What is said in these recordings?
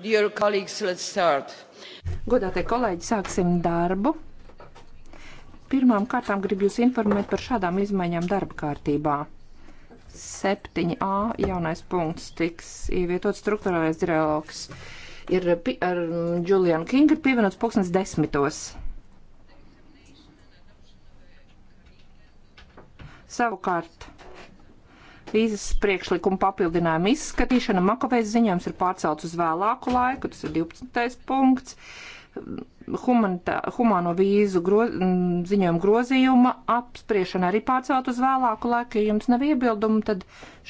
Godātie kolēģi, sāksim darbu. Pirmām kārtām gribu jūs informēt par šādām izmaiņām darba kārtībā. 7a jaunais punkts tiks ievietot struktūrālais dialogs. Ir ar mm, Julianu Kingu pievienots pulksnes desmitos. Savukārt vīzas priekšlikuma papildinājuma izskatīšana. Makovēs ziņojums ir pārcelts uz vēlāku laiku, tas ir 12. punkts. Humanitā, humano vīzu gro, ziņojuma grozījuma apspriešana arī pārcelt uz vēlāku laiku. Ja jums nav iebildumu, tad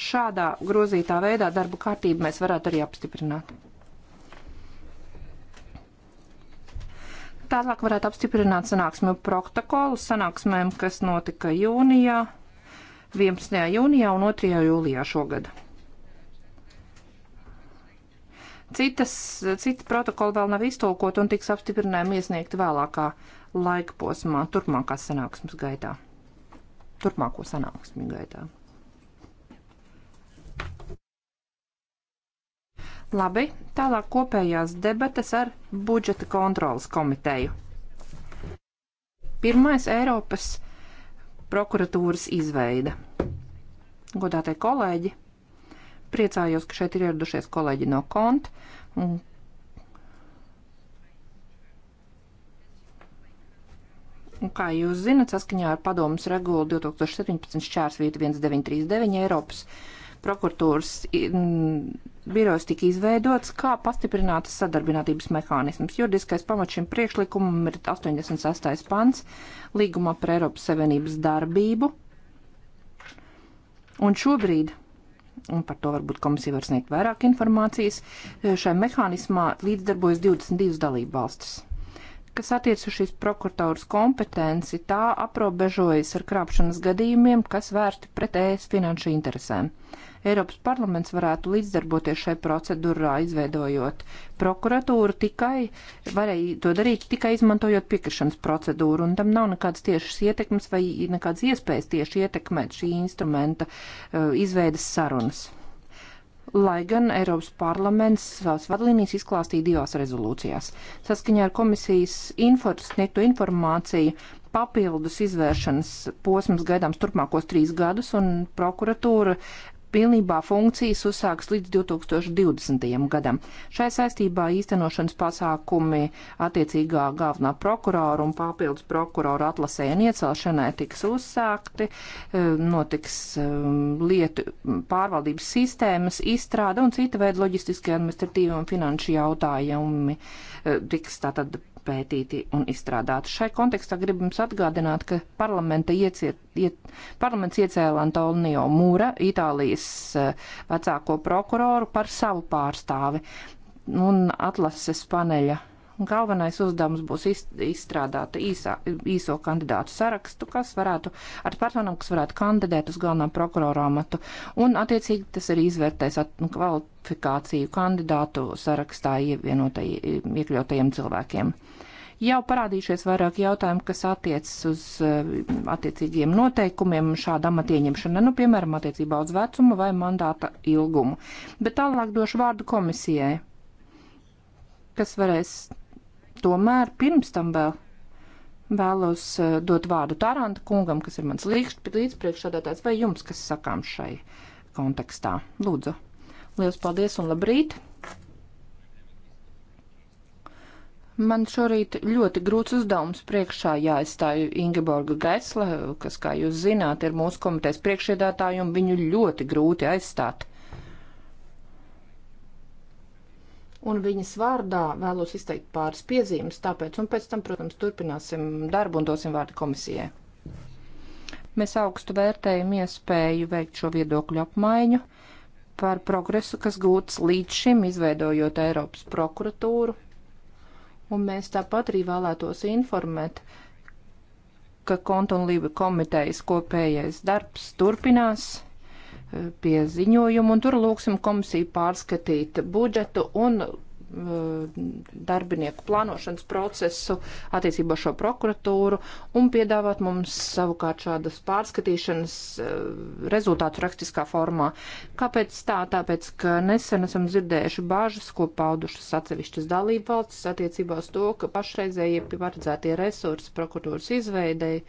šādā grozītā veidā darbu kārtību mēs varētu arī apstiprināt. Tālāk varētu apstiprināt sanāksmju protokolu sanāksmēm, kas notika jūnijā. 11. jūnijā un 2. jūlijā šogad. Citas, cita protokola vēl nav iztolkot un tiks apstiprinājumi iesniegti vēlākā laika posmā, turpmākā sanāksmes gaitā. Turpmāko sanāksmi gaitā. Labi, tālāk kopējās debatas ar budžeta kontrolas komiteju. Pirmais Eiropas prokuratūras izveida. Godātie kolēģi, priecājos, ka šeit ir ieradušies kolēģi no konta. Un Un kā jūs zinat, saskaņā ar padomus regulu 2017 šķērsvīta 1939 Eiropas prokuratūras mm, birojas tika izveidots, kā pastiprinātas sadarbinātības mehānisms. Juridiskais pamats šim priekšlikumam ir 86. pants līgumā par Eiropas Savienības darbību. Un šobrīd un par to varbūt komisija var sniegt vairāk informācijas, šai mehānismā līdzdarbojas 22 dalību valstis. Kas attiec uz šīs prokuratūras kompetenci, tā aprobežojas ar krāpšanas gadījumiem, kas vērsti pret ēs finanšu interesēm. Eiropas parlaments varētu līdzdarboties šai procedūrā, izveidojot prokuratūru tikai, varēja to darīt tikai izmantojot piekrišanas procedūru, un tam nav nekādas tiešas ietekmes vai nekādas iespējas tieši ietekmēt šī instrumenta uh, izveidas sarunas lai gan Eiropas parlaments savas vadlīnijas izklāstīja divās rezolūcijās. Saskaņā ar komisijas sniegto informāciju papildus izvēršanas posms gaidāms turpmākos trīs gadus, un prokuratūra pilnībā funkcijas uzsāks līdz 2020. gadam. Šai saistībā īstenošanas pasākumi attiecīgā galvenā prokurora un papildus prokurora atlasē un iecelšanai tiks uzsākti, eh, notiks ehm, lietu pārvaldības sistēmas izstrāde un cita veida loģistiskie administratīvi un finanšu jautājumi eh, tiks tātad izpētīti un izstrādāti. Šai kontekstā gribu jums atgādināt, ka parlamenta ieciet, iet, parlaments iecēla Antonio Mūra, Itālijas eh, vecāko prokuroru, par savu pārstāvi un atlases paneļa. Galvenais uzdevums būs izstrādāt īsā, īso kandidātu sarakstu, kas varētu ar personām, kas varētu kandidēt uz galvenā prokurora amatu. Un, attiecīgi, tas arī izvērtēs at, kvalifikāciju kandidātu sarakstā ievienotajiem, iekļautajiem cilvēkiem. Uh, jau parādījušies vairāk jautājumu, kas attiecas uz eh, attiecīgiem noteikumiem šāda amata ieņemšana, nu, piemēram, attiecībā uz vecumu vai mandāta ilgumu. Bet tālāk došu vārdu komisijai, kas varēs tomēr pirms tam vēl vēlos eh, dot vārdu Tāranta kungam, kas ir mans līdzpriekšādātājs, vai jums, kas sakām šai kontekstā. Lūdzu, liels paldies un labrīt! Man šorīt ļoti grūts uzdevums priekšā jāizstāju Ingeborga Gaisla, kas, kā jūs zināt, ir mūsu komitejas priekšēdātāja, un viņu ļoti grūti aizstāt. Un viņas vārdā vēlos izteikt pāris piezīmes, tāpēc, un pēc tam, protams, turpināsim darbu un dosim vārdu komisijai. Mēs augstu vērtējam iespēju veikt šo viedokļu apmaiņu par progresu, kas gūts līdz šim, izveidojot Eiropas prokuratūru Un mēs tāpat arī vēlētos informēt, ka kontonlība komitejas kopējais darbs turpinās eh, pie ziņojuma, un tur lūksim komisiju pārskatīt budžetu un Eh, darbinieku plānošanas procesu attiecībā šo prokuratūru un piedāvāt mums savukārt šādas pārskatīšanas eh, rezultātu rakstiskā formā. Kāpēc tā? Tāpēc, ka nesen esam dzirdējuši bāžas, ko paudušas atsevišķas dalību valstis attiecībā uz to, ka pašreizējie paredzētie resursi prokuratūras izveidei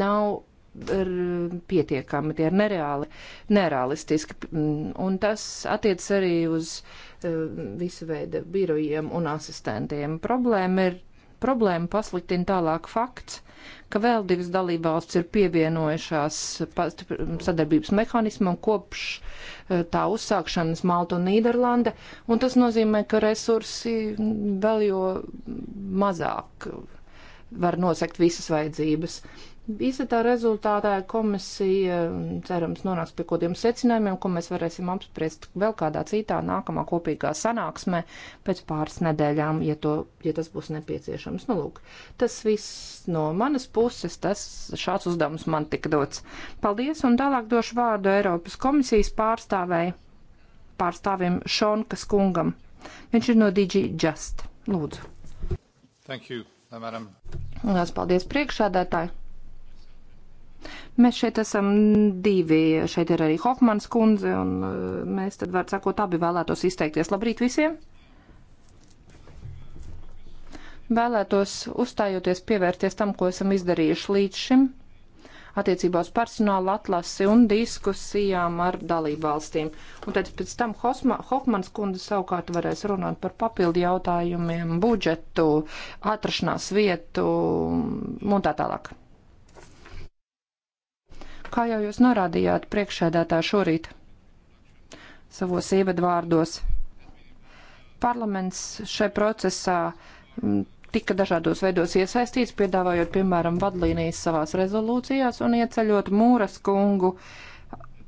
nav ir er, pietiekami, tie ir nereāli, nerealistiski. Un tas attiec arī uz uh, Um, visu veidu birojiem un asistentiem. Problēma ir problēmu pasliktina tālāk fakts, ka vēl divas dalībvalsts ir pievienojušās sadarbības mehānismam kopš uh, tā uzsākšanas Malta un Nīderlanda, un tas nozīmē, ka resursi vēl jo mazāk var nosekt visas vajadzības. Visa tā rezultātā komisija, mm, cerams, nonāks pie kodiem secinājumiem, ko mēs varēsim apspriest vēl kādā citā nākamā kopīgā sanāksmē pēc pāris nedēļām, ja, to, ja tas būs nepieciešams. Nu, lūk, tas viss no manas puses, tas šāds uzdevums man tika dots. Paldies, un tālāk došu vārdu Eiropas komisijas pārstāvēji, pārstāvim Šonkas kungam. Viņš ir no DG Just. Lūdzu. Thank you, madam. Lās paldies priekšādātāji. Mēs šeit esam divi, šeit ir arī Hofmans kundze, un uh, mēs tad, var sakot, abi vēlētos izteikties. Labrīt visiem! Vēlētos, uzstājoties, pievērties tam, ko esam izdarījuši līdz šim, attiecībā uz personāla atlasi un diskusijām ar dalību valstīm. Un tad pēc tam Hosma, Hofmans kundze savukārt varēs runāt par papildu jautājumiem, budžetu, atrašanās vietu un tā tālāk. Kā jau jūs norādījāt priekšēdētā šorīt savos ievadvārdos, parlaments šai procesā mm, tika dažādos veidos iesaistīts, piedāvājot, piemēram, vadlīnijas savās rezolūcijās un ieceļot Mūras kungu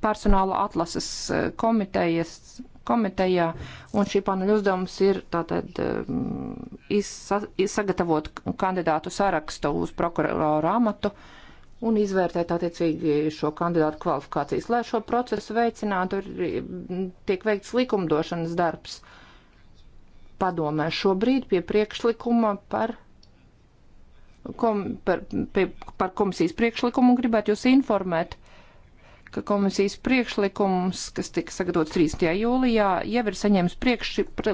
personāla atlases e, komitejas, komitejā, un šī paneļa uzdevums ir tātad mm, izsagatavot kandidātu sarakstu uz prokuroru amatu. Uh, un izvērtēt attiecīgi šo kandidātu kvalifikācijas. Lai šo procesu veicinātu, ir, tiek veikts likumdošanas darbs padomē šobrīd pie priekšlikuma par, kom, par, pie, par komisijas priekšlikumu un gribētu jūs informēt, ka komisijas priekšlikums, kas tika sagatavots 30. jūlijā, jau ir saņēmis priekš, pr,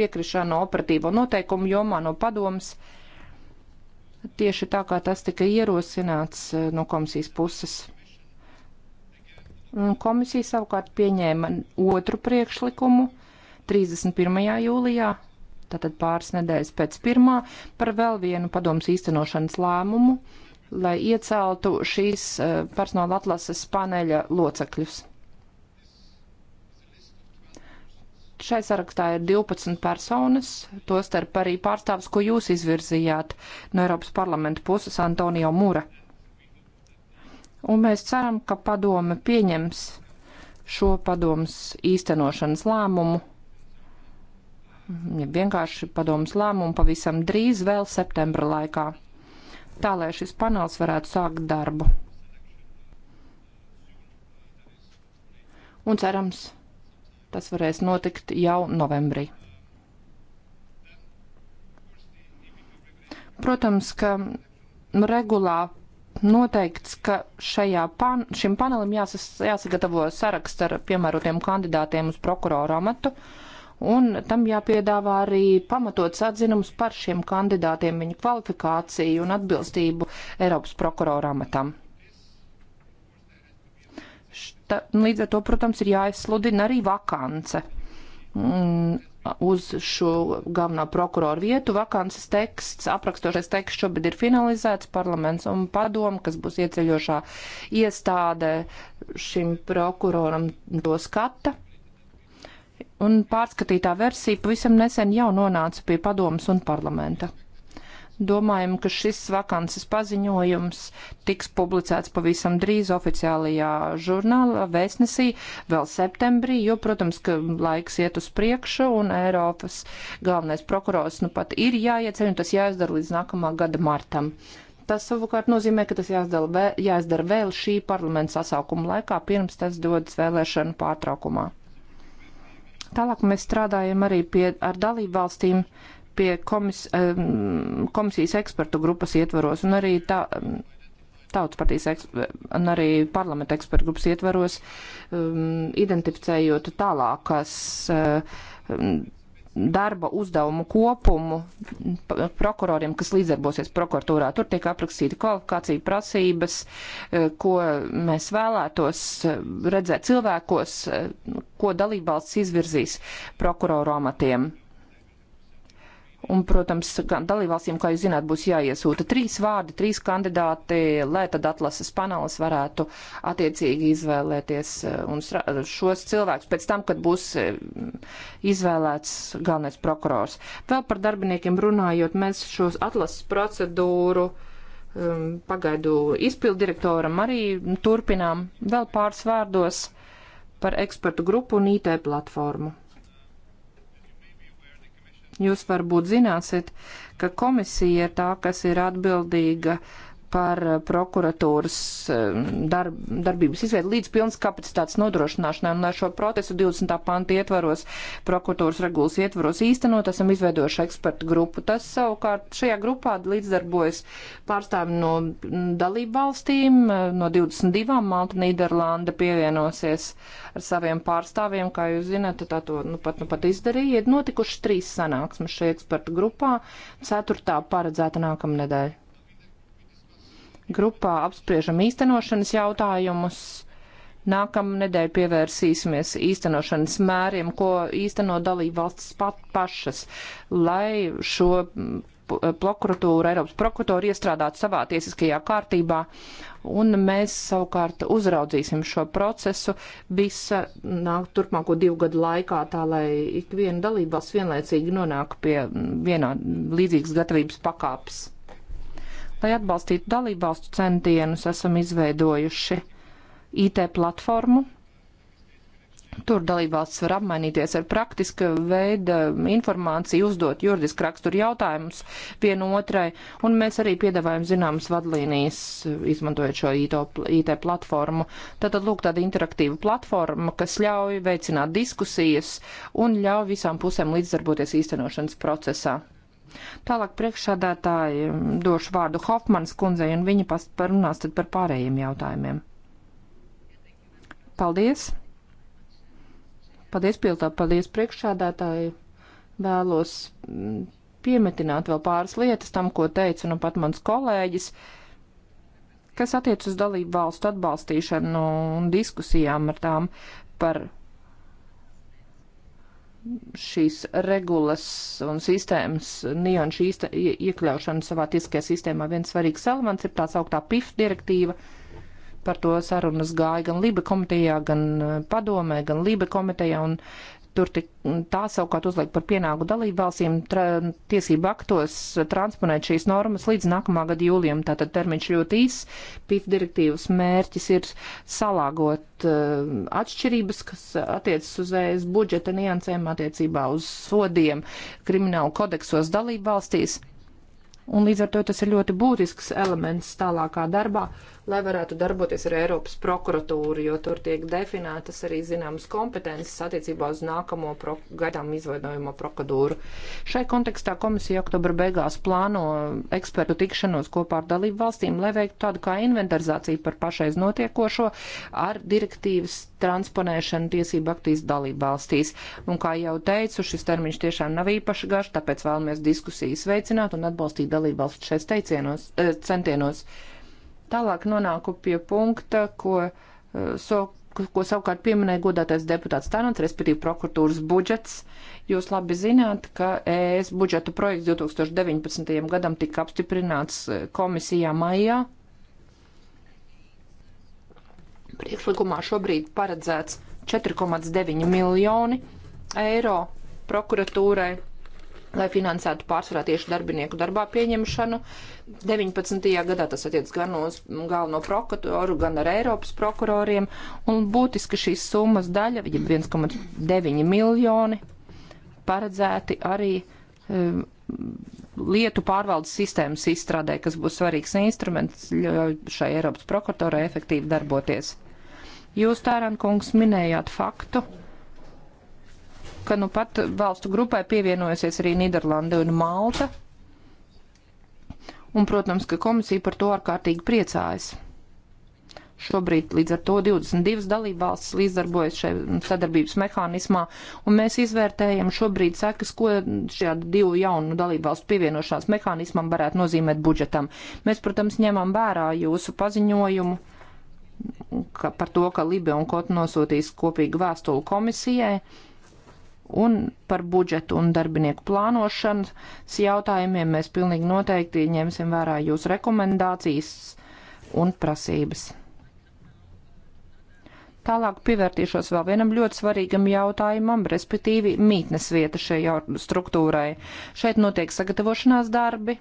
piekrišanu operatīvo noteikumu jomā no padomas. Uh, tieši tā, kā tas tika ierosināts e, no komisijas puses. Komisija savukārt pieņēma otru priekšlikumu 31. jūlijā, tātad pāris nedēļas pēc pirmā, par vēl vienu padomus īstenošanas lēmumu, lai ieceltu šīs e, personāla atlases paneļa locekļus. Šai sarakstā ir 12 personas, tostarp arī pārstāvs, ko jūs izvirzījāt no Eiropas parlamenta puses Antonio Mūra. Un mēs ceram, ka padome pieņems šo padomas īstenošanas lēmumu ja vienkārši padomus lēmumu pavisam drīz vēl septembra laikā, tā lai šis panels varētu sākt darbu. Un cerams, Tas varēs notikt jau novembrī. Protams, ka regulā noteikts, ka šajā pan, šim panelim jāsas, jāsagatavo saraksts ar piemērotiem kandidātiem uz prokuroru amatu, un tam jāpiedāvā arī pamatots atzinums par šiem kandidātiem, viņu kvalifikāciju un atbilstību Eiropas prokuroru amatam. Ta, nu, līdz ar to, protams, ir jāizsludina arī vakance. Mm, uz šo galvenā prokurora vietu vakances teksts, aprakstošais teksts šobrīd ir finalizēts, parlaments un padoma, kas būs ieceļošā iestādē šim prokuroram to skata. Un pārskatītā versija pavisam nesen jau nonāca pie padomas un parlamenta. Domājam, ka šis vakances paziņojums tiks publicēts pavisam drīz oficiālajā žurnālā vēstnesī, vēl septembrī, jo, protams, ka laiks iet uz priekšu un Eiropas galvenais prokurors nu pat ir jāieceļ un tas jāizdara līdz nākamā gada martam. Tas savukārt nozīmē, ka tas jāizdara vēl, jāizdara vēl šī parlamenta sasaukuma laikā, pirms tas dodas vēlēšanu pārtraukumā. Tālāk mēs strādājam arī pie, ar dalību valstīm pie komis, komisijas ekspertu grupas ietvaros un arī tā. Tautas partijas un arī parlamenta ekspertu grupas ietvaros, um, identificējot tālākas uh, darba uzdevumu kopumu prokuroriem, kas līdzdarbosies prokuratūrā. Tur tiek aprakstīta kvalifikācija prasības, e, ko mēs vēlētos e, redzēt cilvēkos, e, ko dalībvalsts izvirzīs prokuroru amatiem. Un, protams, gan dalībvalstīm, kā jūs zināt, būs jāiesūta trīs vārdi, trīs kandidāti, lai tad atlases panelis varētu attiecīgi izvēlēties eh, un šos cilvēkus pēc tam, kad būs eh, izvēlēts galvenais prokurors. Vēl par darbiniekiem runājot, mēs šos atlases procedūru um, pagaidu izpildu direktoram arī turpinām vēl pāris vārdos par ekspertu grupu un IT platformu. Jūs varbūt zināsiet, ka komisija ir tā, kas ir atbildīga par eh, prokuratūras eh, darb, darbības izveidu līdz pilnas kapacitātes nodrošināšanai, un lai šo procesu 20. panta ietvaros, prokuratūras regulas ietvaros īstenot, esam izveidojuši ekspertu grupu. Tas savukārt šajā grupā līdzdarbojas pārstāvi no mm, dalību valstīm, eh, no 22. Malta Nīderlanda pievienosies ar saviem pārstāvjiem, kā jūs zināt, tā to nu, pat, nu, pat izdarīja. Ir notikušas trīs sanāksmes šajā ekspertu grupā, ceturtā paredzēta nākamnedēļ grupā apspriežam īstenošanas jautājumus. Nākamā nedēļa pievērsīsimies īstenošanas mēriem, ko īsteno dalību valsts pat pašas, lai šo prokuratūru, Eiropas prokuratūru iestrādāt savā tiesiskajā kārtībā, un mēs savukārt uzraudzīsim šo procesu visa nāk, turpmāko divu gadu laikā, tā lai ik viena dalībvalsts vienlaicīgi nonāk pie vienā līdzīgas gatavības pakāpes. Lai atbalstītu dalībvalstu centienus, esam izveidojuši IT platformu. Tur dalībvalsts var apmainīties ar praktiska veida informāciju, uzdot juridiski raksturu jautājumus vienu otrai, un mēs arī piedāvājam zināmas vadlīnijas, izmantojot šo IT platformu. Tātad, lūk, tāda interaktīva platforma, kas ļauj veicināt diskusijas un ļauj visām pusēm līdzdarboties īstenošanas procesā. Tālāk priekšsādātāji došu vārdu Hofmanas kundzei, un viņa parunās tad par pārējiem jautājumiem. Paldies! Paldies, Piltā, paldies priekšsādātāji! Vēlos mm, piemetināt vēl pāris lietas tam, ko teica nu pat mans kolēģis kas attiec uz dalību valstu atbalstīšanu un diskusijām ar tām par šīs regulas un sistēmas nianšu iekļaušana savā tiesiskajā sistēmā viens svarīgs elements ir tās augtā PIF direktīva. Par to sarunas gāja gan Liba komitejā, gan eh, padomē, gan Liba komitejā, un Tur tik, tā savukārt uzliek par pienāku dalību valstīm tra, tiesību aktos transponēt šīs normas līdz nākamā gada jūlijam. Tātad termiņš ļoti īss. PIF direktīvas mērķis ir salāgot uh, atšķirības, kas attiecas uz ES budžeta niansēm attiecībā uz sodiem kriminālu kodeksos dalību valstīs. Un līdz ar to tas ir ļoti būtisks elements tālākā darbā, lai varētu darboties ar Eiropas prokuratūru, jo tur tiek definētas arī zināmas kompetences attiecībā uz nākamo pro, gaidām izveidojamo prokuratūru. Šai kontekstā komisija oktobra beigās plāno ekspertu tikšanos kopā ar dalību valstīm, lai veiktu tādu kā inventarizāciju par pašreiz notiekošo ar direktīvas transponēšanu tiesību aktīs dalību valstīs. Un, kā jau teicu, šis termiņš tiešām nav īpaši garš, tāpēc vēlamies diskusijas veicināt un atbalstīt dalību valsts šais teicienos, eh, centienos. Tālāk nonāku pie punkta, ko, eh, so, ko savukārt pieminēja godātais deputāts Tanants, respektīvi prokuratūras budžets. Jūs labi zināt, ka ES budžeta projekts 2019. gadam tika apstiprināts eh, komisijā maijā Priekšlikumā šobrīd paredzēts 4,9 miljoni eiro prokuratūrai, lai finansētu pārsvarā tieši darbinieku darbā pieņemšanu. 19. gadā tas attiec gan uz galveno prokuroru, gan ar Eiropas prokuroriem, un būtiski šīs summas daļa, ja 1,9 miljoni, paredzēti arī um, lietu pārvaldes sistēmas izstrādē, kas būs svarīgs instruments šai Eiropas prokuratūrai efektīvi darboties. Jūs, Tērāna kungs, minējāt faktu, ka nu pat valstu grupai pievienojusies arī Nīderlanda un Malta. Un, protams, ka komisija par to ārkārtīgi priecājas. Šobrīd līdz ar to 22 dalībvalstis līdzdarbojas šajā sadarbības mehānismā, un mēs izvērtējam šobrīd sekas, ko šādu divu jaunu dalībvalstu pievienošanās mehānismam varētu nozīmēt budžetam. Mēs, protams, ņemam vērā jūsu paziņojumu ka, par to, ka Libe un Kot nosūtīs kopīgu vēstuli komisijai un par budžetu un darbinieku plānošanas jautājumiem mēs pilnīgi noteikti ņemsim vērā jūsu rekomendācijas un prasības. Tālāk pievērtīšos vēl vienam ļoti svarīgam jautājumam, respektīvi mītnes vieta šai struktūrai. Šeit notiek sagatavošanās darbi,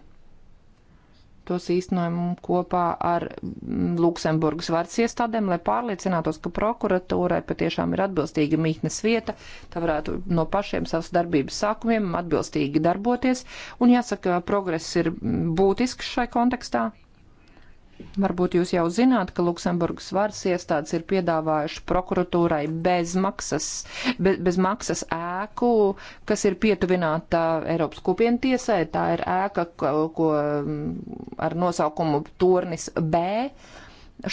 tos īstenojumu kopā ar mm, Luksemburgas varas iestādēm, lai pārliecinātos, ka prokuratūrai patiešām ir atbilstīga mītnes vieta, tā varētu no pašiem savas darbības sākumiem atbilstīgi darboties, un jāsaka, progress ir mm, būtisks šai kontekstā. Varbūt jūs jau zināt, ka Luksemburgas varas iestādes ir piedāvājuši prokuratūrai bezmaksas, be, bezmaksas ēku, kas ir pietuvināta Eiropas kopienu tiesai. Tā ir ēka, ko, ko ar nosaukumu Tornis B.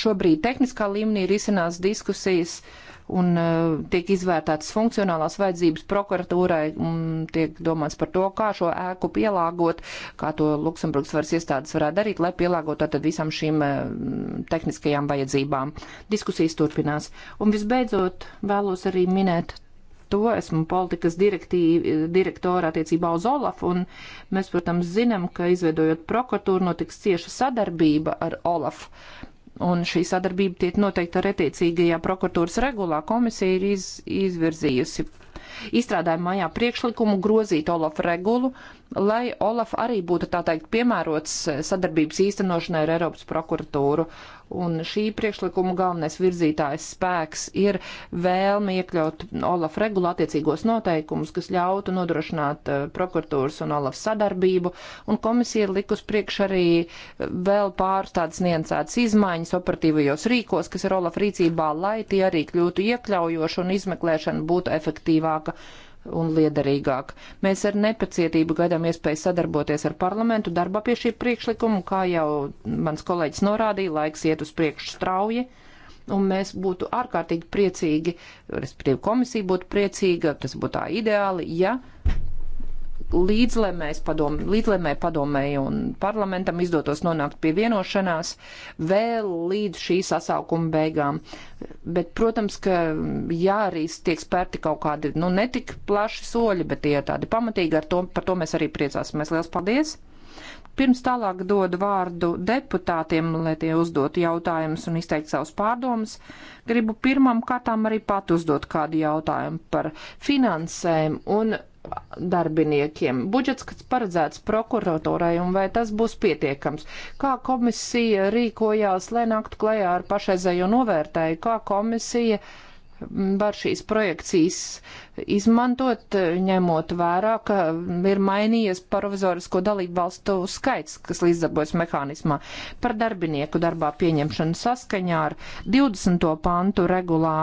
Šobrīd tehniskā līmenī ir izcinās diskusijas. Uh, un eh, tiek izvērtētas funkcionālās vajadzības prokuratūrai un tiek domāts par to, kā šo ēku pielāgot, kā to Luksemburgas varas iestādes varētu darīt, lai pielāgotu tad visam šīm eh, tehniskajām vajadzībām. Diskusijas turpinās. Un visbeidzot, vēlos arī minēt to esmu politikas direktora attiecībā uz Olafu, un mēs, protams, zinām, ka izveidojot prokuratūru notiks cieša sadarbība ar Olafu. Un šī sadarbība tiek noteikta ar attiecīgajā prokuratūras regulā. Komisija ir iz, izvirzījusi izstrādāja mājā priekšlikumu grozīt Olafa regulu, lai Olaf arī būtu tā teikt piemērots eh, sadarbības īstenošanai ar Eiropas prokuratūru, Un šī priekšlikuma galvenais virzītājs spēks ir vēlme iekļaut Olaf regulu attiecīgos noteikumus, kas ļautu nodrošināt uh, prokuratūras un Olaf sadarbību. Un komisija ir likus priekš arī eh, vēl pāris tādas niansētas izmaiņas operatīvajos rīkos, kas ir Olaf rīcībā, lai tie arī kļūtu iekļaujoši un izmeklēšana būtu efektīvāka un liederīgāk. Mēs ar nepacietību gaidām iespēju sadarboties ar parlamentu darbā pie šī priekšlikuma, kā jau mans kolēģis norādīja, laiks iet uz priekšu strauji. Un mēs būtu ārkārtīgi priecīgi, respektīvi komisija būtu priecīga, tas būtu tā ideāli, ja līdzlemēs padom, līdzlemē padomēju un parlamentam izdotos nonākt pie vienošanās vēl līdz šī sasaukuma beigām. Bet, protams, ka jā, arī tiek spērti kaut kādi, nu, netik plaši soļi, bet tie ir tādi pamatīgi, ar to, par to mēs arī priecāsimies. Liels paldies! Pirms tālāk dodu vārdu deputātiem, lai tie uzdotu jautājumus un izteikt savus pārdomus, gribu pirmam kārtām arī pat uzdot kādu jautājumu par finansēm un darbiniekiem. Budžets, kas paredzēts prokuratūrai, un vai tas būs pietiekams? Kā komisija rīkojās, lai nāktu klajā ar pašreizējo novērtēju? Kā komisija uh, var šīs projekcijas izmantot, ņemot vērā, ka ir mainījies provizorisko dalību valstu skaits, kas līdzdarbojas mehānismā. Par darbinieku darbā pieņemšanu saskaņā ar 20. pantu regulā,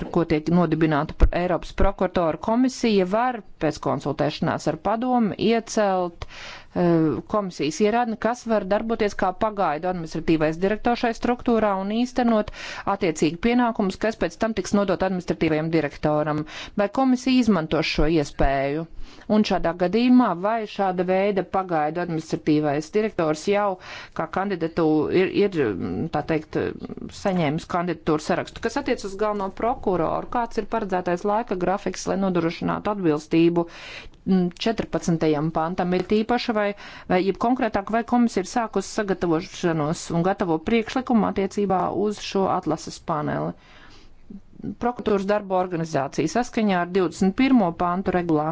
ar ko tiek nodibināta Eiropas prokuratora komisija, var pēc konsultēšanās ar padomu iecelt uh, Eh, komisijas ierādni, kas var darboties kā pagaidu administratīvais direktors šai struktūrā un īstenot attiecīgi pienākumus, kas pēc tam tiks nodot administratīvajam direktoram. Vai komisija izmanto šo iespēju? Un šādā gadījumā vai šāda veida pagaidu administratīvais direktors jau kā kandidatu ir, ir tā teikt, saņēmis kandidatūru sarakstu, kas attiec uz galveno prokuroru, kāds ir paredzētais laika grafiks, lai nodrošinātu atbilstību 14. pantam ir tīpaša vai, vai ja konkrētāk, vai komisija ir sākusi sagatavošanos un gatavo priekšlikumu attiecībā uz šo atlases paneli. Prokuratūras darba organizācija saskaņā ar 21. pantu regulā.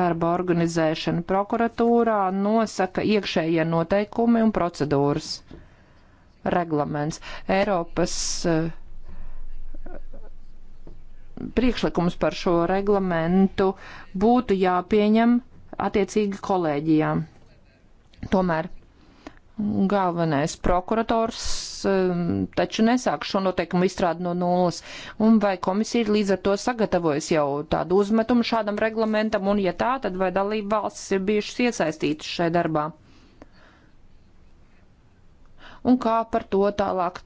Darba organizēšana prokuratūrā nosaka iekšējie noteikumi un procedūras. Reglaments Eiropas uh, priekšlikums par šo reglamentu būtu jāpieņem attiecīgi kolēģijām. Tomēr galvenais prokurators um, taču nesāk šo noteikumu izstrādi no nulles, un vai komisija ir līdz ar to sagatavojusi jau tādu uzmetumu šādam reglamentam, un ja tā, tad vai dalība valstis ir bijušas iesaistītas šai darbā? un kā par to tālāk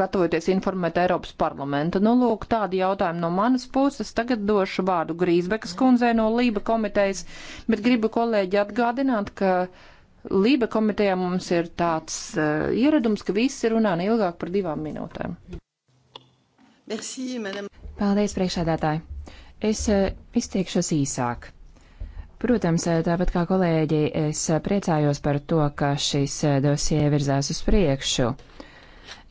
gatavoties informēt Eiropas parlamentu. Nu, lūk, tādi jautājumi no manas puses. Tagad došu vārdu Grīsbekas kundzei no Lība komitejas, bet gribu kolēģi atgādināt, ka Lība komitejā mums ir tāds uh, ieradums, ka visi runā neilgāk par divām minūtēm. Merci, madame. Paldies, priekšādātāji. Es uh, izteikšos īsāk. Protams, eh, tāpat kā kolēģi, es eh, priecājos par to, ka šis eh, dosie virzās uz priekšu.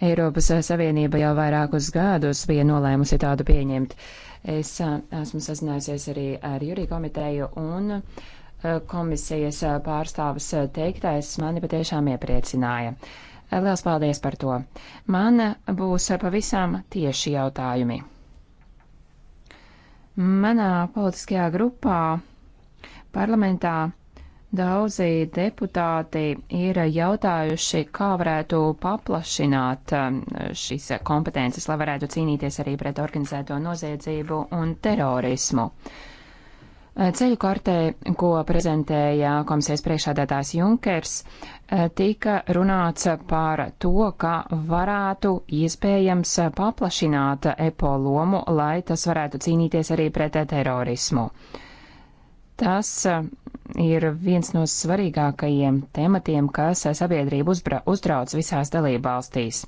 Eiropas Savienība jau vairākus gadus bija nolēmusi tādu pieņemt. Es esmu sazinājusies arī ar Juriju komiteju un komisijas pārstāvis teiktais mani patiešām iepriecināja. Lielas paldies par to. Man būs pavisam tieši jautājumi. Manā politiskajā grupā Parlamentā daudzi deputāti ir jautājuši, kā varētu paplašināt um, šīs kompetences, lai varētu cīnīties arī pret organizēto noziedzību un terorismu. Ceļu kartē, ko prezentēja komisijas priekšādātājs Junkers, eh, tika runāts par to, ka varētu iespējams paplašināt EPO lomu, lai tas varētu cīnīties arī pret terorismu. Uh, Tas e, ir viens no svarīgākajiem tematiem, kas sabiedrību uzbra, uztrauc visās dalībvalstīs. E,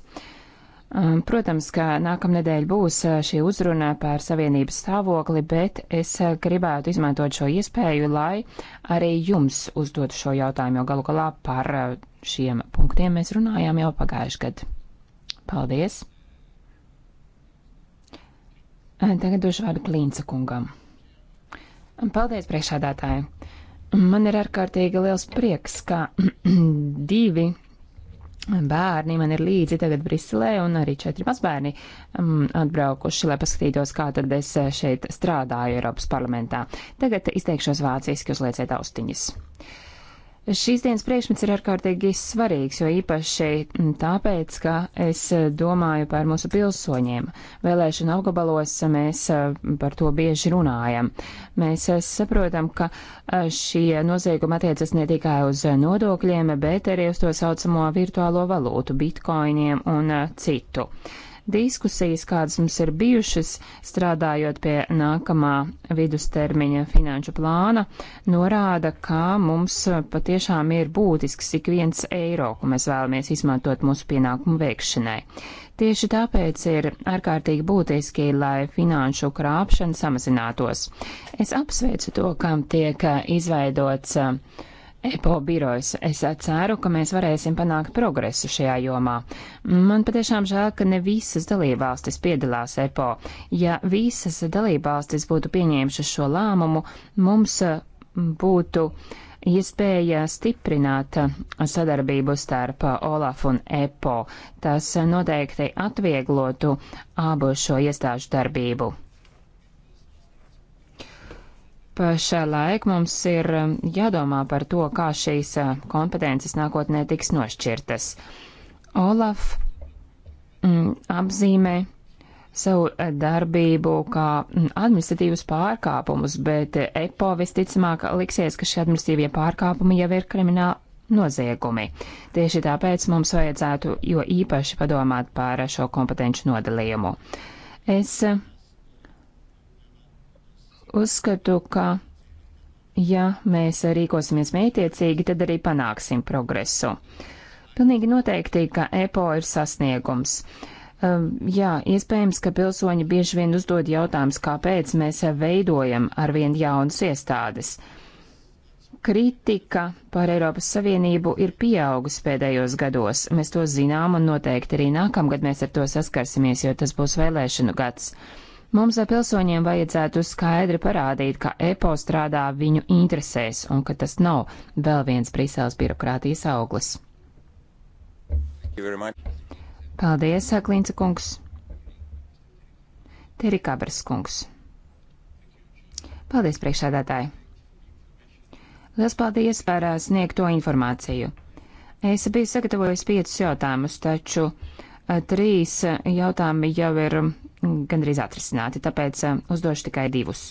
protams, ka nākamnedēļ būs e, šī uzruna par savienības stāvokli, bet es gribētu izmantot šo iespēju, lai arī jums uzdotu šo jautājumu, jo galu galā par šiem punktiem mēs runājām jau pagājuši gadu. Paldies! Tagad došu vārdu Klīnca kungam. Paldies, priekšādātāji! Man ir ārkārtīgi liels prieks, ka divi bērni man ir līdzi tagad Briselē un arī četri mazbērni um, atbraukuši, lai paskatītos, kā tad es šeit strādāju Eiropas parlamentā. Tagad izteikšos vāciski, uzlieciet austiņas. Uh, Šīs dienas priekšmets ir ārkārtīgi svarīgs, jo īpaši tāpēc, ka es eh, domāju par mūsu pilsoņiem. Vēlēšana apgabalos mēs eh, par to bieži runājam. Mēs eh, saprotam, ka šie noziegumi attiecas ne tikai uz nodokļiem, bet arī uz to saucamo virtuālo valūtu, bitkoiniem un citu. Uh, diskusijas, kādas mums ir bijušas, strādājot pie nākamā vidustermiņa finanšu plāna, norāda, ka mums patiešām ir būtisks ik viens eiro, ko mēs vēlamies izmantot mūsu pienākumu veikšanai. Tieši tāpēc ir ārkārtīgi būtiski, lai finanšu krāpšana samazinātos. Es apsveicu to, kam tiek izveidots uh, EPO birojas. Es ceru, ka mēs varēsim panākt progresu šajā jomā. Man patiešām žēl, ka ne visas dalībvalstis piedalās EPO. Ja visas dalībvalstis būtu pieņēmušas šo lēmumu, mums eh, būtu iespēja stiprināt eh, sadarbību starp eh, Olaf un EPO. Tas noteikti atvieglotu abu šo iestāžu darbību. Pašlaik mums ir um, jādomā par to, kā šīs uh, kompetences nākotnē tiks nošķirtas. Olaf mm, apzīmē savu uh, darbību kā mm, administratīvus pārkāpumus, bet uh, EPO visticamāk liksies, ka šie administratīvie pārkāpumi jau ir krimināli noziegumi. Tieši tāpēc mums vajadzētu jo īpaši padomāt par šo kompetenci nodalījumu. Es Uzskatu, ka ja mēs rīkosimies mētiecīgi, tad arī panāksim progresu. Pilnīgi noteikti, ka EPO ir sasniegums. Um, jā, iespējams, ka pilsoņi bieži vien uzdod jautājums, kāpēc mēs veidojam arvien jaunas iestādes. Kritika par Eiropas Savienību ir pieaugusi pēdējos gados. Mēs to zinām un noteikti arī nākamgad mēs ar to saskarsimies, jo tas būs vēlēšanu gads. Mums pilsoņiem vajadzētu skaidri parādīt, ka EPO strādā viņu interesēs un ka tas nav vēl viens Briseles birokrātijas auglis. Paldies, Klinca kungs. Te ir Kabras kungs. Paldies, priekšādātāji. Lielas paldies par sniegto informāciju. Es biju sagatavojis piecus jautājumus, taču trīs jautājumi jau ir gandrīz atrisināti, tāpēc eh, uzdošu tikai divus.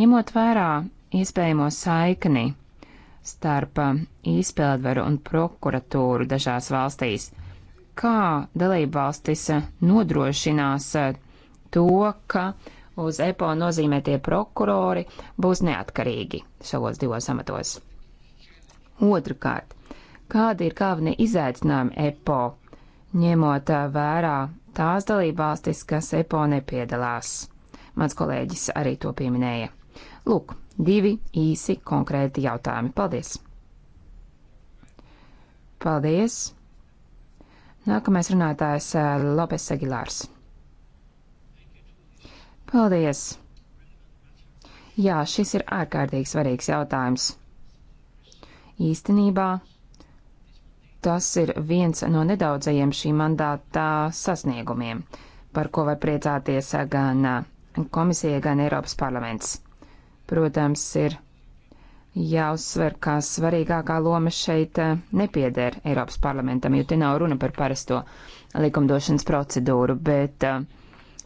Ņemot vērā iespējamo saikni starp eh, izpildvaru un prokuratūru dažās valstīs, kā dalība valstis eh, nodrošinās to, ka uz EPO nozīmētie prokurori būs neatkarīgi savos divos amatos. Otrakārt, kādi ir galvenie izaicinājumi EPO, ņemot vērā tās dalībvalstis, kas EPO nepiedalās. Mans kolēģis arī to pieminēja. Lūk, divi īsi konkrēti jautājumi. Paldies! Paldies! Nākamais runātājs eh, Lopes Agilārs. Paldies! Jā, šis ir ārkārtīgi svarīgs jautājums. Īstenībā Tas ir viens no nedaudzajiem šī mandāta sasniegumiem, par ko var priecāties gan uh, komisija, gan Eiropas parlaments. Protams, ir jāuzsver, ka svarīgākā loma šeit uh, nepieder Eiropas parlamentam, jo te nav runa par parasto likumdošanas procedūru, bet uh,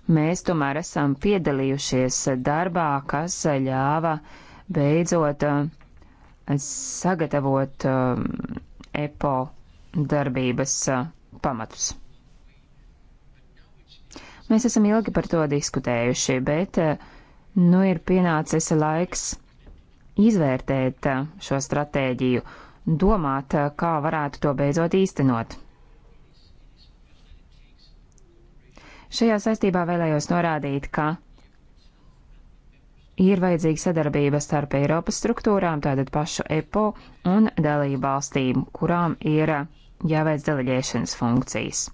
mēs tomēr esam piedalījušies darbā, kas ļāva beidzot sagatavot um, EPO darbības pamatus. Mēs esam ilgi par to diskutējuši, bet nu ir pienācis laiks izvērtēt šo stratēģiju, domāt, kā varētu to beidzot īstenot. Šajā saistībā vēlējos norādīt, ka ir vajadzīga sadarbība starp Eiropas struktūrām, tātad pašu EPO un dalību valstīm, kurām ir jāveic deleģēšanas funkcijas.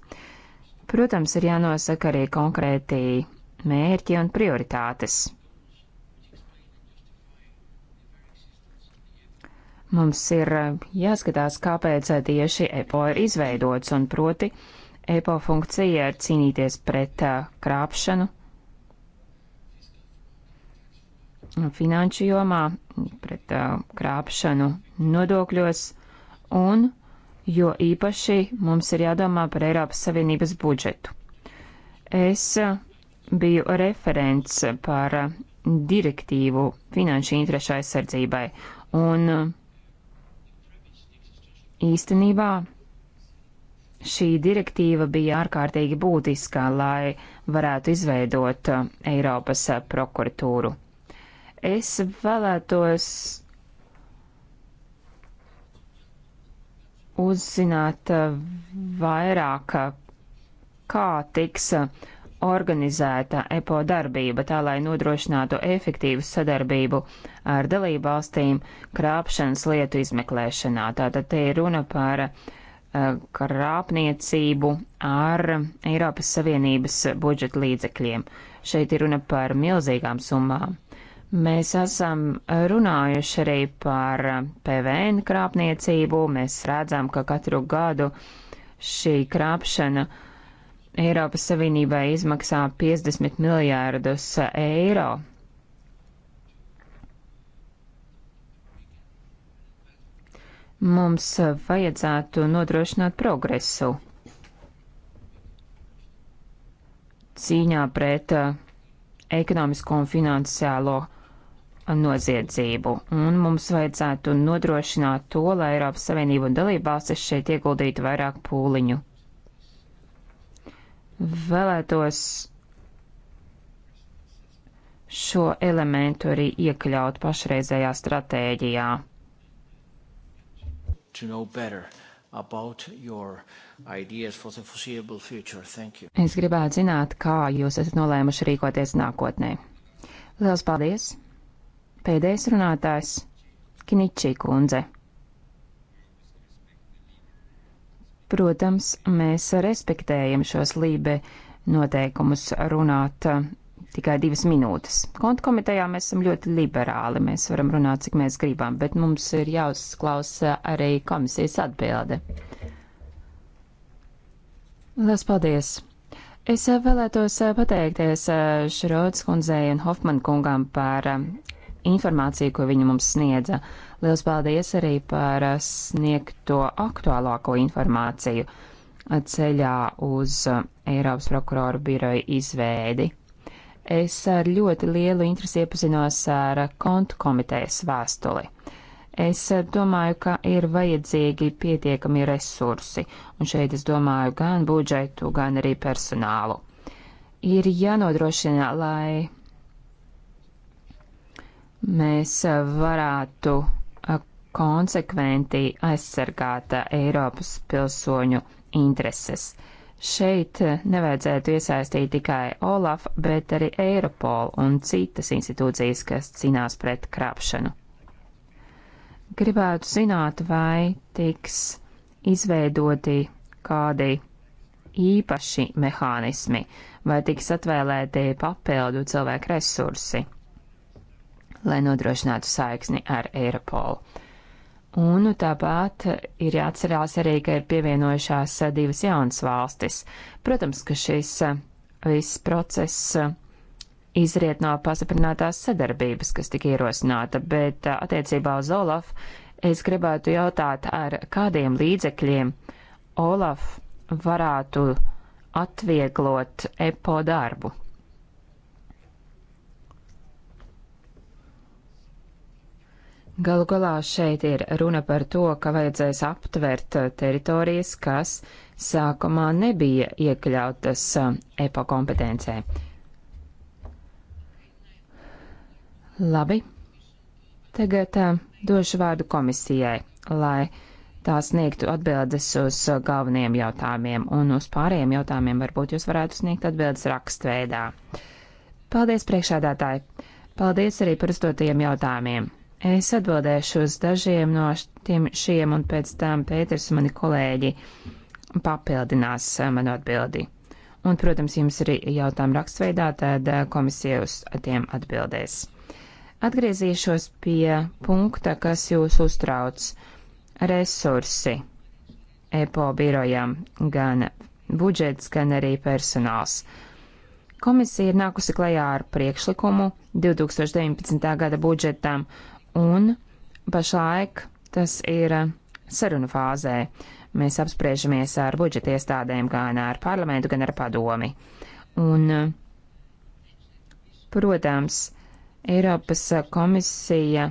Protams, ir jānosaka arī konkrēti mērķi un prioritātes. Mums ir jāskatās, kāpēc tieši EPO ir izveidots, un proti EPO funkcija ir cīnīties pret krāpšanu finanšu jomā, pret krāpšanu nodokļos un jo īpaši mums ir jādomā par Eiropas Savienības budžetu. Es uh, biju referents par uh, direktīvu finanšu interešu aizsardzībai, un uh, īstenībā šī direktīva bija ārkārtīgi būtiskā, lai varētu izveidot Eiropas prokuratūru. Es vēlētos uzzināt eh, vairāk, eh, kā tiks eh, organizēta EPO darbība, tā lai nodrošinātu efektīvu sadarbību ar dalību valstīm krāpšanas lietu izmeklēšanā. Tātad te ir runa par krāpniecību ar Eiropas Savienības budžeta līdzekļiem. Šeit ir runa par milzīgām summām. Mēs esam runājuši arī par PVN krāpniecību. Mēs redzam, ka katru gadu šī krāpšana Eiropas Savienībai izmaksā 50 miljārdus eiro. Mums vajadzētu nodrošināt progresu cīņā pret uh, ekonomisko un finansiālo noziedzību, un mums vajadzētu nodrošināt to, lai Eiropas Savienība un dalībvalstis šeit ieguldītu vairāk pūliņu. Vēlētos šo elementu arī iekļaut pašreizējā stratēģijā. Es gribētu zināt, kā jūs esat nolēmuši rīkoties nākotnē. Lielas paldies! Pēdējais runātājs - Kiničī kundze. Protams, mēs respektējam šos lībe noteikumus runāt uh, tikai divas minūtes. Konta komitejā mēs esam ļoti liberāli, mēs varam runāt, cik mēs gribam, bet mums ir jāuzklausa arī komisijas atbilde. Lielas paldies! Es uh, vēlētos uh, pateikties Šrods kundzei un Hofman kungam par informāciju, ko viņi mums sniedza. Lielas paldies arī par sniegto aktuālāko informāciju ceļā uz uh, Eiropas prokuroru biroju izveidi. Es ar ļoti lielu interesi iepazinos ar kontu komitejas vēstuli. Es uh, domāju, ka ir vajadzīgi pietiekami resursi, un šeit es domāju gan budžetu, gan arī personālu. Ir jānodrošina, lai mēs varētu konsekventi aizsargāt Eiropas pilsoņu intereses. Šeit nevajadzētu iesaistīt tikai Olaf, bet arī Eiropol un citas institūcijas, kas cīnās pret krāpšanu. Gribētu zināt, vai tiks izveidoti kādi īpaši mehānismi, vai tiks atvēlēti papildu cilvēku resursi lai nodrošinātu saikni ar Eiropolu. Un tāpat ir jāatcerās arī, ka ir pievienojušās divas jaunas valstis. Protams, ka šis viss process izriet no pastiprinātās sadarbības, kas tika ierosināta, bet attiecībā uz Olaf es gribētu jautāt, ar kādiem līdzekļiem Olaf varētu atvieglot EPO darbu. Galu galā šeit ir runa par to, ka vajadzēs aptvert uh, teritorijas, kas sākumā nebija iekļautas uh, EPO kompetencē. Labi, tagad uh, došu vārdu komisijai, lai tā sniegtu atbildes uz galvenajiem jautājumiem, un uz pārējiem jautājumiem varbūt jūs varētu sniegt atbildes rakstveidā. Paldies priekšādātāji! Paldies arī par uzdotajiem jautājumiem! Es atbildēšu uz dažiem no tiem šiem, un pēc tam Pēters un mani kolēģi papildinās eh, manu atbildi. Un, protams, jums ir jautājumi rakstveidā, tad eh, komisija uz tiem atbildēs. Atgriezīšos pie punkta, kas jūs uztrauc - resursi EPO birojām, gan budžets, gan arī personāls. Komisija ir nākusi klajā ar priekšlikumu 2019. gada budžetam, un pašlaik tas ir sarunu fāzē. Mēs apspriežamies ar budžeta iestādēm, gan ar parlamentu, gan ar padomi. Un, protams, Eiropas komisija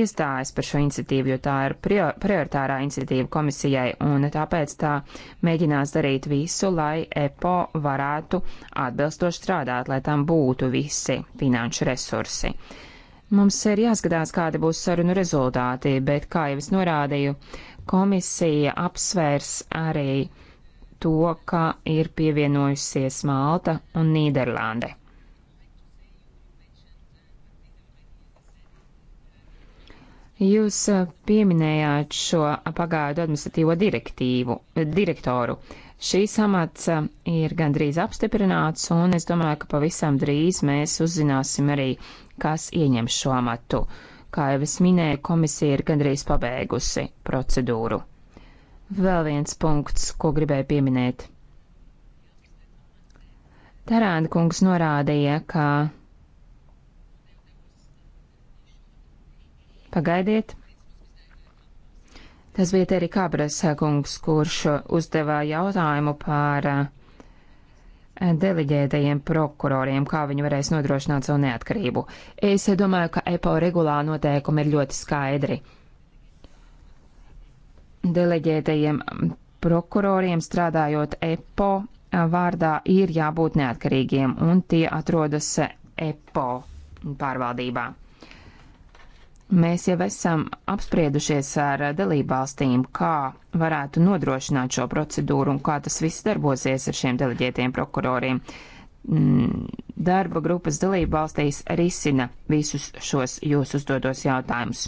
iestājas par šo iniciatīvu, jo tā ir prior prioritārā iniciatīva komisijai, un tāpēc tā mēģinās darīt visu, lai EPO varētu atbilstoši strādāt, lai tam būtu visi finanšu resursi. Uh, Mums ir jāskatās, kādi būs sarunu rezultāti, bet, kā jau es norādīju, komisija apsvērs arī to, ka ir pievienojusies Malta un Nīderlande. Jūs eh, pieminējāt šo pagaidu administratīvo direktīvu, direktoru. Šīs amats um, ir gandrīz apstiprināts, un es domāju, ka pavisam drīz mēs uzzināsim arī, kas ieņem šo amatu. Kā jau es minēju, komisija ir gandrīz pabeigusi procedūru. Vēl viens punkts, ko gribēju pieminēt. Tarāna kungs norādīja, ka Pagaidiet, Tas bija arī Kabras eh, kungs, kurš eh, uzdevā jautājumu par eh, deliģētajiem prokuroriem, kā viņi varēs nodrošināt savu neatkarību. Es domāju, ka EPO regulā noteikumi ir ļoti skaidri. Deleģētajiem mm, prokuroriem strādājot EPO vārdā ir jābūt neatkarīgiem, un tie atrodas EPO e pārvaldībā. Mēs jau esam apspriedušies ar dalībvalstīm, kā varētu nodrošināt šo procedūru un kā tas viss darbosies ar šiem deleģētiem prokuroriem. Mm, darba grupas dalībvalstīs risina visus šos jūs uzdodos jautājumus.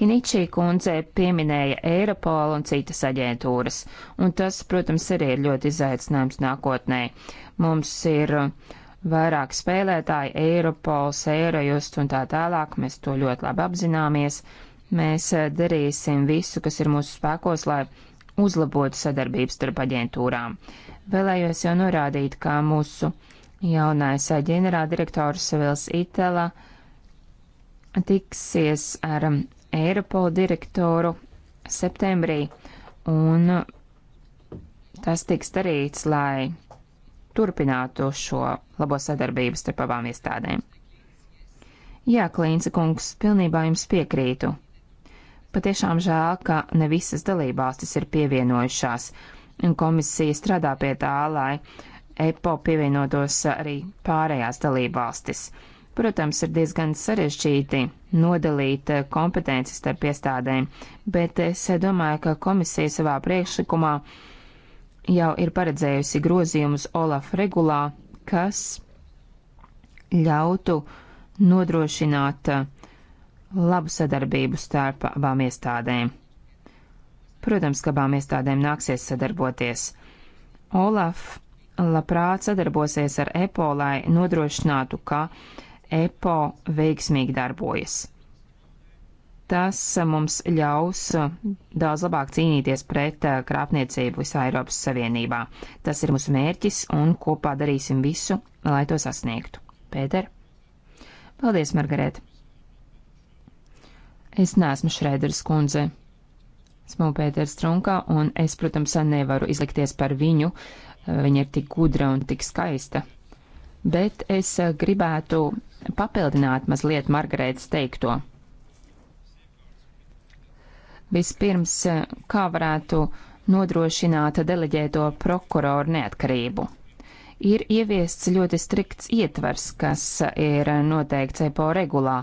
Kiničī kundze pieminēja Eiropolu un citas aģentūras, un tas, protams, arī ir ļoti izaicinājums nākotnē. Mums ir uh, vairāk spēlētāji, Eiropols, Eirojust un tā tālāk, mēs to ļoti labi apzināmies. Mēs eh, darīsim visu, kas ir mūsu spēkos, lai uzlabotu sadarbības starp aģentūrām. Vēlējos jau norādīt, kā mūsu jaunais ģenerāldirektors Savils Itela tiksies ar um, Eiropola direktoru septembrī, un tas tiks darīts, lai turpinātu šo labo sadarbību starp abām iestādēm. Jā, Klīnce kungs, pilnībā jums piekrītu. Patiešām žēl, ka ne visas dalībvalstis ir pievienojušās, un komisija strādā pie tā, lai EPO pievienotos arī pārējās dalībvalstis. Protams, ir diezgan sarežģīti nodalīt eh, kompetences starp iestādēm, bet es eh, domāju, ka komisija savā priekšlikumā uh, jau ir paredzējusi grozījumus Olaf regulā, kas ļautu nodrošināt uh, labu sadarbību starp abām iestādēm. Protams, ka abām iestādēm nāksies sadarboties. Olaf labprāt sadarbosies ar EPO, lai nodrošinātu, ka EPO veiksmīgi darbojas. Tas eh, mums ļaus eh, daudz labāk cīnīties pret eh, krāpniecību visā Eiropas Savienībā. Tas ir mūsu mērķis un kopā darīsim visu, lai to sasniegtu. Pēter? Paldies, Margarēt! Es neesmu Šrēders kundze. Esmu Pēters Trunkā, un es, protams, nevaru izlikties par viņu. Viņa ir tik gudra un tik skaista bet es gribētu papildināt mazliet Margarētas teikto. Vispirms, eh, kā varētu nodrošināt deleģēto prokuroru neatkarību? Ir ieviests ļoti strikts ietvers, kas ir noteikts EPO regulā,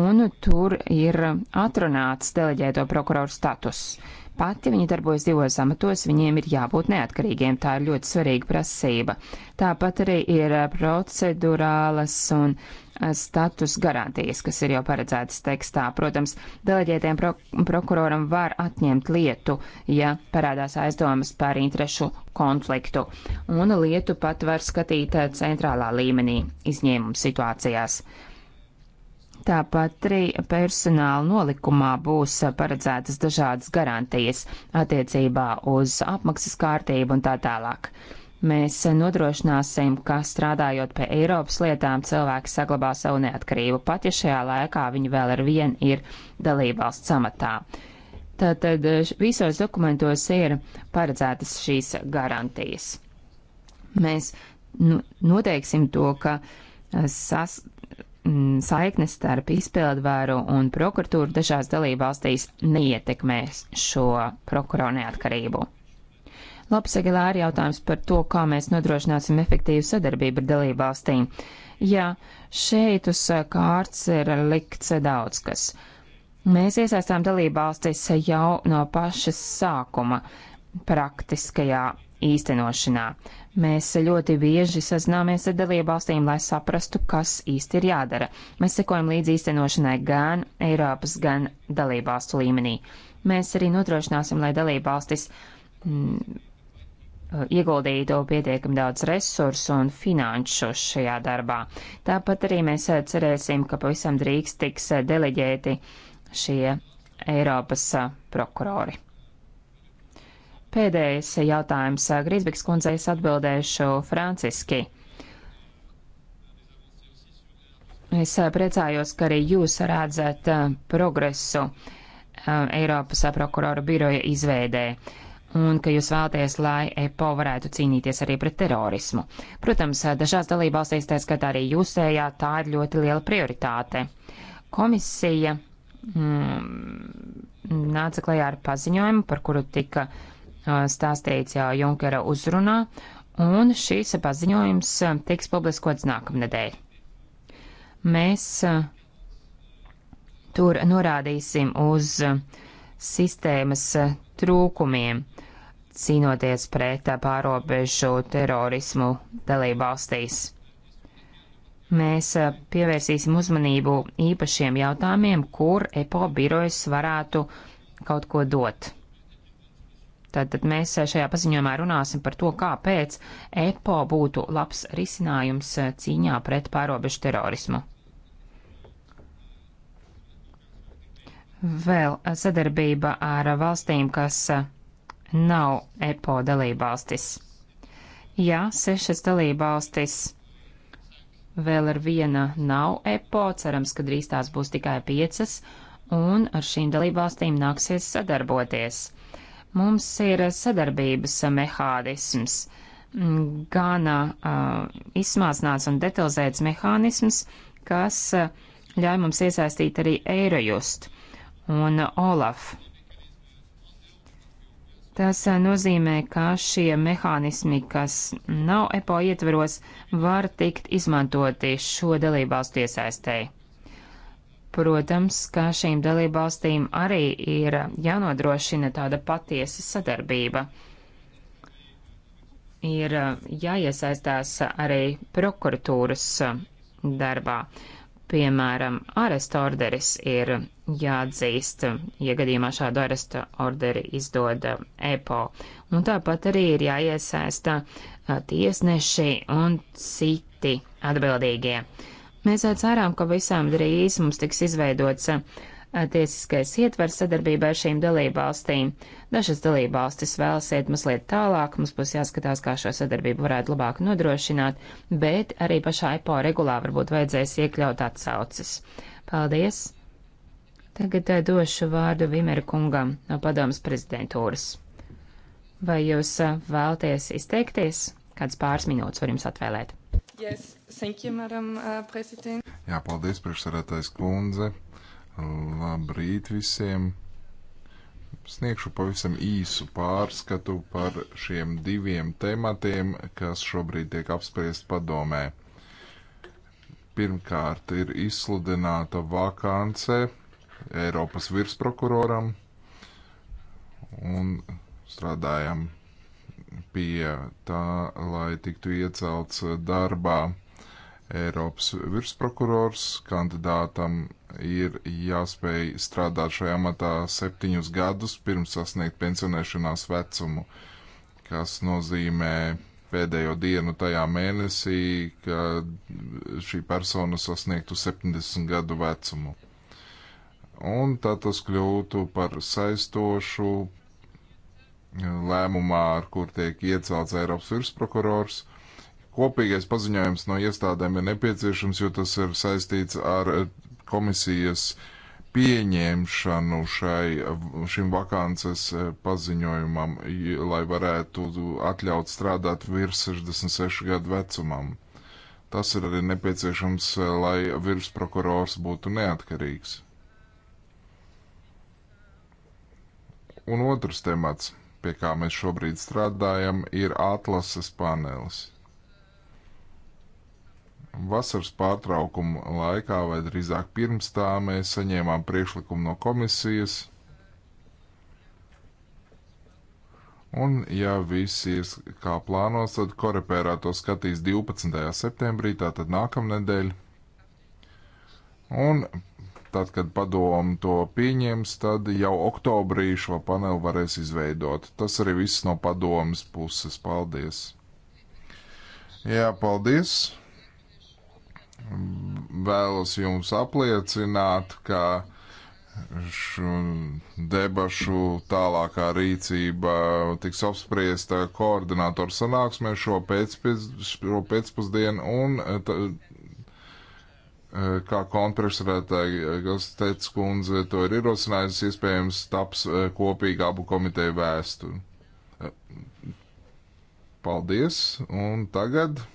un tur ir atrunāts deleģēto prokuroru status. Pat ja viņi darbojas divos amatos, viņiem ir jābūt neatkarīgiem. Tā ir ļoti svarīga prasība. Tāpat arī ir procedurālas un status garantijas, kas ir jau paredzētas tekstā. Protams, deleģētiem pro prokuroram var atņemt lietu, ja parādās aizdomas par interešu konfliktu, un lietu pat var skatīt eh, centrālā līmenī izņēmuma situācijās. Tāpat arī personāla nolikumā būs paredzētas dažādas garantijas attiecībā uz apmaksas kārtību un tā tālāk mēs nodrošināsim, ka strādājot pie Eiropas lietām, cilvēki saglabā savu neatkarību, pat ja šajā laikā viņi vēl ar vien ir dalībvalsts amatā. Tātad visos dokumentos ir paredzētas šīs garantijas. Mēs nu, noteiksim to, ka sas, saiknes starp izpildvaru un prokuratūru dažās dalībvalstīs neietekmēs šo prokuroru neatkarību. Lopes Agilāri jautājums par to, kā mēs nodrošināsim efektīvu sadarbību ar dalību valstīm. Jā, šeit uz eh, kārts ir likts daudz kas. Mēs iesaistām dalību valstis jau no pašas sākuma praktiskajā īstenošanā. Mēs ļoti bieži sazināmies ar dalībvalstīm, lai saprastu, kas īsti ir jādara. Mēs sekojam līdz īstenošanai gan Eiropas, gan dalībvalstu līmenī. Mēs arī nodrošināsim, lai dalībvalstis mm, Uh, ieguldītu pietiekami daudz resursu un finanšu šajā darbā. Tāpat arī mēs uh, cerēsim, ka pavisam drīz tiks uh, deleģēti šie Eiropas prokurori. Pēdējais jautājums Grīsbekas kundzei es atbildēšu franciski. Es priecājos, ka arī jūs redzat progresu Eiropas prokurora biroja izveidē un ka jūs vēlaties, lai EPO varētu cīnīties arī pret terorismu. Protams, dažās dalībvalstīs, tā skatā arī jūsējā, tā ir ļoti liela prioritāte. Komisija mm, nāca klajā ar paziņojumu, par kuru tika stāstīts jau Junkera uzrunā, un šīs paziņojums tiks publiskots nākamnedēļ. Mēs tur norādīsim uz sistēmas trūkumiem, uh, cīnoties pret pārobežu terorismu dalību valstīs. Mēs eh, pievērsīsim uzmanību īpašiem jautājumiem, kur EPO birojas varētu kaut ko dot. Tātad mēs šajā paziņojumā runāsim par to, kāpēc EPO būtu labs risinājums cīņā pret pārobežu terorismu. Vēl eh, sadarbība ar valstīm, kas eh, nav EPO dalībvalstis. Jā, sešas dalībvalstis vēl ar viena nav EPO, cerams, ka drīz tās būs tikai piecas, un ar šīm dalībvalstīm nāksies sadarboties. Mums ir sadarbības mehānisms gana uh, izsmācināts un detalizēts mehānisms, kas uh, ļauj mums iesaistīt arī Eirojust un uh, Olaf. Tas eh, nozīmē, ka šie mehānismi, kas nav EPO ietveros, var tikt izmantoti šo dalībvalstu iesaistēji. Protams, ka šīm dalībvalstīm arī ir jānodrošina tāda patiesa sadarbība ir eh, jāiesaistās arī prokuratūras eh, darbā. Piemēram, arestu orderis ir jāatzīst, ja gadījumā šādu arestu orderi izdod EPO. Un tāpat arī ir jāiesaista tiesneši un citi atbildīgie. Mēs cerām, ka visām drīz mums tiks izveidots tiesiskais ietvers sadarbībai ar šīm dalībvalstīm. Dažas dalībvalstis vēlas iet mazliet tālāk, mums būs jāskatās, kā šo sadarbību varētu labāk nodrošināt, bet arī pašā IPO regulā varbūt vajadzēs iekļaut atsauces. Paldies! Tagad eh, došu vārdu Vimeru kungam no padomas prezidentūras. Vai jūs eh, vēlties izteikties? Kāds pāris minūtes var jums atvēlēt? Yes, thank you, madam, uh, president. Jā, paldies, priekšsarētais kundze. Labrīt visiem! Sniegšu pavisam īsu pārskatu par šiem diviem tematiem, kas šobrīd tiek apspriest padomē. Pirmkārt ir izsludināta vakance Eiropas virsprokuroram un strādājam pie tā, lai tiktu iecelts darbā Eiropas virsprokurors kandidātam ir jāspēj strādāt šajā amatā septiņus gadus pirms sasniegt pensionēšanās vecumu, kas nozīmē pēdējo dienu tajā mēnesī, kad šī persona sasniegtu 70 gadu vecumu. Un tad tas kļūtu par saistošu lēmumā, ar kur tiek iecelts Eiropas virsprokurors. Kopīgais paziņojums no iestādēm ir nepieciešams, jo tas ir saistīts ar komisijas pieņemšanu šai, šim vakances e, paziņojumam, lai varētu atļaut strādāt virs 66 gadu vecumam. Tas ir arī nepieciešams, e, lai virsprokurors būtu neatkarīgs. Un otrs temats, pie kā mēs šobrīd strādājam, ir atlases panelis. Vasaras pārtraukuma laikā, vai drīzāk pirms tā, mēs saņēmām priekšlikumu no komisijas. Un, ja viss ir kā plānots, tad korepērā to skatīs 12. septembrī, tātad nākamnedēļ. Un tad, kad padomu to pieņems, tad jau oktobrī šo paneli varēs izveidot. Tas arī viss no padomas puses. Paldies! Jā, paldies! Vēlos jums apliecināt, ka šo debašu tālākā rīcība tiks apspriesta koordinātoru sanāksmē šo, pēcpiz, šo pēcpusdienu un t, kā kontrakstarētāji, kas teica kundze, to ir ierosinājusi, iespējams, taps kopīgi abu komiteju vēstu. Paldies, un tagad.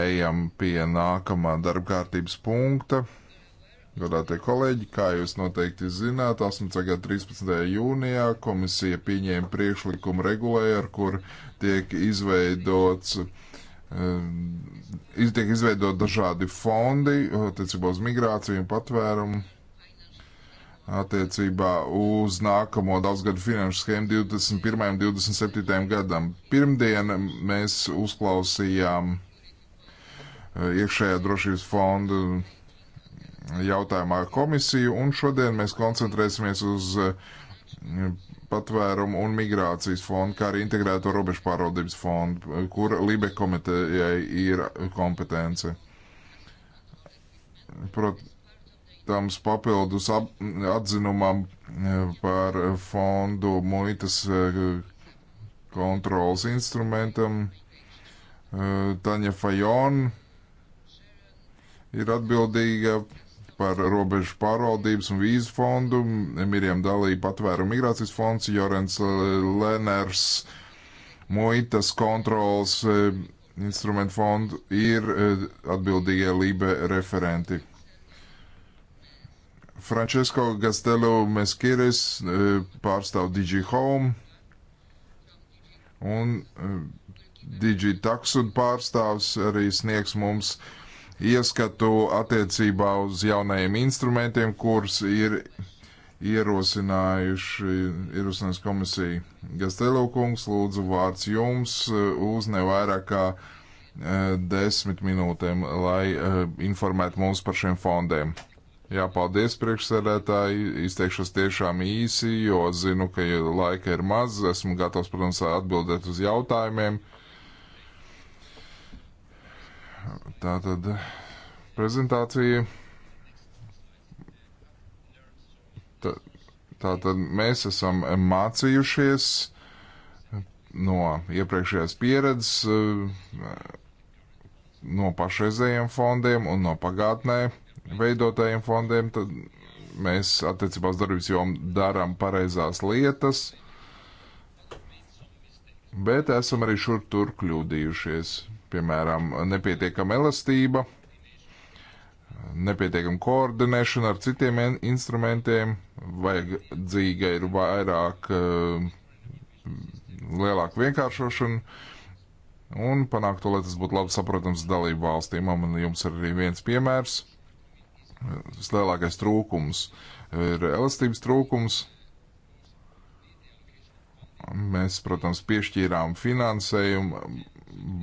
Ejam pie nākamā darba kārtības punkta. Godātie kolēģi, kā jūs noteikti zināt, 13. jūnijā komisija pieņēma priekšlikumu regulēju, ar kur tiek izveidots. Eh, tiek izveidot dažādi fondi attiecībā uz migrāciju un patvērumu, attiecībā uz nākamo daudzgadu finanšu schēmu 21. un 27. gadam. Pirmdien mēs uzklausījām uh, Eh, iekšējā drošības fonda jautājumā komisiju, un šodien mēs koncentrēsimies uz eh, patvērumu un migrācijas fondu, kā arī integrēto robežu pārvaldības fondu, eh, kur Libe komitejai ir kompetence. Protams, papildus ap, atzinumam par fondu muitas kontrolas instrumentam, Taņa Fajona ir atbildīga par robežu pārvaldības un vīzu fondu, Mirjam Dalī patvēru migrācijas fonds, Jorens Leners muitas kontrols e, instrumentu fondu ir e, atbildīgie Lībe referenti. Francesco Gastelo Meskiris e, pārstāv Digi Home un Digi Taxud pārstāvs arī sniegs mums uh, ieskatu attiecībā uz jaunajiem instrumentiem, kurus ir ierosinājuši, ierosinājusi komisija. Gastelo kungs, lūdzu vārds jums eh, uz nevairāk kā eh, desmit minūtēm, lai eh, informētu mums par šiem fondiem. Jā, paldies priekšsēdētāji, izteikšos tiešām īsi, jo zinu, ka laika ir maz, esmu gatavs, protams, atbildēt uz jautājumiem. Uh, Tātad prezentācija. Tā, tātad mēs esam mācījušies no iepriekšējās pieredzes, no pašreizējiem fondiem un no pagātnē veidotajiem fondiem. Tad mēs attiecībā uz darbības jomu darām pareizās lietas bet esam arī šur tur kļūdījušies piemēram, nepietiekama elastība, nepietiekama koordinēšana ar citiem instrumentiem, vajadzīga ir vairāk, eh, lielāka vienkāršošana un panākt to, lai tas būtu labi saprotams dalību valstīm. Man jums ir arī viens piemērs. Vislielākais trūkums ir elastības trūkums. Mēs, protams, piešķīrām finansējumu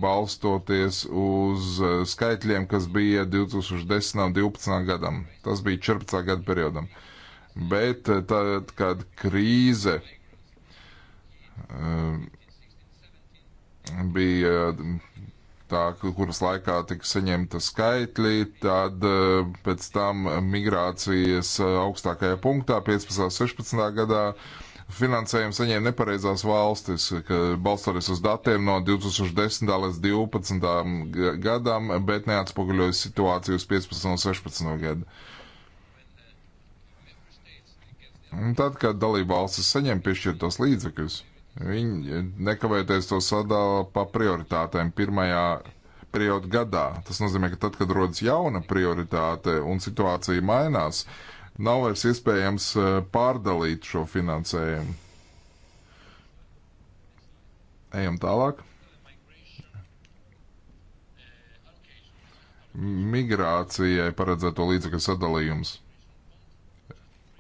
balstoties uz eh, skaitļiem, kas bija 2010. un 2012. gadam. Tas bija 14. gada periodam. Bet eh, tad, kad krīze eh, bija tā, kuras laikā tika saņemta skaitļi, tad pēc tam migrācijas augstākajā punktā 15. un 16. gadā finansējumu saņēma nepareizās valstis, balstoties uz datiem no 2010. līdz 2012. gadam, bet neatspoguļoja situāciju uz 15 un 16 gadu. Un tad, kad dalība valstis saņem piešķirtos līdzekļus, viņi nekavēties to sadala pa prioritātēm pirmajā periodu gadā. Tas nozīmē, ka tad, kad rodas jauna prioritāte un situācija mainās, uh, Nav vairs iespējams eh, pārdalīt šo finansējumu. Ejam tālāk. Migrācijai paredzēto līdzekļu sadalījums.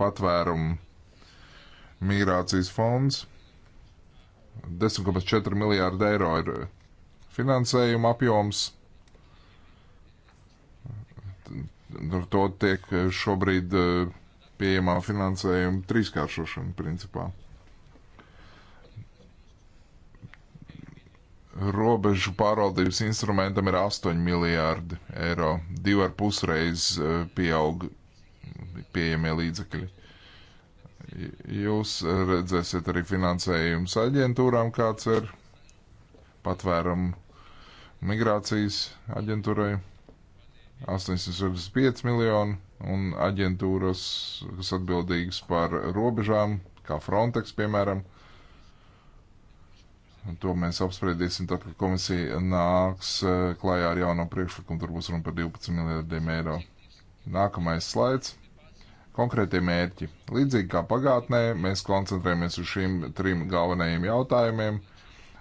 Patvērumu migrācijas fonds. 10,4 miljārdi eiro ir finansējuma apjoms Ar to tiek eh, šobrīd eh, pieejamā finansējuma trīskāršošana principā. Robežu pārvaldības instrumentam ir 8 miljārdi eiro, divi ar pusreiz eh, pieaug pieejamie līdzekļi. Jūs redzēsiet arī finansējums aģentūrām, kāds ir patvērumu migrācijas aģentūrai. 865 miljoni, un aģentūras, kas atbildīgas par robežām, kā Frontex, piemēram. Un to mēs apspriedīsim tad, kad komisija nāks eh, klājā ar jauno priekšlikumu, tur būs runa par 12 miljardiem eiro. Nākamais slaids - konkrētie mērķi. Līdzīgi kā pagātnē, mēs koncentrējamies uz šiem trim galvenajiem jautājumiem -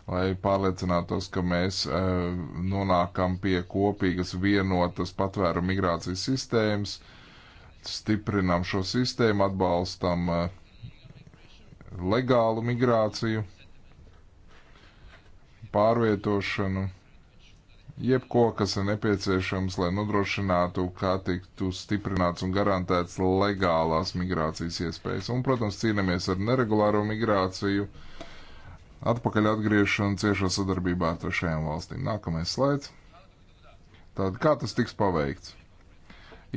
lai pārliecinātos, ka mēs e, nonākam pie kopīgas vienotas patvēru migrācijas sistēmas, stiprinam šo sistēmu, atbalstam e, legālu migrāciju, pārvietošanu, jebko, kas ir nepieciešams, lai nodrošinātu, kā tiktu stiprināts un garantēts legālās migrācijas iespējas. Un, protams, cīnāmies ar neregulāro migrāciju. Uh, Atpakaļ atgriešana ciešā sadarbībā ar trešajām valstīm. Nākamais slaids. Tad kā tas tiks paveikts?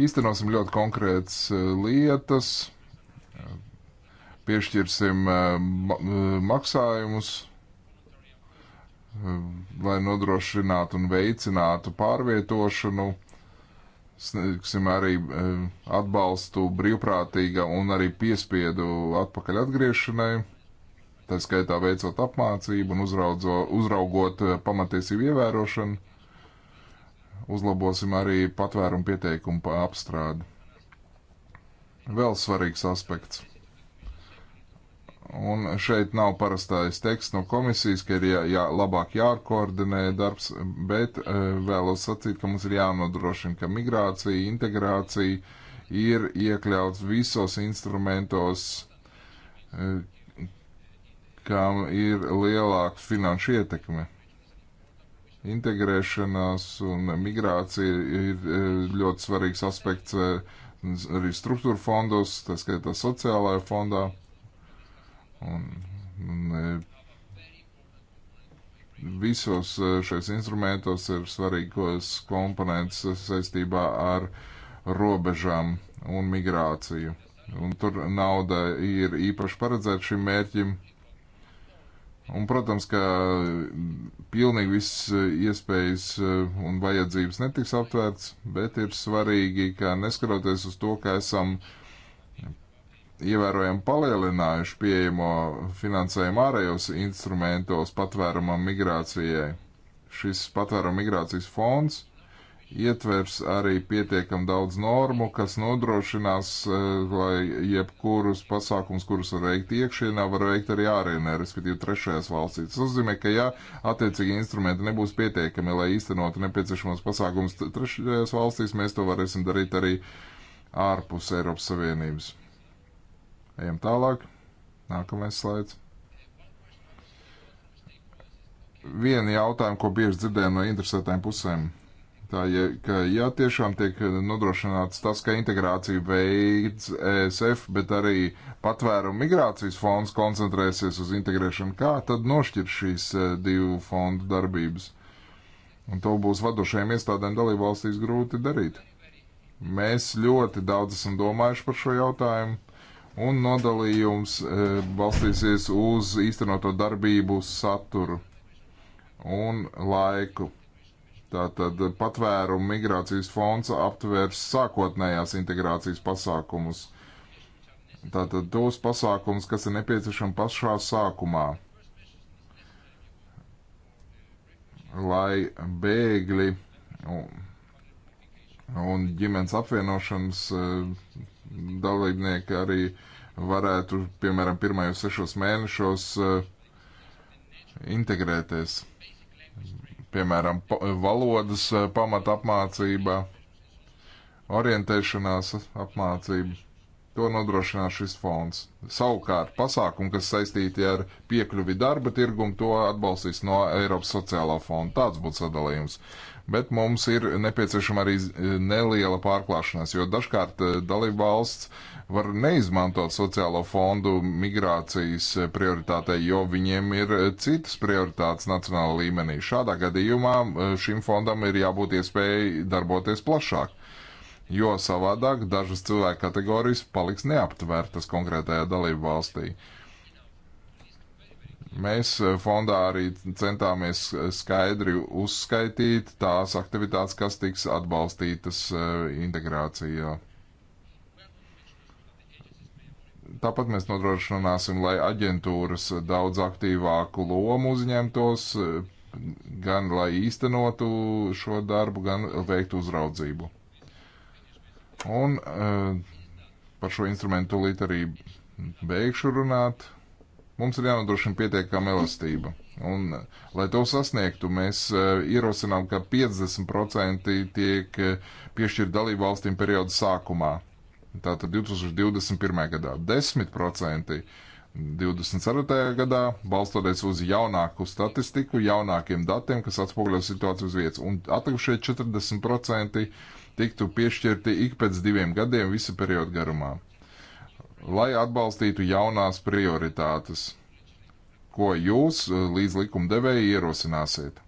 Īstenosim ļoti konkrētas e, lietas, piešķirsim e, e, maksājumus, lai nodrošinātu un veicinātu pārvietošanu. Sniegsim arī atbalstu brīvprātīga un arī piespiedu atpakaļ atgriešanai tā skaitā veicot apmācību un uzraudzo, uzraugot eh, pamatiesību ievērošanu. Uzlabosim arī patvērumu pieteikumu pa apstrādi. Vēl svarīgs aspekts. Un šeit nav parastais teksts no komisijas, ka ir jā, jā, labāk jākoordinē darbs, bet eh, vēlos sacīt, ka mums ir jānodrošina, ka migrācija, integrācija ir iekļauts visos instrumentos, eh, kam ir lielāka finanšu ietekme. Integrēšanās un migrācija ir e, ļoti svarīgs aspekts e, arī struktūra fondos, tā skaitā sociālajā fondā. Un, un, e, visos šais instrumentos ir svarīgos komponents saistībā ar robežām un migrāciju. Un tur nauda ir īpaši paredzēta šim mērķim. Un, protams, ka mm, pilnīgi viss eh, iespējas eh, un vajadzības netiks aptvērts, bet ir svarīgi, ka neskaroties uz to, ka esam mm, ievērojami palielinājuši pieejamo finansējumu ārējos instrumentos patvērumam migrācijai. Šis patvēruma migrācijas fonds ietvers arī pietiekam daudz normu, kas nodrošinās, eh, lai jebkurus pasākums, kurus var veikt iekšienā, var veikt arī ārienē, respektīvi trešajās valstīs. Tas nozīmē, ka ja attiecīgi instrumenti nebūs pietiekami, lai īstenotu nepieciešamos pasākums trešajās valstīs, mēs to varēsim darīt arī ārpus Eiropas Savienības. Ejam tālāk. Nākamais slaids. Vienu jautājumu, ko bieži dzirdējam no interesētām pusēm Tā, ja, ka, ja tiešām tiek nodrošināts tas, ka integrācija veids ESF, bet arī patvērumu migrācijas fonds koncentrēsies uz integrēšanu, kā tad nošķir šīs e, divu fondu darbības? Un to būs vadošajiem iestādēm dalībvalstīs grūti darīt. Mēs ļoti daudz esam domājuši par šo jautājumu, un nodalījums e, balstīsies uz īstenoto darbību saturu un laiku. Tātad patvērumu migrācijas fonds aptvērs sākotnējās integrācijas pasākumus. Tātad tos pasākumus, kas ir nepieciešami pašā sākumā, lai bēgļi un, un ģimenes apvienošanas eh, dalībnieki arī varētu, piemēram, pirmajos sešos mēnešos eh, integrēties piemēram, valodas eh, pamata apmācība, orientēšanās apmācība. To nodrošinās šis fonds. Savukārt, pasākumi, kas saistīti ar piekļuvi darba tirgumu, to atbalstīs no Eiropas sociālā fonda. Tāds būtu sadalījums. Bet mums ir nepieciešama arī eh, neliela pārklāšanās, jo dažkārt eh, dalība valsts var neizmantot sociālo fondu migrācijas prioritātei, jo viņiem ir eh, citas prioritātes nacionāla līmenī. Šādā gadījumā eh, šim fondam ir jābūt iespējai darboties plašāk, jo savādāk dažas cilvēku kategorijas paliks neaptvērtas konkrētajā dalību valstī. Mēs eh, fondā arī centāmies skaidri uzskaitīt tās aktivitātes, kas tiks atbalstītas integrācijā. Tāpat mēs nodrošināsim, lai aģentūras daudz aktīvāku lomu uzņemtos, gan lai īstenotu šo darbu, gan veiktu uzraudzību. Un eh, par šo instrumentu tūlīt arī beigšu runāt. Mums ir jānodrošina pietiekama elastība. Un, lai to sasniegtu, mēs eh, ierosinām, ka 50% tiek eh, piešķirt dalību valstīm periodu sākumā Tātad 2021. gadā 10%, 2024. gadā balstoties uz jaunāku statistiku, jaunākiem datiem, kas atspoguļo situāciju uz vietas, un atlikušie 40% tiktu piešķirti ik pēc diviem gadiem visa perioda garumā, lai atbalstītu jaunās prioritātes, ko jūs eh, līdz likumdevēji ierosināsiet.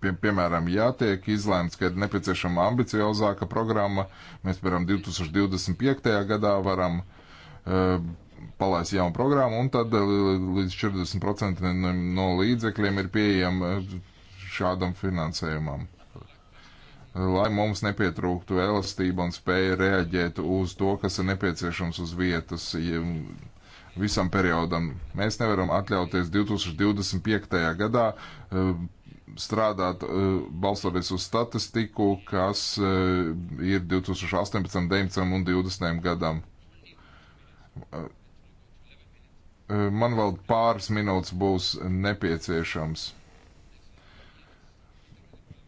Pie, piemēram, ja tiek izlēmts, ka ir nepieciešama ambiciozāka programma, mēs, piemēram, 2025. gadā varam uh, palaist jaunu programmu, un tad e, līdz 40% no līdzekļiem ir pieejama e, šādam finansējumam. Lai mums nepietrūktu elastība un spēja reaģēt uz to, kas ir nepieciešams uz vietas visam periodam. Mēs nevaram atļauties 2025. gadā strādāt eh, balstoties uz statistiku, kas eh, ir 2018, 19 un 20 gadam. Eh, man vēl pāris minūtes būs nepieciešams.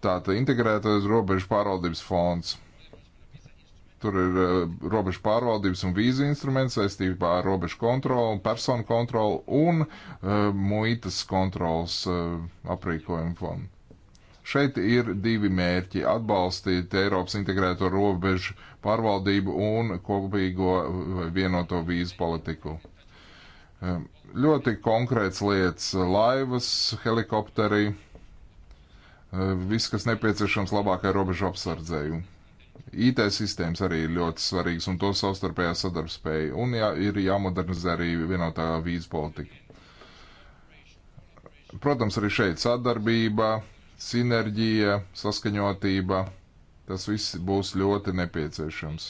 Tātad integrētais robežu pārvaldības fonds. Tur ir eh, robežu pārvaldības un vīzu instruments saistībā ar robežu kontroli, personu kontroli un uh, muitas kontrols uh, aprīkojumu fondu. Šeit ir divi mērķi - atbalstīt Eiropas integrēto robežu pārvaldību un kopīgo vienoto vīzu politiku. Um, ļoti konkrēts lietas - laivas, helikopteri, uh, viss, kas nepieciešams labākai robežu apsardzējumu IT sistēmas arī ir ļoti svarīgas un to savstarpējā sadarbspēja. Un jā, ir jāmodernizē arī vienotā vīzu politika. Protams, arī šeit sadarbība, sinerģija, saskaņotība. Tas viss būs ļoti nepieciešams.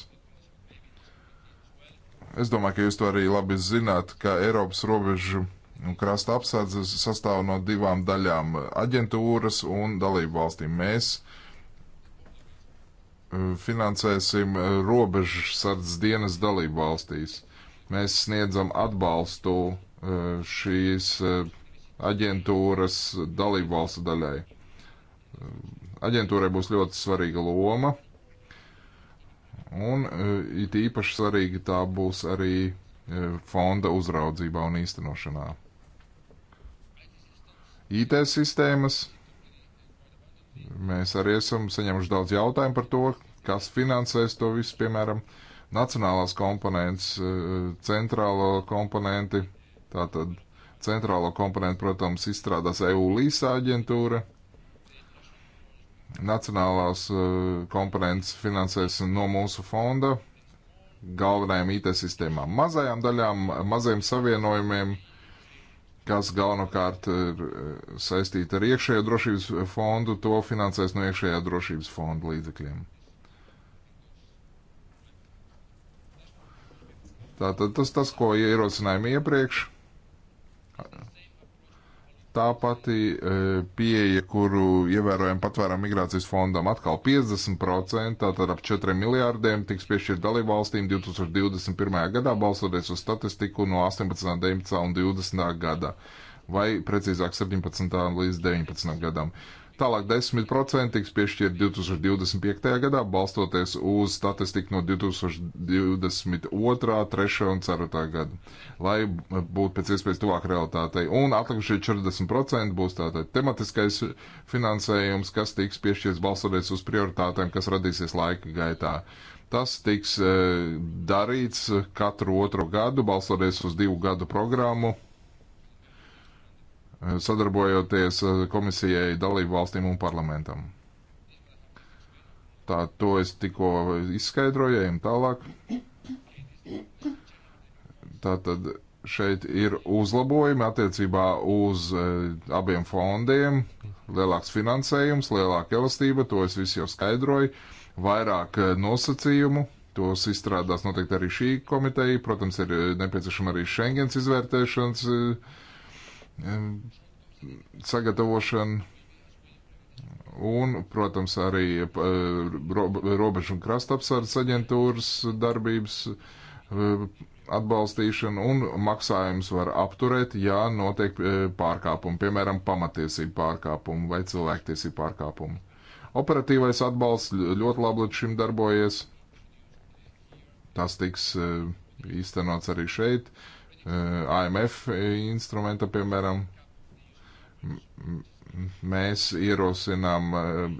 Es domāju, ka jūs to arī labi zināt, ka Eiropas robežu un krasta apsardzes sastāv no divām daļām - aģentūras un dalību valstīm. Mēs finansēsim eh, robežsardzes dienas dalību valstīs. Mēs sniedzam atbalstu eh, šīs eh, aģentūras dalību valstu daļai. Aģentūrai būs ļoti svarīga loma, un it īpaši svarīga tā būs arī fonda uzraudzībā un īstenošanā. IT sistēmas Mēs arī esam saņēmuši daudz jautājumu par to, kas finansēs to visu, piemēram, nacionālās komponentes, eh, centrālo komponenti. Tātad centrālo komponentu, protams, izstrādās EU līsā aģentūra. Nacionālās eh, komponentes finansēs no mūsu fonda galvenajām IT sistēmām, mazajām daļām, maziem savienojumiem kas galvenokārt ir eh, saistīta ar iekšējo drošības fondu, to finansēs no iekšējā drošības fonda līdzekļiem. Tātad tas, tas, ko ierosinājām iepriekš, Tā pati e, pieeja, kuru ievērojam patvērām migrācijas fondam, atkal 50%, tātad ap 4 miljārdiem tiks piešķirt dalībvalstīm 2021. gadā, balsoties uz statistiku no 18, 19 un 20 gada, vai precīzāk 17 līdz 19 gadam. Uh, Tālāk 10% tiks piešķirt 2025. gadā, balstoties uz statistiku no 2022., 3. un 4. gada, lai būtu pēc iespējas tuvāk realitātei. Un atlikušie 40% būs tātad tematiskais finansējums, kas tiks piešķirts balstoties uz prioritātēm, kas radīsies laika gaitā. Tas tiks eh, darīts katru otro gadu, balstoties uz divu gadu programmu sadarbojoties eh, komisijai, dalību valstīm un parlamentam. Tā to es tikko izskaidroju, ejam tālāk. Tātad šeit ir uzlabojumi attiecībā uz eh, abiem fondiem, lielāks finansējums, lielāka elastība, to es visu jau skaidroju, vairāk eh, nosacījumu, tos izstrādās noteikti arī šī komiteja, protams, ir nepieciešama arī Schengens izvērtēšanas uh, sagatavošanu un, protams, arī robežu un krastapsardzes aģentūras darbības e, atbalstīšanu un maksājumus var apturēt, ja notiek e, pārkāpumi, piemēram, pamatiesību pārkāpumi vai cilvēktiesību pārkāpumi. Operatīvais atbalsts ļoti labi līdz šim darbojies. Tas tiks e, īstenots arī šeit. Uh, Eh, AMF instrumenta, piemēram, mēs ierosinām eh,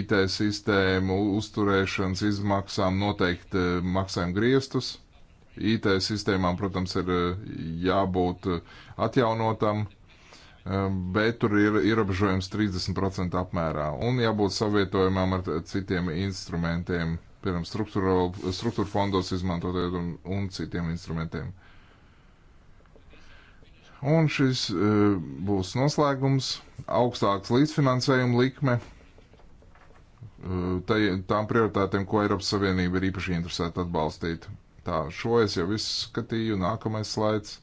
IT sistēmu uzturēšanas izmaksām noteikti eh, maksājuma griestus. IT sistēmām, protams, ir jābūt atjaunotam, bet tur ir ierobežojums 30% apmērā un jābūt savietojumam ar citiem instrumentiem piemēram, struktūra fondos izmantotajiem un, un citiem instrumentiem. Un šis e, būs noslēgums - augstāks līdzfinansējuma likme e, tai, tām prioritātēm, ko Eiropas Savienība ir īpaši interesēta atbalstīt. Tā, šo es jau izskatīju, nākamais slaids.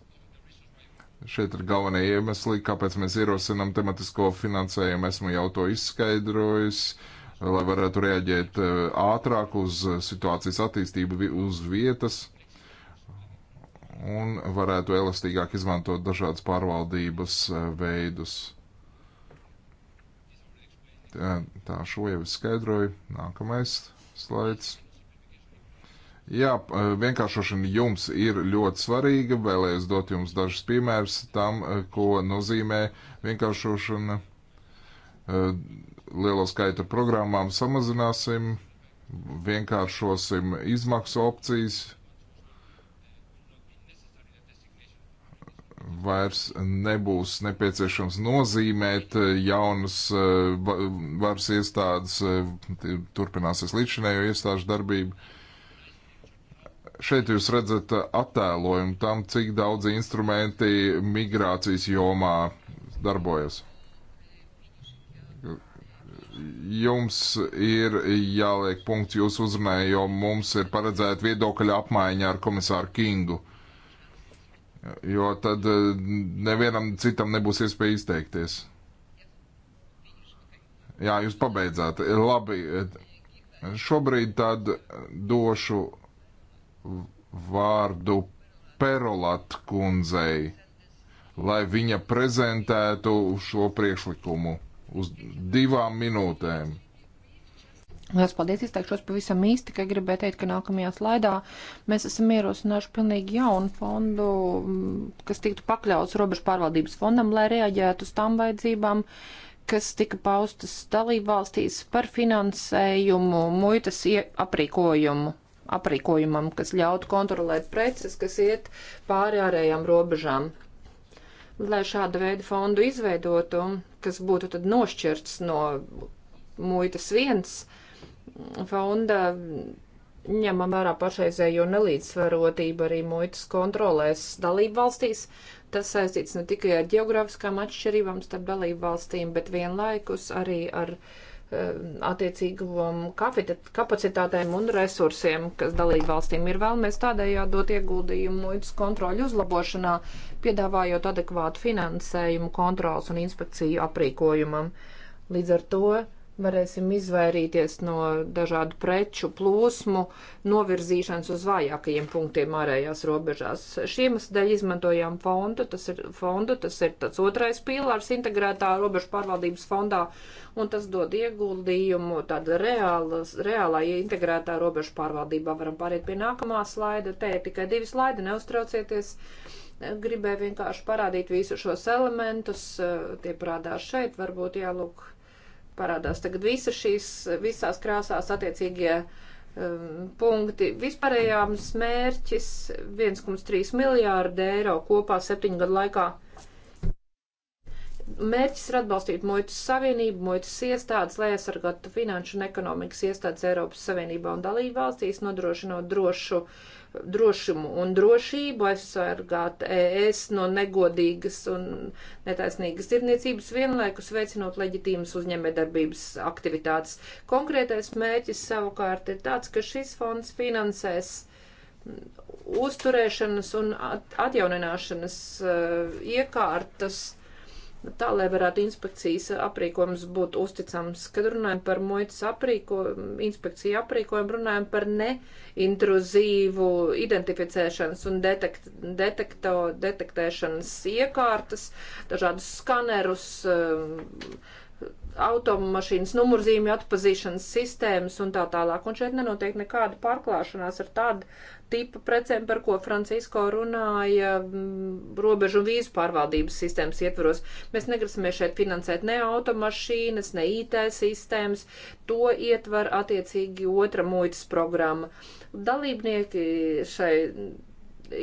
Šeit ir galvenie iemesli, kāpēc mēs ierosinām tematisko finansējumu. Esmu jau to izskaidrojis. Uh, lai varētu reaģēt eh, ātrāk uz eh, situācijas attīstību uz vietas un varētu elastīgāk izmantot dažādas pārvaldības eh, veidus. Tā šo jau es skaidroju. Nākamais slaids. Jā, vienkāršošana jums ir ļoti svarīga. Vēlējos dot jums dažus piemērus tam, ko nozīmē vienkāršošana liela skaita programmām samazināsim, vienkāršosim izmaksu opcijas, vairs nebūs nepieciešams nozīmēt eh, jaunas eh, varas iestādes, eh, turpināsies līdzinējo iestāžu darbību. Šeit jūs redzat attēlojumu tam, cik daudz instrumenti migrācijas jomā darbojas jums ir jāliek punkts jūsu uzrunai, jo mums ir paredzēta viedokļa apmaiņa ar komisāru Kingu. Jo tad eh, nevienam citam nebūs iespēja izteikties. Jā, jūs pabeidzāt. Labi, šobrīd tad došu vārdu Perolat kundzei, lai viņa prezentētu šo priekšlikumu uz divām minūtēm. Lielas paldies, izteikšos pavisam īsti, tikai gribēju teikt, ka nākamajā slaidā mēs esam ierosinājuši pilnīgi jaunu fondu, kas tiktu pakļauts robežu pārvaldības fondam, lai reaģētu uz tām vajadzībām, kas tika paustas dalībvalstīs par finansējumu, muitas aprīkojumu aprīkojumam, kas ļautu kontrolēt preces, kas iet pāri ārējām robežām. Lai šāda veida fondu izveidotu, kas būtu tad nošķirts no muitas viens fonda, ņemam vērā pašreizējo nelīdzsvarotību arī muitas kontrolēs dalību valstīs. Tas saistīts ne tikai ar geogrāfiskām atšķirībām starp dalību valstīm, bet vienlaikus arī ar uh, Eh, attiecīgām kapacitātēm un resursiem, kas dalību valstīm ir vēlamies tādējādi dot ieguldījumu muitas kontroļu uzlabošanā, piedāvājot adekvātu finansējumu kontrols un inspekciju aprīkojumam. Līdz ar to varēsim izvairīties no dažādu preču plūsmu novirzīšanas uz vājākajiem punktiem ārējās robežās. Šiem dēļ izmantojām fondu, tas ir, fondu, tas ir tāds otrais pīlārs integrētā robežu pārvaldības fondā, un tas dod ieguldījumu tāda reālas, reālā integrētā robežu pārvaldībā. Varam pāriet pie nākamā slaida, te ir tikai divi slaidi, neuztraucieties. Gribēju vienkārši parādīt visu šos elementus, tie parādās šeit, varbūt jālūk parādās tagad visas šīs, visās krāsās attiecīgie um, punkti. Vispārējāms mērķis 1,3 miljārdi eiro kopā septiņu gadu laikā. Mērķis ir atbalstīt muitas savienību, muitas iestādes, lai aizsargātu finanšu un ekonomikas iestādes Eiropas Savienībā un dalību valstīs, nodrošinot drošu uh, drošumu un drošību, aizsargāt ES no negodīgas un netaisnīgas tirniecības, vienlaikus veicinot leģitīmas uzņēmējdarbības aktivitātes. Konkrētais mērķis savukārt ir tāds, ka šis fonds finansēs uzturēšanas un atjaunināšanas uh, iekārtas tā, lai varētu inspekcijas aprīkojums būt uzticams. Kad runājam par muitas aprīko, inspekciju aprīkojumu, runājam par neintruzīvu identificēšanas un detekt, detekto, detektēšanas iekārtas, dažādus skanerus, um, automašīnas numurzīmju atpazīšanas sistēmas un tā tālāk. Un šeit nenotiek nekāda pārklāšanās ar tādu tipu precēm, par ko Francisko runāja mm, robežu un vīzu pārvaldības sistēmas ietvaros. Mēs negrasamies šeit finansēt ne automašīnas, ne IT sistēmas. To ietver attiecīgi otra muitas programma. Dalībnieki šai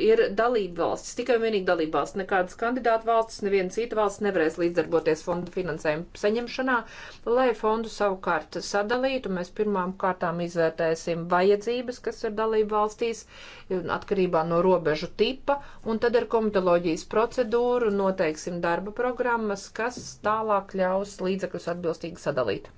ir dalība valsts, tikai un vienīgi dalība valsts. Nekādas kandidātu valsts, neviena cita valsts nevarēs līdzdarboties fondu finansējumu saņemšanā, lai fondu savukārt sadalītu. Mēs pirmām kārtām izvērtēsim vajadzības, kas ir dalība valstīs, atkarībā no robežu tipa, un tad ar komitoloģijas procedūru noteiksim darba programmas, kas tālāk ļaus līdzekļus atbilstīgi sadalīt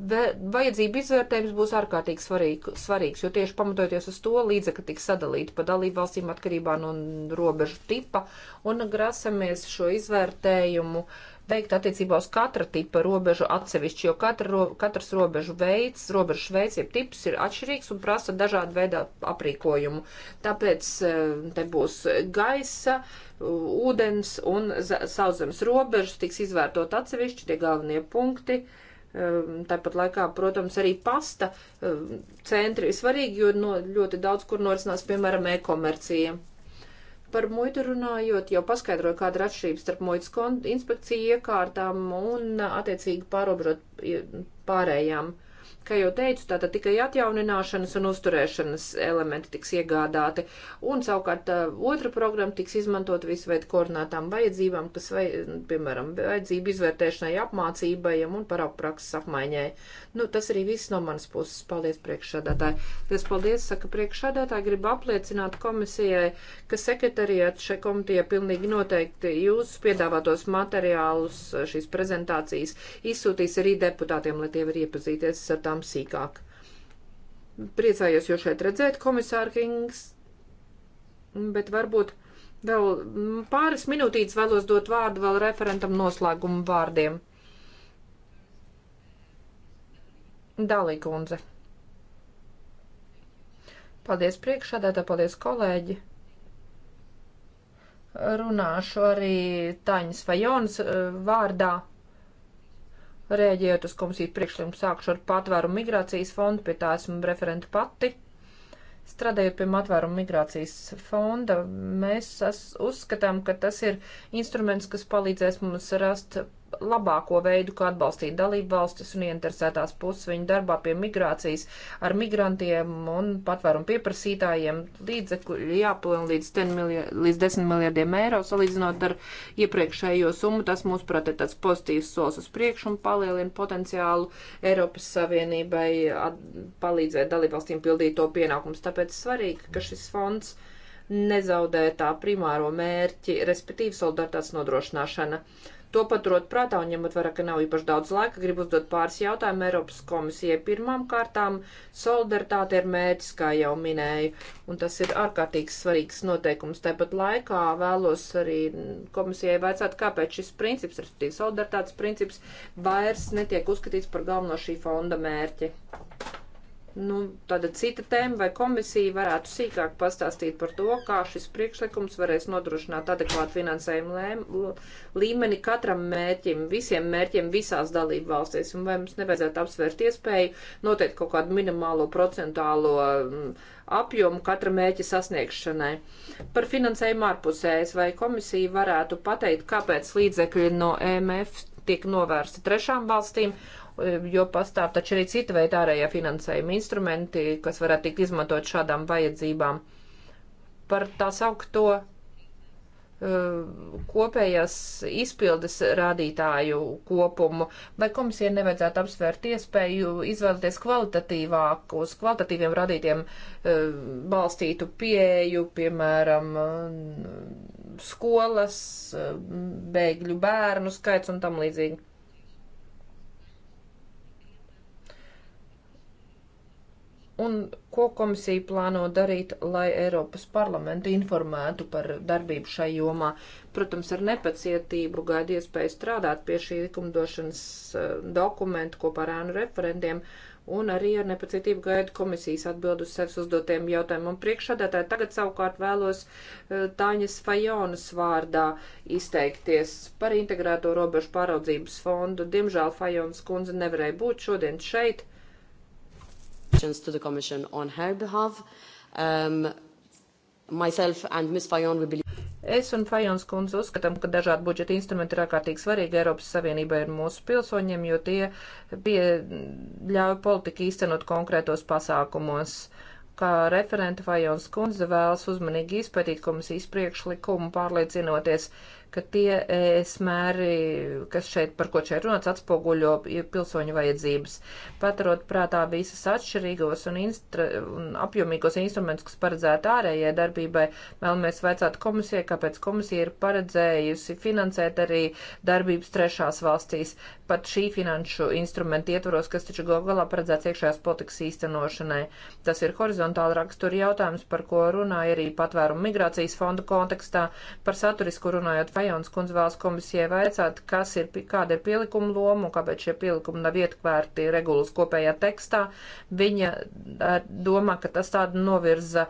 vajadzību izvērtējums būs ārkārtīgi svarīgs, svarīgs, jo tieši pamatojoties uz to līdzekļi tiks sadalīti pa dalību valstīm atkarībā no robežu tipa un grasamies šo izvērtējumu veikt attiecībā uz katra tipa robežu atsevišķi, jo katra, ro, katrs robežu veids, robežu veids, jeb tips ir atšķirīgs un prasa dažādu veidā aprīkojumu. Tāpēc eh, te būs gaisa, ūdens un sauszemes robežas, tiks izvērtot atsevišķi tie galvenie punkti. Uh, Ehm, tāpat laikā, protams, arī pasta ehm, centri ir svarīgi, jo no, ļoti daudz kur norisinās, piemēram, e-komercija. Par muitu runājot, jau paskaidroju, kāda ir atšķirība starp muitas inspekciju iekārtām un attiecīgi pārobrot pārējām uh, Kā jau teicu, tātad tikai atjaunināšanas un uzturēšanas elementi tiks iegādāti, un savukārt otra programma tiks izmantot visu veidu koordinātām vajadzībām, kas, vai, piemēram, vajadzību izvērtēšanai, apmācībai un paraugprakses apmaiņai. Nu, tas arī viss no manas puses. Paldies priekšsādātāji. Lies paldies, saka priekšsādātāji, gribu apliecināt komisijai, ka sekretariāt šai komitejai pilnīgi noteikti jūs piedāvātos materiālus šīs prezentācijas izsūtīs arī deputātiem, lai tie var iepazīties ar tām tām sīkāk. Priecājos jau šeit redzēt komisāru Kings, bet varbūt vēl pāris minūtītes vēlos dot vārdu vēl referentam noslēgumu vārdiem. Dalī kundze. Paldies priekšādētā, paldies kolēģi. Runāšu arī Taņas Fajonas eh, vārdā Rēģējot uz komisiju priekšlikumu sākšu ar patvērumu migrācijas fondu, pie tā esmu referenta pati. Strādājot pie matvērumu migrācijas fonda, mēs uzskatām, ka tas ir instruments, kas palīdzēs mums rast labāko veidu, kā atbalstīt dalību valstis un ieinteresētās puses viņu darbā pie migrācijas ar migrantiem un patvērumu pieprasītājiem līdzekļu jāpilna līdz, milja, līdz 10 miljardiem eiro, salīdzinot ar iepriekšējo summu. Tas, mūsuprāt, ir tāds pozitīvs solis uz priekšu un palielina potenciālu Eiropas Savienībai palīdzēt dalību valstīm pildīt to pienākums. Tāpēc svarīgi, ka šis fonds nezaudē tā primāro mērķi, respektīvi solidaritātes nodrošināšana. Uh, To paturot prātā un ņemot vērā, ka nav īpaši daudz laika, gribu uzdot pāris jautājumu Eiropas komisijai. Pirmām kārtām solidaritāte ir mērķis, kā jau minēju, un tas ir ārkārtīgi svarīgs noteikums. Tāpat laikā vēlos arī komisijai vaicāt, kāpēc šis princips, respektīvi solidaritātes princips, vairs netiek uzskatīts par galveno šī fonda mērķi. Nu, tāda cita tēma vai komisija varētu sīkāk pastāstīt par to, kā šis priekšlikums varēs nodrošināt adekvātu finansējumu lēm, līmeni katram mērķim, visiem mērķiem visās dalību valstīs, un vai mums nevajadzētu apsvērt iespēju noteikt kaut kādu minimālo procentālo mm, apjomu katra mērķa sasniegšanai. Par finansējumu ārpusējas vai komisija varētu pateikt, kāpēc līdzekļi no EMF tiek novērsti trešām valstīm jo pastāv taču arī cita veida ārējā finansējuma instrumenti, kas varētu tikt izmantot šādām vajadzībām. Par tā saukto eh, kopējās izpildes rādītāju kopumu, vai komisija nevajadzētu apsvērt iespēju izvēlēties kvalitatīvākus, kvalitatīviem radītiem eh, balstītu pieeju, piemēram, skolas, eh, bēgļu bērnu skaits un tam līdzīgi. un ko komisija plāno darīt, lai Eiropas parlamentu informētu par darbību šai jomā. Protams, ar nepacietību gaida iespēju strādāt pie šī likumdošanas eh, dokumentu kopā ar ēnu referentiem un arī ar nepacietību gaidu komisijas atbild uz sevis uzdotiem jautājumiem. Priekšādātāji tagad savukārt vēlos eh, Tāņas Fajonas vārdā izteikties par integrēto robežu pāraudzības fondu. Diemžēl Fajonas kundze nevarēja būt šodien šeit to the Commission on her behalf. Um, myself and Ms. Fajon, we believe. Es un Fajons kundze uzskatām, ka dažādi budžeta instrumenti ir ārkārtīgi svarīgi Eiropas Savienībai un mūsu pilsoņiem, jo tie pie ļauj politiku īstenot konkrētos pasākumos. Kā referenta Fajons kundze vēlas uzmanīgi izpētīt komisijas priekšlikumu, pārliecinoties, uh, ka tie es mēri, kas šeit par ko šeit runāts, atspoguļo pilsoņu vajadzības, paturot prātā visas atšķirīgos un, instra, un apjomīgos instrumentus, kas paredzēti ārējai darbībai. Vēlamies vaicāt komisijai, kāpēc komisija ir paredzējusi finansēt arī darbības trešās valstīs, pat šī finanšu instrumenta ietvaros, kas taču gal galā paredzēts iekšējās politikas īstenošanai. Tas ir horizontāla rakstura jautājums, par ko runāja arī patvērumu migrācijas fonda kontekstā, par saturisku runājot Fajons kundze vēlas komisijai vaicāt, kas ir, kāda ir pielikuma loma un kāpēc šie pielikumi nav ietvērti regulas kopējā tekstā. Viņa domā, ka tas tāda novirza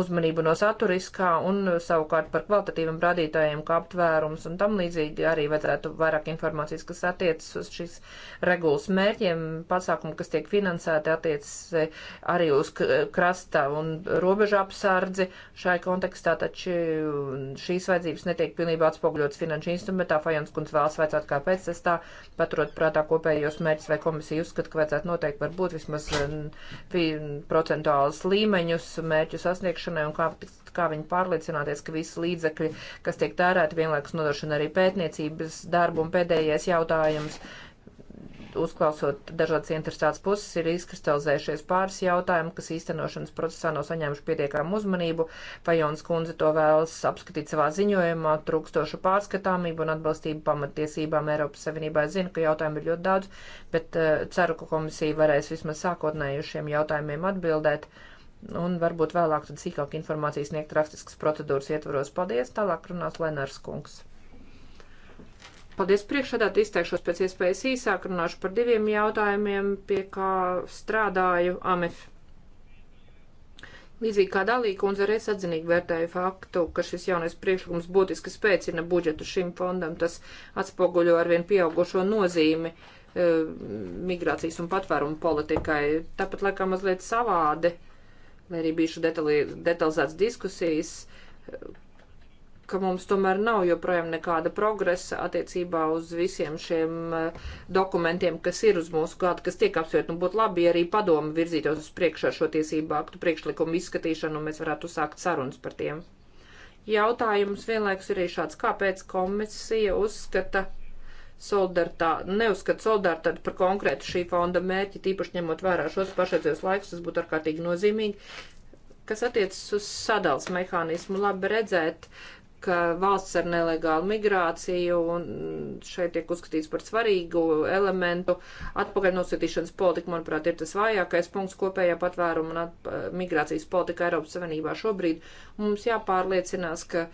uzmanību no saturiskā un savukārt par kvalitatīviem rādītājiem, kā aptvērums un tam līdzīgi arī vajadzētu vairāk informācijas, kas attiecas uz šīs regulas mērķiem, pasākumu, kas tiek finansēti, attiecas e, arī uz krasta un robežu apsardzi. Šai kontekstā taču šīs vajadzības netiek pilnībā atspoguļotas atspoguļots finanšu instrumentā. Fajans kundz vēlas vajadzētu kāpēc es tā paturot prātā kopējos mērķus vai komisiju uzskatu, ka vajadzētu noteikti varbūt vismaz procentuālus līmeņus mērķu sasniegšanai un kā, kā viņi pārliecināties, ka visi līdzekļi, kas tiek tērēti, vienlaikus nodrošina arī pētniecības darbu un pēdējais jautājums uzklausot dažādas interesētas puses, ir izkristalizējušies pāris jautājumi, kas īstenošanas procesā nav saņēmuši pietiekām uzmanību. Fajons kundze to vēlas apskatīt savā ziņojumā, trūkstošu pārskatāmību un atbalstību pamatiesībām Eiropas Savienībā. Es zinu, ka jautājumu ir ļoti daudz, bet uh, ceru, ka komisija varēs vismaz sākotnēji uz šiem jautājumiem atbildēt un varbūt vēlāk tad sīkāk informācijas sniegt rakstiskas procedūras ietvaros. Paldies, tālāk runās Lenārs Kungs. Paldies priekšādāt, izteikšos pēc iespējas īsāk, runāšu par diviem jautājumiem, pie kā strādāju AMEF. Līdzīgi kā dalīkundze reiz atzinīgi vērtēja faktu, ka šis jaunais priekšlikums būtiski spēcina budžetu šim fondam, tas atspoguļo arvien pieaugušo nozīmi e, migrācijas un patvērumu politikai. Tāpat laikam mazliet savādi, lai arī bijuši detali, detalizēts diskusijas, ka mums tomēr nav joprojām nekāda progresa attiecībā uz visiem šiem eh, dokumentiem, kas ir uz mūsu gada, kas tiek apsvērt. Un nu, būtu labi, ja arī padomu virzītos uz priekšu ar šo tiesību aktu priekšlikumu izskatīšanu, un mēs varētu sākt sarunas par tiem. Jautājums vienlaikus ir arī šāds, kāpēc komisija uzskata solidaritāti, neuzskata solidaritāti par konkrētu šī fonda mērķi, tīpaši ņemot vērā šos pašreizējos laikus, tas būtu ārkārtīgi nozīmīgi. Kas attiecas uz sadals mehānismu, labi redzēt, ka valsts ar nelegālu migrāciju un šeit tiek uzskatīts par svarīgu elementu. Atpakaļ nosūtīšanas politika, manuprāt, ir tas vājākais punkts kopējā patvēruma un migrācijas politika Eiropas Savienībā šobrīd. Mums jāpārliecinās, ka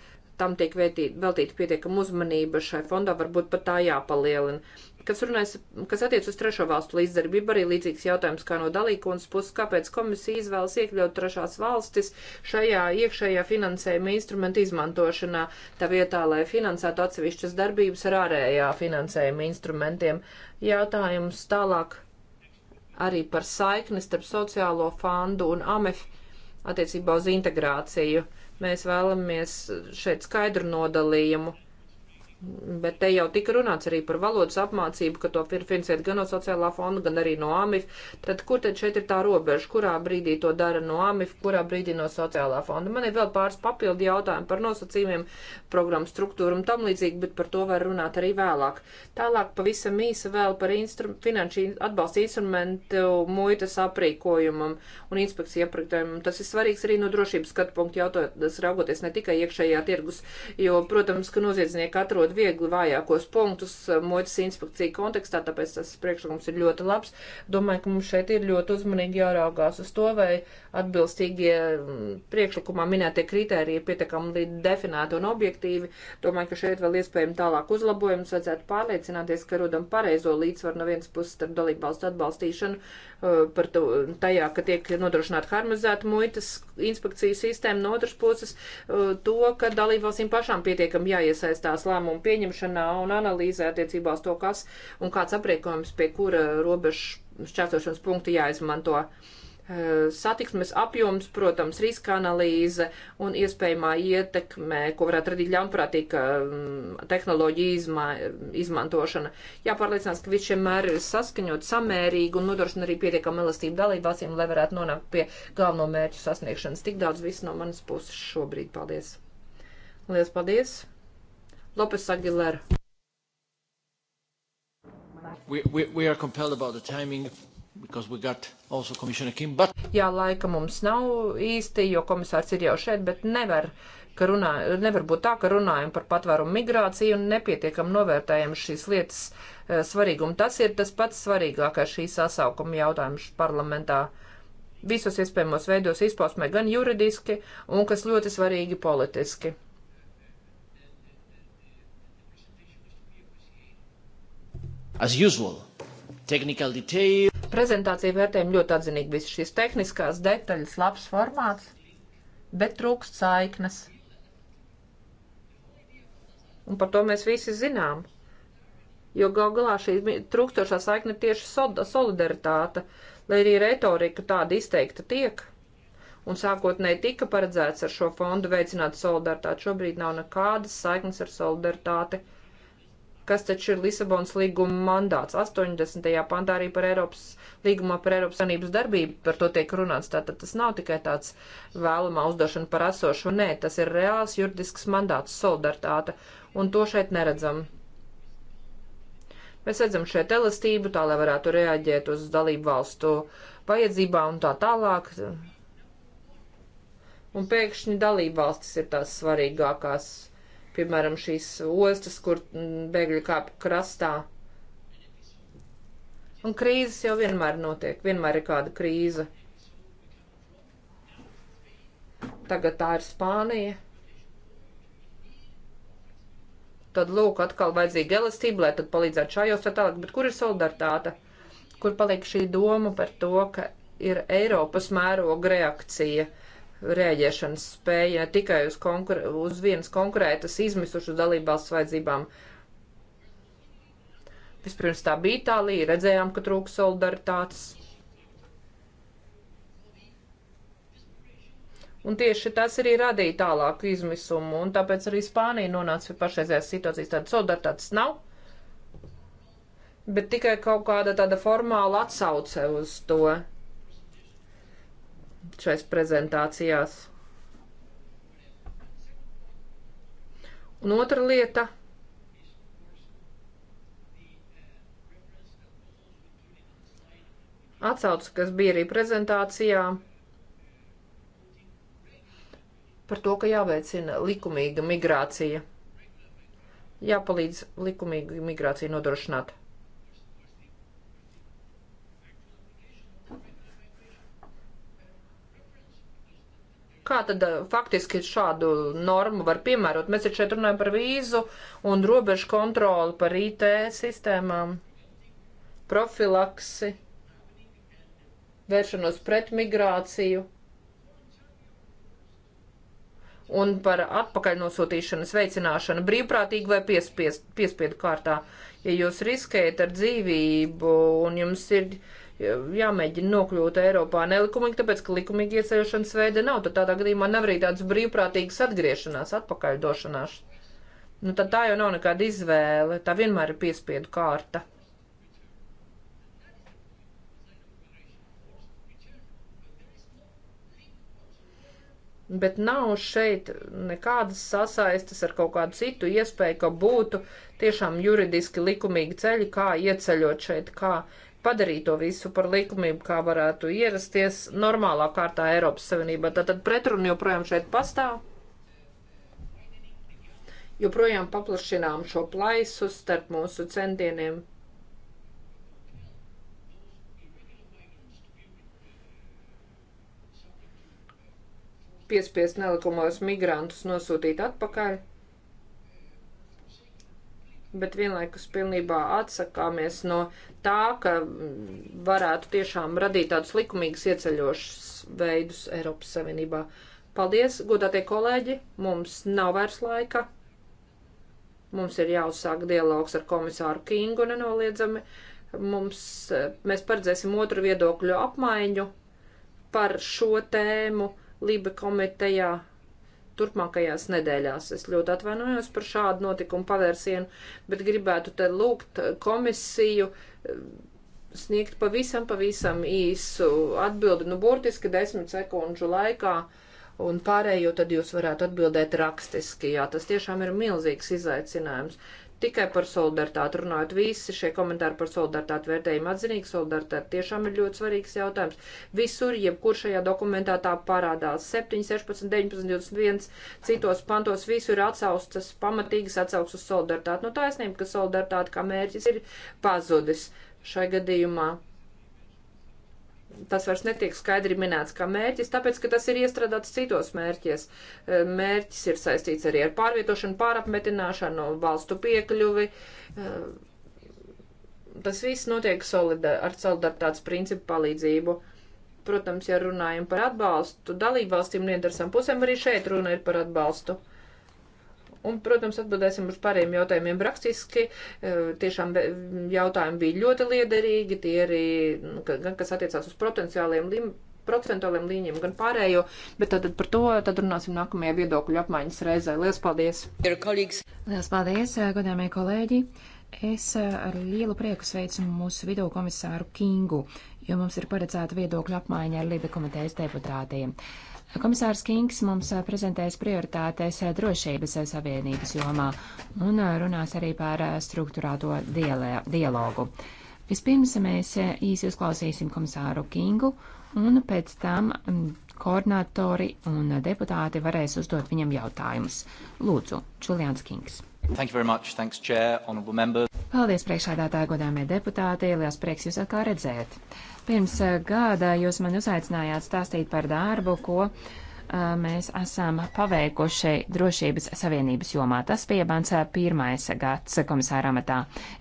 tam tiek veltīta pietiekama uzmanība šai fondā, varbūt pat tā jāpalielina. Kas, runājas, kas attiec uz trešo valstu līdzdarbību, arī līdzīgs jautājums kā no dalīkundas puses, kāpēc komisija izvēlas iekļaut trešās valstis šajā iekšējā finansējuma instrumenta izmantošanā, tā vietā, lai finansētu atsevišķas darbības ar ārējā finansējuma instrumentiem. Jautājums tālāk arī par saikni starp sociālo fondu un AMEF attiecībā uz integrāciju. Mēs vēlamies šeit skaidru nodalījumu Bet te jau tika runāts arī par valodas apmācību, ka to finansēt gan no sociālā fonda, gan arī no AMIF. Tad kur tad šeit ir tā robeža, kurā brīdī to dara no AMIF, kurā brīdī no sociālā fonda? Man ir vēl pāris papildi jautājumi par nosacījumiem, programmu struktūru un tam līdzīgi, bet par to var runāt arī vēlāk. Tālāk pavisam īsa vēl par instru, finanšu atbalsta instrumentu muitas aprīkojumam un inspekciju aprīkojumam. Tas ir svarīgs arī no drošības skatu punktu jautājumas, raugoties ne tikai iekšējā tirgus, jo, protams, ka noziedznieki atrod atrod viegli vājākos punktus eh, muitas inspekcija kontekstā, tāpēc tas priekšlikums ir ļoti labs. Domāju, ka mums šeit ir ļoti uzmanīgi jāraugās uz to, vai atbilstīgie mm, priekšlikumā minētie kritēriji ir pietiekami definēti un objektīvi. Domāju, ka šeit vēl iespējami tālāk uzlabojumus vajadzētu pārliecināties, ka rodam pareizo līdzsvaru no vienas puses starp dalībvalstu atbalstīšanu Uh, par to, tajā, ka tiek nodrošināta harmonizēta muitas inspekcijas sistēma, no otras puses uh, to, ka dalībvalstīm pašām pietiekam jāiesaistās lēmumu pieņemšanā un analīzē attiecībā uz to, kas un kāds aprīkojums, pie kura robežu šķērsošanas punkti jāizmanto. Uh, Eh, satiksmes apjoms, protams, riska analīze un iespējamā ietekme, ko varētu radīt ļaunprātīga mm, tehnoloģija izma, izmantošana. Jāpārliecinās, ka viss šie mēri ir saskaņot samērīgi un nodrošina arī pietiekam elastību dalībvalstīm, lai varētu nonākt pie galveno mērķu sasniegšanas. Tik daudz viss no manas puses šobrīd. Paldies! Lielas paldies! Lopes Aguilera. We, we, we are compelled about the timing. Kim, but... Jā, laika mums nav īsti, jo komisārs ir jau šeit, bet nevar, runā, nevar būt tā, ka runājam par patvērumu migrāciju un nepietiekam novērtējam šīs lietas e, svarīgumu. Tas ir tas pats svarīgākais šī sasaukuma jautājums parlamentā. Visos iespējamos veidos izpausmē gan juridiski, un kas ļoti svarīgi politiski. As usual, technical detail prezentāciju vērtējam ļoti atzinīgi visu šīs tehniskās detaļas, labs formāts, bet trūkst saiknes. Un par to mēs visi zinām. Jo gal galā šī trūkstošā saikne ir tieši solidaritāte, lai arī retorika tāda izteikta tiek un sākotnēji tika paredzēts ar šo fondu veicināt solidaritāti. Šobrīd nav nekādas saiknes ar solidaritāti kas taču ir Lisabonas līguma mandāts. 80. pantā arī par Eiropas līgumā par Eiropas Sanības darbību par to tiek runāts. Tātad tas nav tikai tāds vēlamā uzdošana par esošu, nē, tas ir reāls juridisks mandāts, solidaritāte, un to šeit neredzam. Mēs redzam šeit elastību, tā lai varētu reaģēt uz dalību valstu vajadzībām un tā tālāk. Un pēkšņi dalību valstis ir tās svarīgākās piemēram, šīs ostas, kur mm, bēgļi kāp krastā. Un krīzes jau vienmēr notiek, vienmēr ir kāda krīze. Tagad tā ir Spānija. Tad lūk, atkal vajadzīga elastība, lai tad palīdzētu šajos tā tālāk, bet kur ir solidaritāte? Kur paliek šī doma par to, ka ir Eiropas mēroga reakcija? Uh, rēģēšanas spēja ne tikai uz, konkur uz vienas konkrētas izmisušu dalībvalsts vajadzībām. Vispirms tā bija Itālija, redzējām, ka trūks solidaritātes. Un tieši tas arī radīja tālāku izmisumu, un tāpēc arī Spānija nonāca pie pašreizējās situācijas. Tāda solidaritātes nav, bet tikai kaut kāda tāda formāla atsauce uz to šais prezentācijās. Un otra lieta. Atsauce, kas bija arī prezentācijā par to, ka jāveicina likumīga migrācija. Jāpalīdz likumīgu migrāciju nodrošināt. Kā tad eh, faktiski šādu normu var piemērot? Mēs šeit runājam par vīzu un robežu kontroli, par IT sistēmām, profilaksi, vēršanos pret migrāciju un par atpakaļnosūtīšanas veicināšanu brīvprātīgi vai piespiest, piespiedu kārtā. Ja jūs riskējat ar dzīvību un jums ir jāmēģina nokļūt Eiropā nelikumīgi, tāpēc, ka likumīgi ieceļošanas veida nav, tad tādā gadījumā nav arī tāds brīvprātīgs atgriešanās, atpakaļdošanās. Nu, tad tā jau nav nekāda izvēle, tā vienmēr ir piespiedu kārta. bet nav šeit nekādas sasaistes ar kaut kādu citu iespēju, ka būtu tiešām juridiski likumīgi ceļi, kā ieceļot šeit, kā padarīt to visu par likumību, kā varētu ierasties normālā kārtā Eiropas Savienībā. Tātad pretruna joprojām šeit pastāv. Joprojām paplašinām šo plaisu starp mūsu centieniem piespiest nelikumos migrantus nosūtīt atpakaļ bet vienlaikus pilnībā atsakāmies no tā, ka varētu tiešām radīt tādus likumīgus ieceļošus veidus Eiropas Savienībā. Paldies, godātie kolēģi, mums nav vairs laika. Mums ir jāuzsāk dialogs ar komisāru Kingu nenoliedzami. Mums, mēs paredzēsim otru viedokļu apmaiņu par šo tēmu Liba komitejā turpmākajās nedēļās. Es ļoti atvainojos par šādu notikumu pavērsienu, bet gribētu te lūgt komisiju eh, sniegt pavisam, pavisam īsu atbildi, nu, burtiski desmit sekundžu laikā, un pārējo tad jūs varētu atbildēt rakstiski. Jā, tas tiešām ir milzīgs izaicinājums tikai par solidaritāti runājot. Visi šie komentāri par solidaritāti vērtējumu atzinīgi. Solidaritāte tiešām ir ļoti svarīgs jautājums. Visur, jebkur šajā dokumentā tā parādās 7, 16, 19, 21, citos pantos visur atsaucas pamatīgas atsaucas uz solidaritāti. Nu, taisnība, ka solidaritāte kā mērķis ir pazudis šai gadījumā tas vairs netiek skaidri minēts kā mērķis, tāpēc, ka tas ir iestrādāts citos mērķies. E, mērķis ir saistīts arī ar pārvietošanu, pārapmetināšanu, valstu piekļuvi. E, tas viss notiek solidar ar solidaritātes principu palīdzību. Protams, ja runājam par atbalstu dalībvalstīm un interesām pusēm, arī šeit runa ir par atbalstu. Uh, Un, protams, atbildēsim uz pārējiem jautājumiem rakstiski. E, tiešām jautājumi bija ļoti liederīgi, tie arī, nu, gan kas attiecās uz potenciāliem lim, procentuāliem līņiem, gan pārējo, bet tad, tad par to tad runāsim nākamajā viedokļu apmaiņas reizē. Lielas paldies! Lielas paldies, e, godāmie kolēģi! Es e, ar lielu prieku sveicu mūsu vidū komisāru Kingu, jo mums ir paredzēta viedokļu apmaiņa ar Libe komitejas deputātiem. Uh, Komisārs Kings mums prezentēs prioritātes drošības savienības jomā un runās arī par struktūrāto dialogu. Vispirms mēs īsi uzklausīsim komisāru Kingu un pēc tam koordinatori un deputāti varēs uzdot viņam jautājumus. Lūdzu, Čuljāns Kings. Thank you very much. Thanks, Chair, honorable members. Paldies, priekšādātāji, godāmie deputāti. Liels prieks jūs atkal redzēt. Pirms eh, gada jūs man uzaicinājāt stāstīt par darbu, ko eh, mēs esam paveikuši drošības savienības jomā. Tas bija mans eh, pirmais gads komisāra amatā.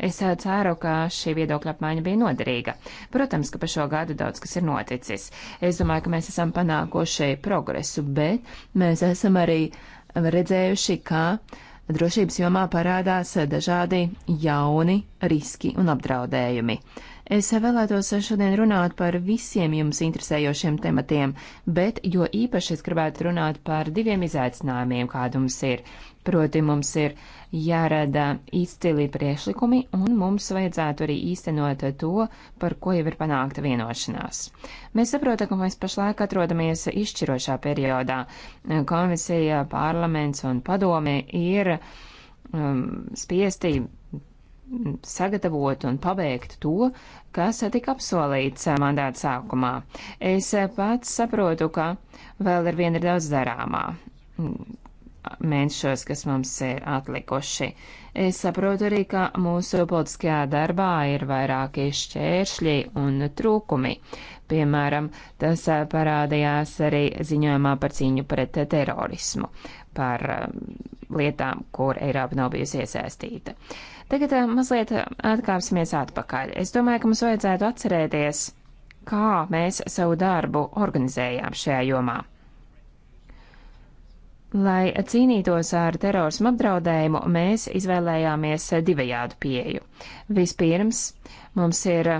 Es ceru, ka šī viedokļa apmaiņa bija noderīga. Protams, ka pa šo gadu daudz kas ir noticis. Es domāju, ka mēs esam panākuši progresu, bet mēs esam arī redzējuši, ka drošības jomā parādās dažādi jauni riski un apdraudējumi. Es vēlētos šodien runāt par visiem jums interesējošiem tematiem, bet jo īpaši es gribētu runāt par diviem izaicinājumiem, kāda mums ir. Proti mums ir jārada izcili priešlikumi un mums vajadzētu arī īstenot to, par ko jau ir panākta vienošanās. Mēs saprotam, ka mēs pašlaik atrodamies izšķirošā periodā. Komisija, parlaments un padome ir um, spiesti sagatavot un pabeigt to, kas tika apsolīts mandāta sākumā. Es pats saprotu, ka vēl ar vienu ir daudz darāmā mēnešos, kas mums ir atlikuši. Es saprotu arī, ka mūsu politiskajā darbā ir vairāki šķēršļi un trūkumi. Piemēram, tas parādījās arī ziņojumā par cīņu pret terorismu, par um, lietām, kur Eiropa nav bijusi iesaistīta. Uh, Tagad eh, mazliet eh, atkāpsimies atpakaļ. Es domāju, ka mums vajadzētu atcerēties, kā mēs savu darbu organizējām šajā jomā. Lai cīnītos ar terorismu apdraudējumu, mēs izvēlējāmies divējādu pieju. Vispirms mums ir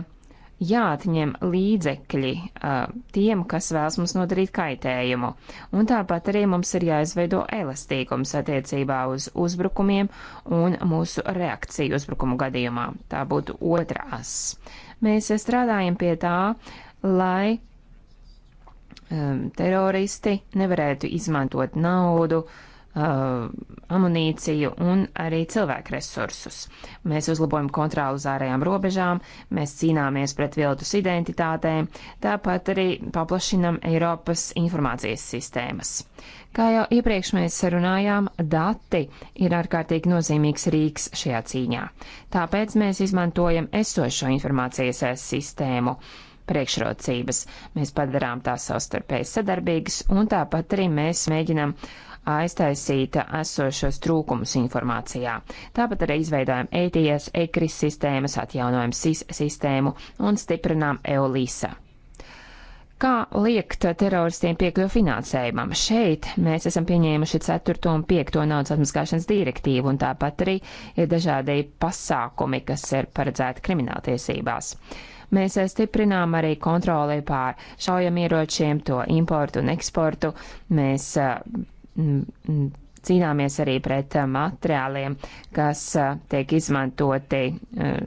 jāatņem līdzekļi uh, tiem, kas vēlas mums nodarīt kaitējumu, un tāpat arī mums ir jāizveido elastīgums attiecībā uz uzbrukumiem un mūsu reakciju uzbrukumu gadījumā. Tā būtu otrās. Mēs strādājam pie tā, lai um, teroristi nevarētu izmantot naudu, uh, uh, amunīciju un arī cilvēku resursus. Mēs uzlabojam kontroli uz ārējām robežām, mēs cīnāmies pret viltus identitātēm, tāpat arī paplašinam Eiropas informācijas sistēmas. Kā jau iepriekš mēs runājām, dati ir ārkārtīgi nozīmīgs rīks šajā cīņā. Tāpēc mēs izmantojam esošo informācijas sistēmu priekšrocības. Mēs padarām tās savstarpēji sadarbīgas, un tāpat arī mēs mēģinām uh, aiztaisīt esošos trūkumus informācijā. Tāpat arī izveidojam ETS, ECRIS sistēmas, atjaunojam SIS sistēmu un stiprinām EOLISA. Kā liekt teroristiem piekļuvu finansējumam? Šeit mēs esam pieņēmuši 4. un 5. naudas atmaskāšanas direktīvu, un tāpat arī ir dažādi pasākumi, kas ir paredzēti krimināltiesībās mēs stiprinām arī kontroli pār šaujamieročiem, to importu un eksportu. Mēs cīnāmies arī pret uh, materiāliem, kas uh, tiek izmantoti uh,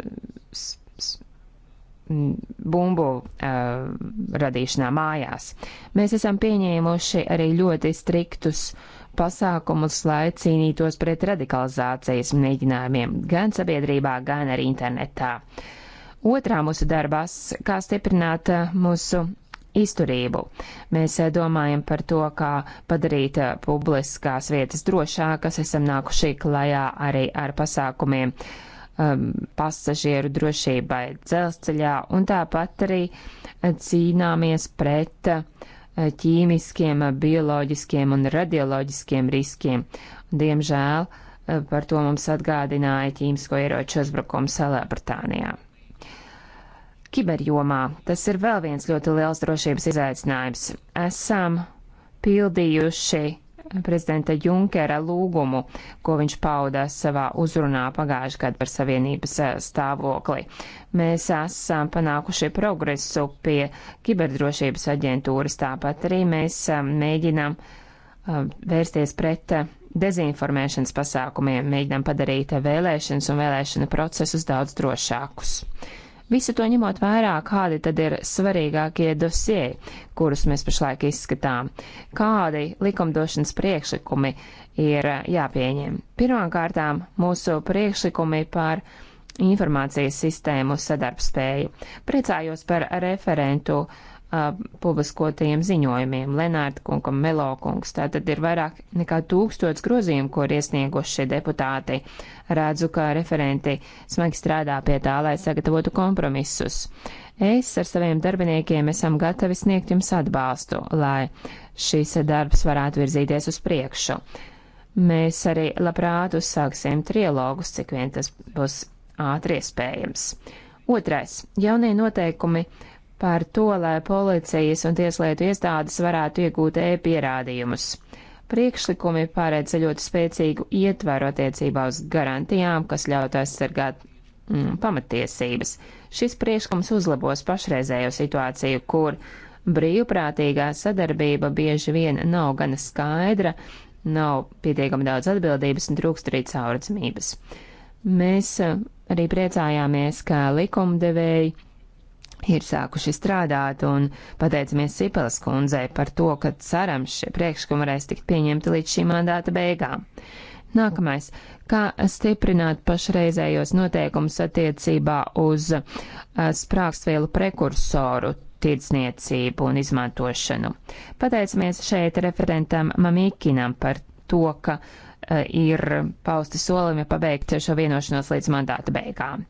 bumbu radīšanā mājās. Mēs esam pieņēmuši arī ļoti striktus pasākumus, lai cīnītos pret radikalizācijas mēģinājumiem gan sabiedrībā, gan arī internetā. Otrā mūsu darbās - kā stiprināt mūsu izturību. Mēs eh, domājam par to, kā padarīt eh, publiskās vietas drošākas, esam nākuši klajā arī ar pasākumiem um, pasažieru drošībai dzelzceļā, un tāpat arī cīnāmies pret eh, ķīmiskiem, bioloģiskiem un radioloģiskiem riskiem. Diemžēl par to mums atgādināja ķīmisko ieroču uzbrukums Lielbritānijā. Kiberjomā tas ir vēl viens ļoti liels drošības izaicinājums. Esam pildījuši prezidenta Junkera lūgumu, ko viņš pauda savā uzrunā pagājušajā gadā par savienības eh, stāvokli. Mēs esam panākuši progresu pie kiberdrošības aģentūras, tāpat arī mēs eh, mēģinām eh, vērsties pret dezinformēšanas pasākumiem, mēģinām padarīt vēlēšanas un vēlēšana procesus daudz drošākus. Visu to ņemot vērā, kādi tad ir svarīgākie dosie, kurus mēs pašlaik izskatām, kādi likumdošanas priekšlikumi ir eh, jāpieņem. Pirmkārtām mūsu priekšlikumi par informācijas sistēmu sadarbspēju. Priecājos par referentu uh, publiskotajiem ziņojumiem. Lenārta kungam, Melo kungs, tātad ir vairāk nekā tūkstots grozījumu, ko ir iesnieguši šie deputāti. Rādzu, ka referenti smagi strādā pie tā, lai sagatavotu kompromisus. Es ar saviem darbiniekiem esam gatavi sniegt jums atbalstu, lai šis darbs varētu virzīties uz priekšu. Mēs arī labprāt uzsāksim trilogus, cik vien tas būs ātri iespējams. Otrais - jaunie noteikumi par to, lai policijas un tieslietu iestādes varētu iegūt e-pierādījumus. Priekšlikumi pārēdz ļoti spēcīgu ietvaru attiecībā uz garantijām, kas ļaut aizsargāt mm, pamatiesības. Šis priekšlikums uzlabos pašreizējo situāciju, kur brīvprātīgā sadarbība bieži vien nav gana skaidra, nav pietiekami daudz atbildības un trūkst arī caurdzamības. Mēs eh, arī priecājāmies, ka likumdevēji ir sākuši strādāt, un pateicamies Sipelas kundzei par to, ka cerams šie priekšlikumi varēs tikt pieņemti līdz šī mandāta beigām. Nākamais - kā stiprināt pašreizējos noteikumus attiecībā uz eh, sprākstvielu prekursoru tirdzniecību un izmantošanu. Pateicamies šeit referentam Mamīkinam par to, ka uh, Eh, ir pausti solījumi pabeigt šo vienošanos līdz mandāta beigām.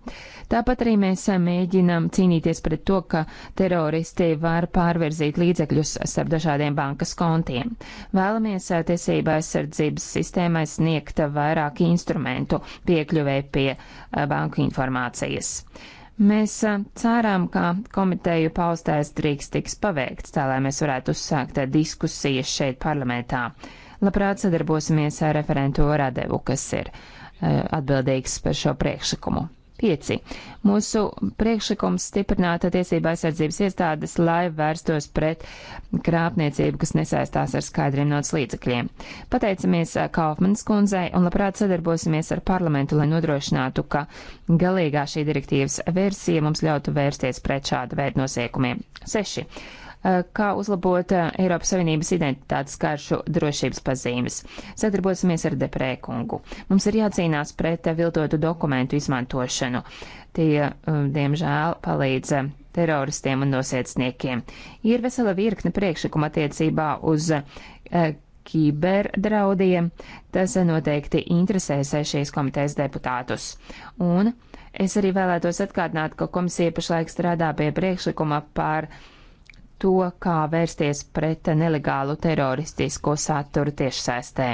Tāpat arī mēs mēģinam cīnīties pret to, ka teroristi var pārvirzīt līdzekļus starp dažādiem bankas kontiem. Vēlamies eh, tiesībā aizsardzības sistēmai sniegt vairāk instrumentu piekļuvē pie eh, banku informācijas. Mēs cerām, ka komiteju paustais drīkst tiks paveikts, tā lai mēs varētu uzsākt diskusijas šeit parlamentā. Labprāt sadarbosimies ar referentu Radevu, kas ir eh, atbildīgs par šo priekšlikumu. 5. Mūsu priekšlikums stiprināta tiesība aizsardzības iestādes, lai vērstos pret krāpniecību, kas nesaistās ar skaidriem nots līdzekļiem. Pateicamies eh, Kaufmanas kundzei un labprāt sadarbosimies ar parlamentu, lai nodrošinātu, ka galīgā šī direktīvas versija mums ļautu vērsties pret šādu veidu nosiekumiem. 6. Eh, kā uzlabot eh, Eiropas Savienības identitātes karšu drošības pazīmes. Sadarbosimies ar deprēkungu. Mums ir jācīnās pret eh, viltotu dokumentu izmantošanu. Tie, diemžēl, palīdz teroristiem un nosiecniekiem. Ir vesela virkne priekšlikuma attiecībā uz kiberdraudiem. Tas noteikti interesēs šīs komitejas deputātus. Un es arī vēlētos atkārtināt, ka komisija pašlaik strādā pie priekšlikuma par uh, to, kā vērsties pret nelegālu teroristisko saturu tiešsaistē.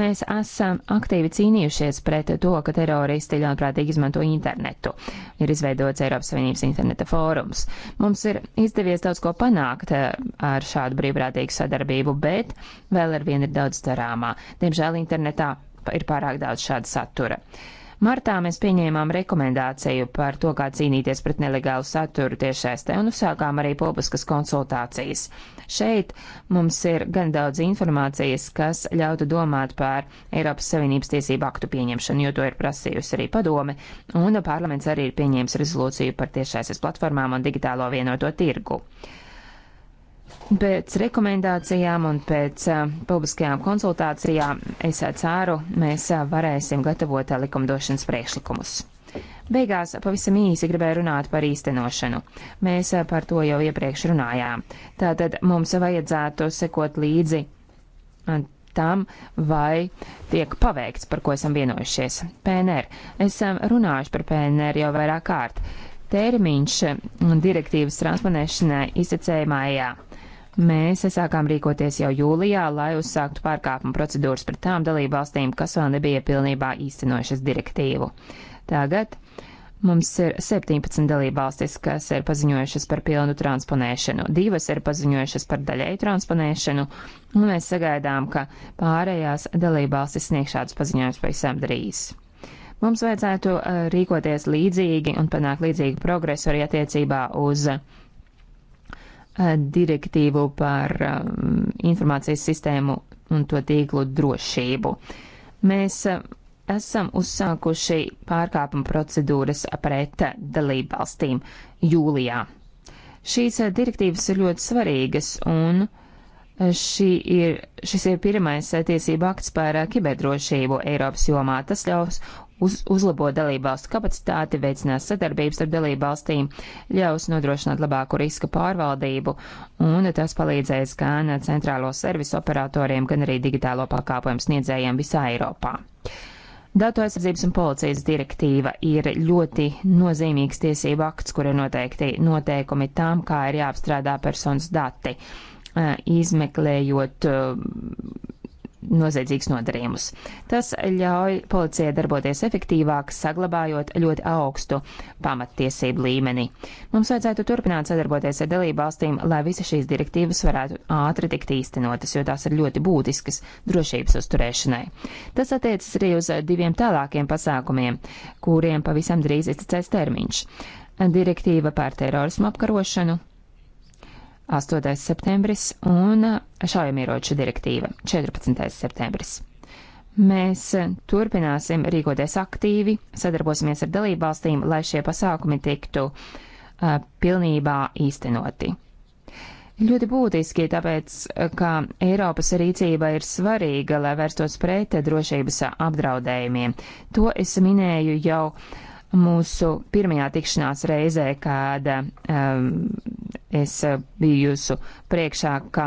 Mēs esam aktīvi cīnījušies pret to, ka teroristi ļaunprātīgi izmanto internetu. Ir izveidots Eiropas Savienības interneta fórums. Mums ir izdevies daudz ko panākt eh, ar šādu brīvprātīgu sadarbību, bet vēl ar vienu ir daudz darāmā. Diemžēl internetā ir pārāk daudz šāda satura. Uh, Martā mēs pieņēmām rekomendāciju par to, kā cīnīties pret nelegālu saturu tiešsaistē un uzsākām arī publiskas konsultācijas. Šeit mums ir gan daudz informācijas, kas ļautu domāt par Eiropas Savienības tiesību aktu pieņemšanu, jo to ir prasījusi arī padome, un parlaments arī ir pieņēmis rezolūciju par tiešsaistes platformām un digitālo vienoto tirgu. Pēc rekomendācijām un pēc uh, publiskajām konsultācijām es eh, ceru, mēs uh, varēsim gatavot uh, likumdošanas priekšlikumus. Beigās pavisam īsi gribēju runāt par īstenošanu. Mēs par to jau iepriekš runājām. Tātad mums vajadzētu sekot līdzi tam, vai tiek paveikts, par ko esam vienojušies. PNR. Esam runājuši par PNR jau vairāk kārt. Termiņš direktīvas transponēšanai iztecēja mājā. Mēs sākām rīkoties jau jūlijā, lai uzsāktu pārkāpumu procedūras pret tām dalību valstīm, kas vēl nebija pilnībā īstenojušas direktīvu. Tagad mums ir 17 dalību valstis, kas ir paziņojušas par pilnu transponēšanu, divas ir paziņojušas par daļēju transponēšanu, un mēs sagaidām, ka pārējās dalību valstis sniegs šādus paziņojumus pavisam drīz. Mums vajadzētu eh, rīkoties līdzīgi un panākt līdzīgu progresu arī attiecībā uz uh, Eh, direktīvu par eh, informācijas sistēmu un to tīklu drošību. Mēs eh, esam uzsākuši pārkāpuma procedūras pret dalību valstīm jūlijā. Šīs direktīvas ir ļoti svarīgas un šī ir, šis ir pirmais tiesība akts par kiberdrošību Eiropas jomā. Tas ļaus uz, uzlabo dalībvalstu kapacitāti, veicinās sadarbības ar dalībvalstīm, ļaus nodrošināt labāku riska pārvaldību, un tas palīdzēs gan centrālo servisu operatoriem, gan arī digitālo pakāpojumu sniedzējiem visā Eiropā. Datu aizsardzības un policijas direktīva ir ļoti nozīmīgs tiesību akts, kur ir noteikti noteikumi tām, kā ir jāapstrādā personas dati, eh, izmeklējot eh, noziedzīgus nodarījumus. Tas ļauj policijai darboties efektīvāk, saglabājot ļoti augstu pamattiesību līmeni. Mums vajadzētu turpināt sadarboties ar dalībvalstīm, lai visas šīs direktīvas varētu ātri tikt īstenotas, jo tās ir ļoti būtiskas drošības uzturēšanai. Tas attiecas arī uz diviem tālākiem pasākumiem, kuriem pavisam drīz izticēs termiņš. Direktīva par terorismu apkarošanu 8. septembris un šaujamieroču direktīva 14. septembris. Mēs turpināsim rīkoties aktīvi, sadarbosimies ar dalībvalstīm, lai šie pasākumi tiktu uh, pilnībā īstenoti. Ļoti būtiski, tāpēc, ka Eiropas rīcība ir svarīga, lai vērstos pret drošības apdraudējumiem. To es minēju jau uh, mūsu pirmajā tikšanās reizē, kad um, es biju jūsu priekšā kā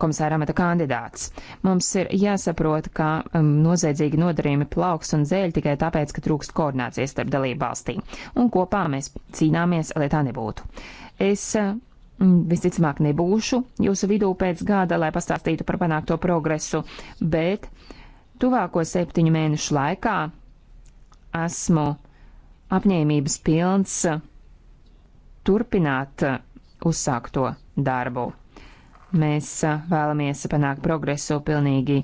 komisāra amata kandidāts. Mums ir jāsaprot, ka um, noziedzīgi nodarījumi plauks un zēļ tikai tāpēc, ka trūkst koordinācijas starp dalību valstīm. Un kopā mēs cīnāmies, lai tā nebūtu. Es um, visticamāk nebūšu jūsu vidū pēc gada, lai pastāstītu par panākto progresu, bet tuvāko septiņu mēnešu laikā esmu apņēmības pilns turpināt uzsākto darbu. Mēs vēlamies panākt progresu pilnīgi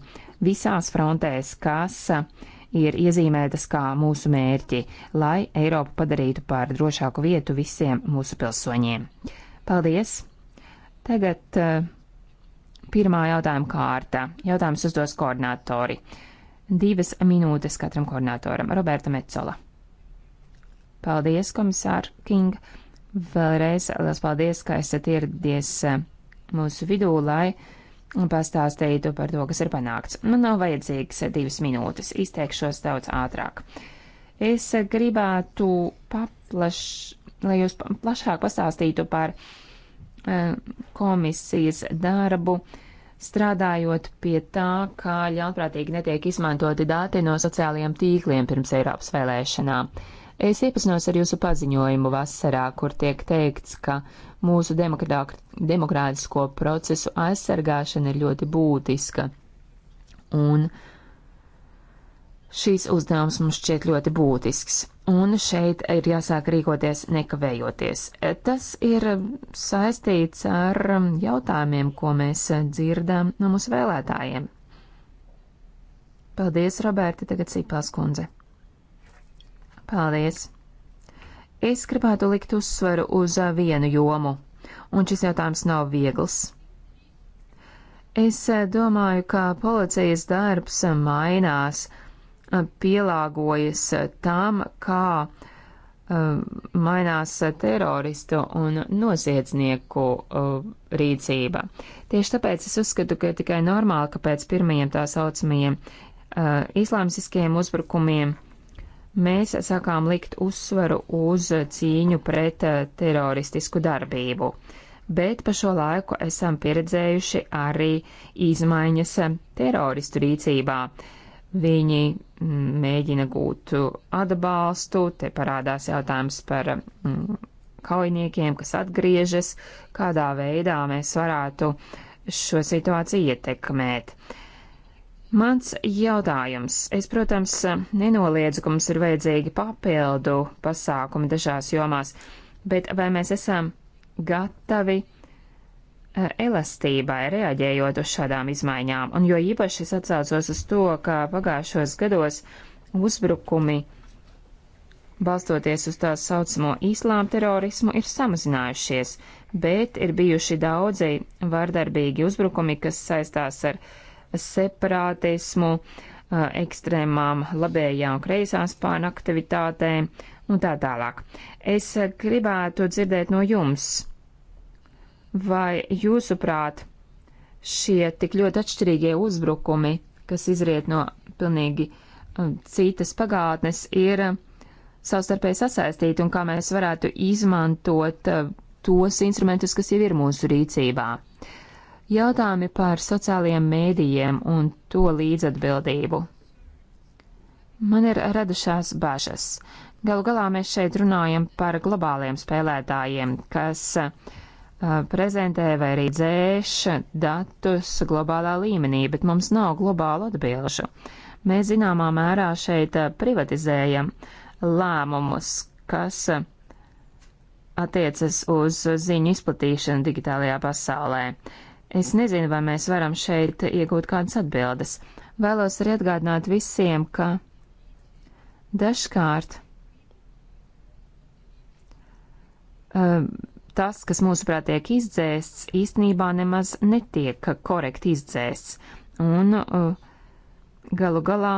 visās frontēs, kas ir iezīmētas kā mūsu mērķi, lai Eiropu padarītu par drošāku vietu visiem mūsu pilsoņiem. Paldies! Tagad eh, pirmā jautājuma kārta. Jautājums uzdos koordinātori. Divas minūtes katram koordinātoram. Roberta Metzola. Paldies, komisār King! Vēlreiz liels paldies, ka esat ieradies eh, mūsu vidū, lai pastāstītu par to, kas ir panākts. Man nav vajadzīgs eh, divas minūtes, izteikšos daudz ātrāk. Es eh, gribētu paplaš, lai jūs plašāk pastāstītu par komisijas darbu, strādājot pie tā, kā ļaunprātīgi netiek izmantoti dati no sociālajiem tīkliem pirms Eiropas vēlēšanām. Es iepazinos ar jūsu paziņojumu vasarā, kur tiek teikts, ka mūsu demokrātisko procesu aizsargāšana ir ļoti būtiska. Un šīs uzdevums mums šķiet ļoti būtisks. Un šeit ir jāsāk rīkoties nekavējoties. Tas ir saistīts ar jautājumiem, ko mēs dzirdam no mūsu vēlētājiem. Paldies, Roberti, tagad Sīpās kundze. Paldies! Es gribētu likt uzsveru uz vienu jomu, un šis jautājums nav viegls. Es domāju, ka policijas darbs mainās, pielāgojas tam, kā mainās teroristu un noziedznieku uh, rīcība. Tieši tāpēc es uzskatu, ka ir tikai normāli, ka pēc pirmajiem tā saucamajiem uh, islāmsiskajiem uzbrukumiem uh, mēs sākām likt uzsvaru uz cīņu pret eh, teroristisku darbību, bet pa šo laiku esam pieredzējuši arī izmaiņas eh, teroristu rīcībā. Viņi mm, mēģina gūt atbalstu, te parādās jautājums par mm, kaujiniekiem, kas atgriežas, kādā veidā mēs varētu šo situāciju ietekmēt. Uh, Mans jautājums. Es, protams, nenoliedzu, ka mums ir vajadzīgi papildu pasākumi dažās jomās, bet vai mēs esam gatavi eh, elastībai reaģējot uz šādām izmaiņām? Un jo īpaši es atsaucos uz to, ka pagājušos gados uzbrukumi balstoties uz tā saucamo īslām terorismu ir samazinājušies, bet ir bijuši daudzi vārdarbīgi uzbrukumi, kas saistās ar separātismu, ekstrēmām labējā un kreisā spāna aktivitātēm un tā tālāk. Es gribētu dzirdēt no jums, vai jūsuprāt šie tik ļoti atšķirīgie uzbrukumi, kas izriet no pilnīgi citas pagātnes, ir savstarpēji sasaistīti un kā mēs varētu izmantot tos instrumentus, kas jau ir mūsu rīcībā. Uh, Jautājumi par sociālajiem mēdījiem un to līdzatbildību. Man ir radušās bažas. Galu galā mēs šeit runājam par globāliem spēlētājiem, kas uh, prezentē vai arī dzēš datus globālā līmenī, bet mums nav globālu atbilžu. Mēs zināmā mērā šeit uh, privatizējam lēmumus, kas uh, attiecas uz ziņu izplatīšanu digitālajā pasaulē. Es nezinu, vai mēs varam šeit iegūt kādas atbildes. Vēlos arī atgādināt visiem, ka dažkārt eh, tas, kas mūsuprāt tiek izdzēsts, īstenībā nemaz netiek korekti izdzēsts. Un eh, galu galā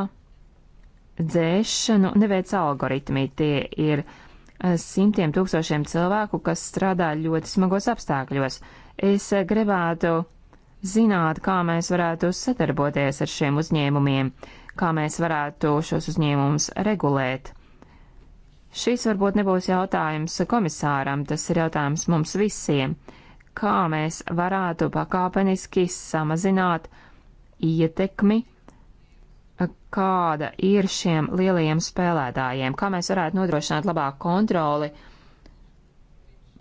dzēšanu neveic algoritmi. Tie ir eh, simtiem tūkstošiem cilvēku, kas strādā ļoti smagos apstākļos. Es gribētu zināt, kā mēs varētu sadarboties ar šiem uzņēmumiem, kā mēs varētu šos uzņēmumus regulēt. Šis varbūt nebūs jautājums komisāram, tas ir jautājums mums visiem. Kā mēs varētu pakāpeniski samazināt ietekmi, kāda ir šiem lielajiem spēlētājiem, kā mēs varētu nodrošināt labāku kontroli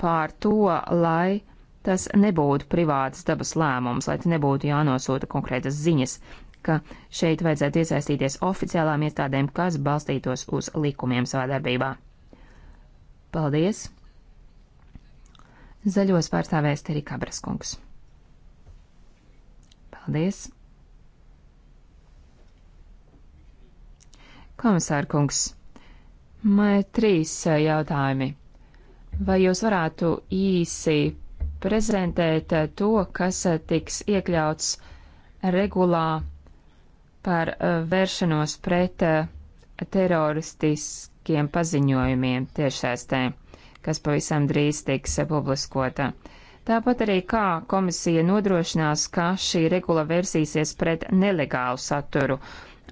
pār to, lai tas nebūtu privātas dabas lēmums, lai te nebūtu jānosūta konkrētas ziņas, ka šeit vajadzētu iesaistīties oficiālām iestādēm, kas balstītos uz likumiem savā darbībā. Paldies! Zaļos pārstāvēs Terī Kabraskungs. Paldies! Komisārkungs, man ir trīs eh, jautājumi. Vai jūs varētu īsi prezentēt eh, to, kas eh, tiks iekļauts regulā par eh, vēršanos pret teroristiskiem paziņojumiem tiešsaistē, kas pavisam drīz tiks publiskota. Tāpat arī kā komisija nodrošinās, ka šī regula versīsies pret nelegālu saturu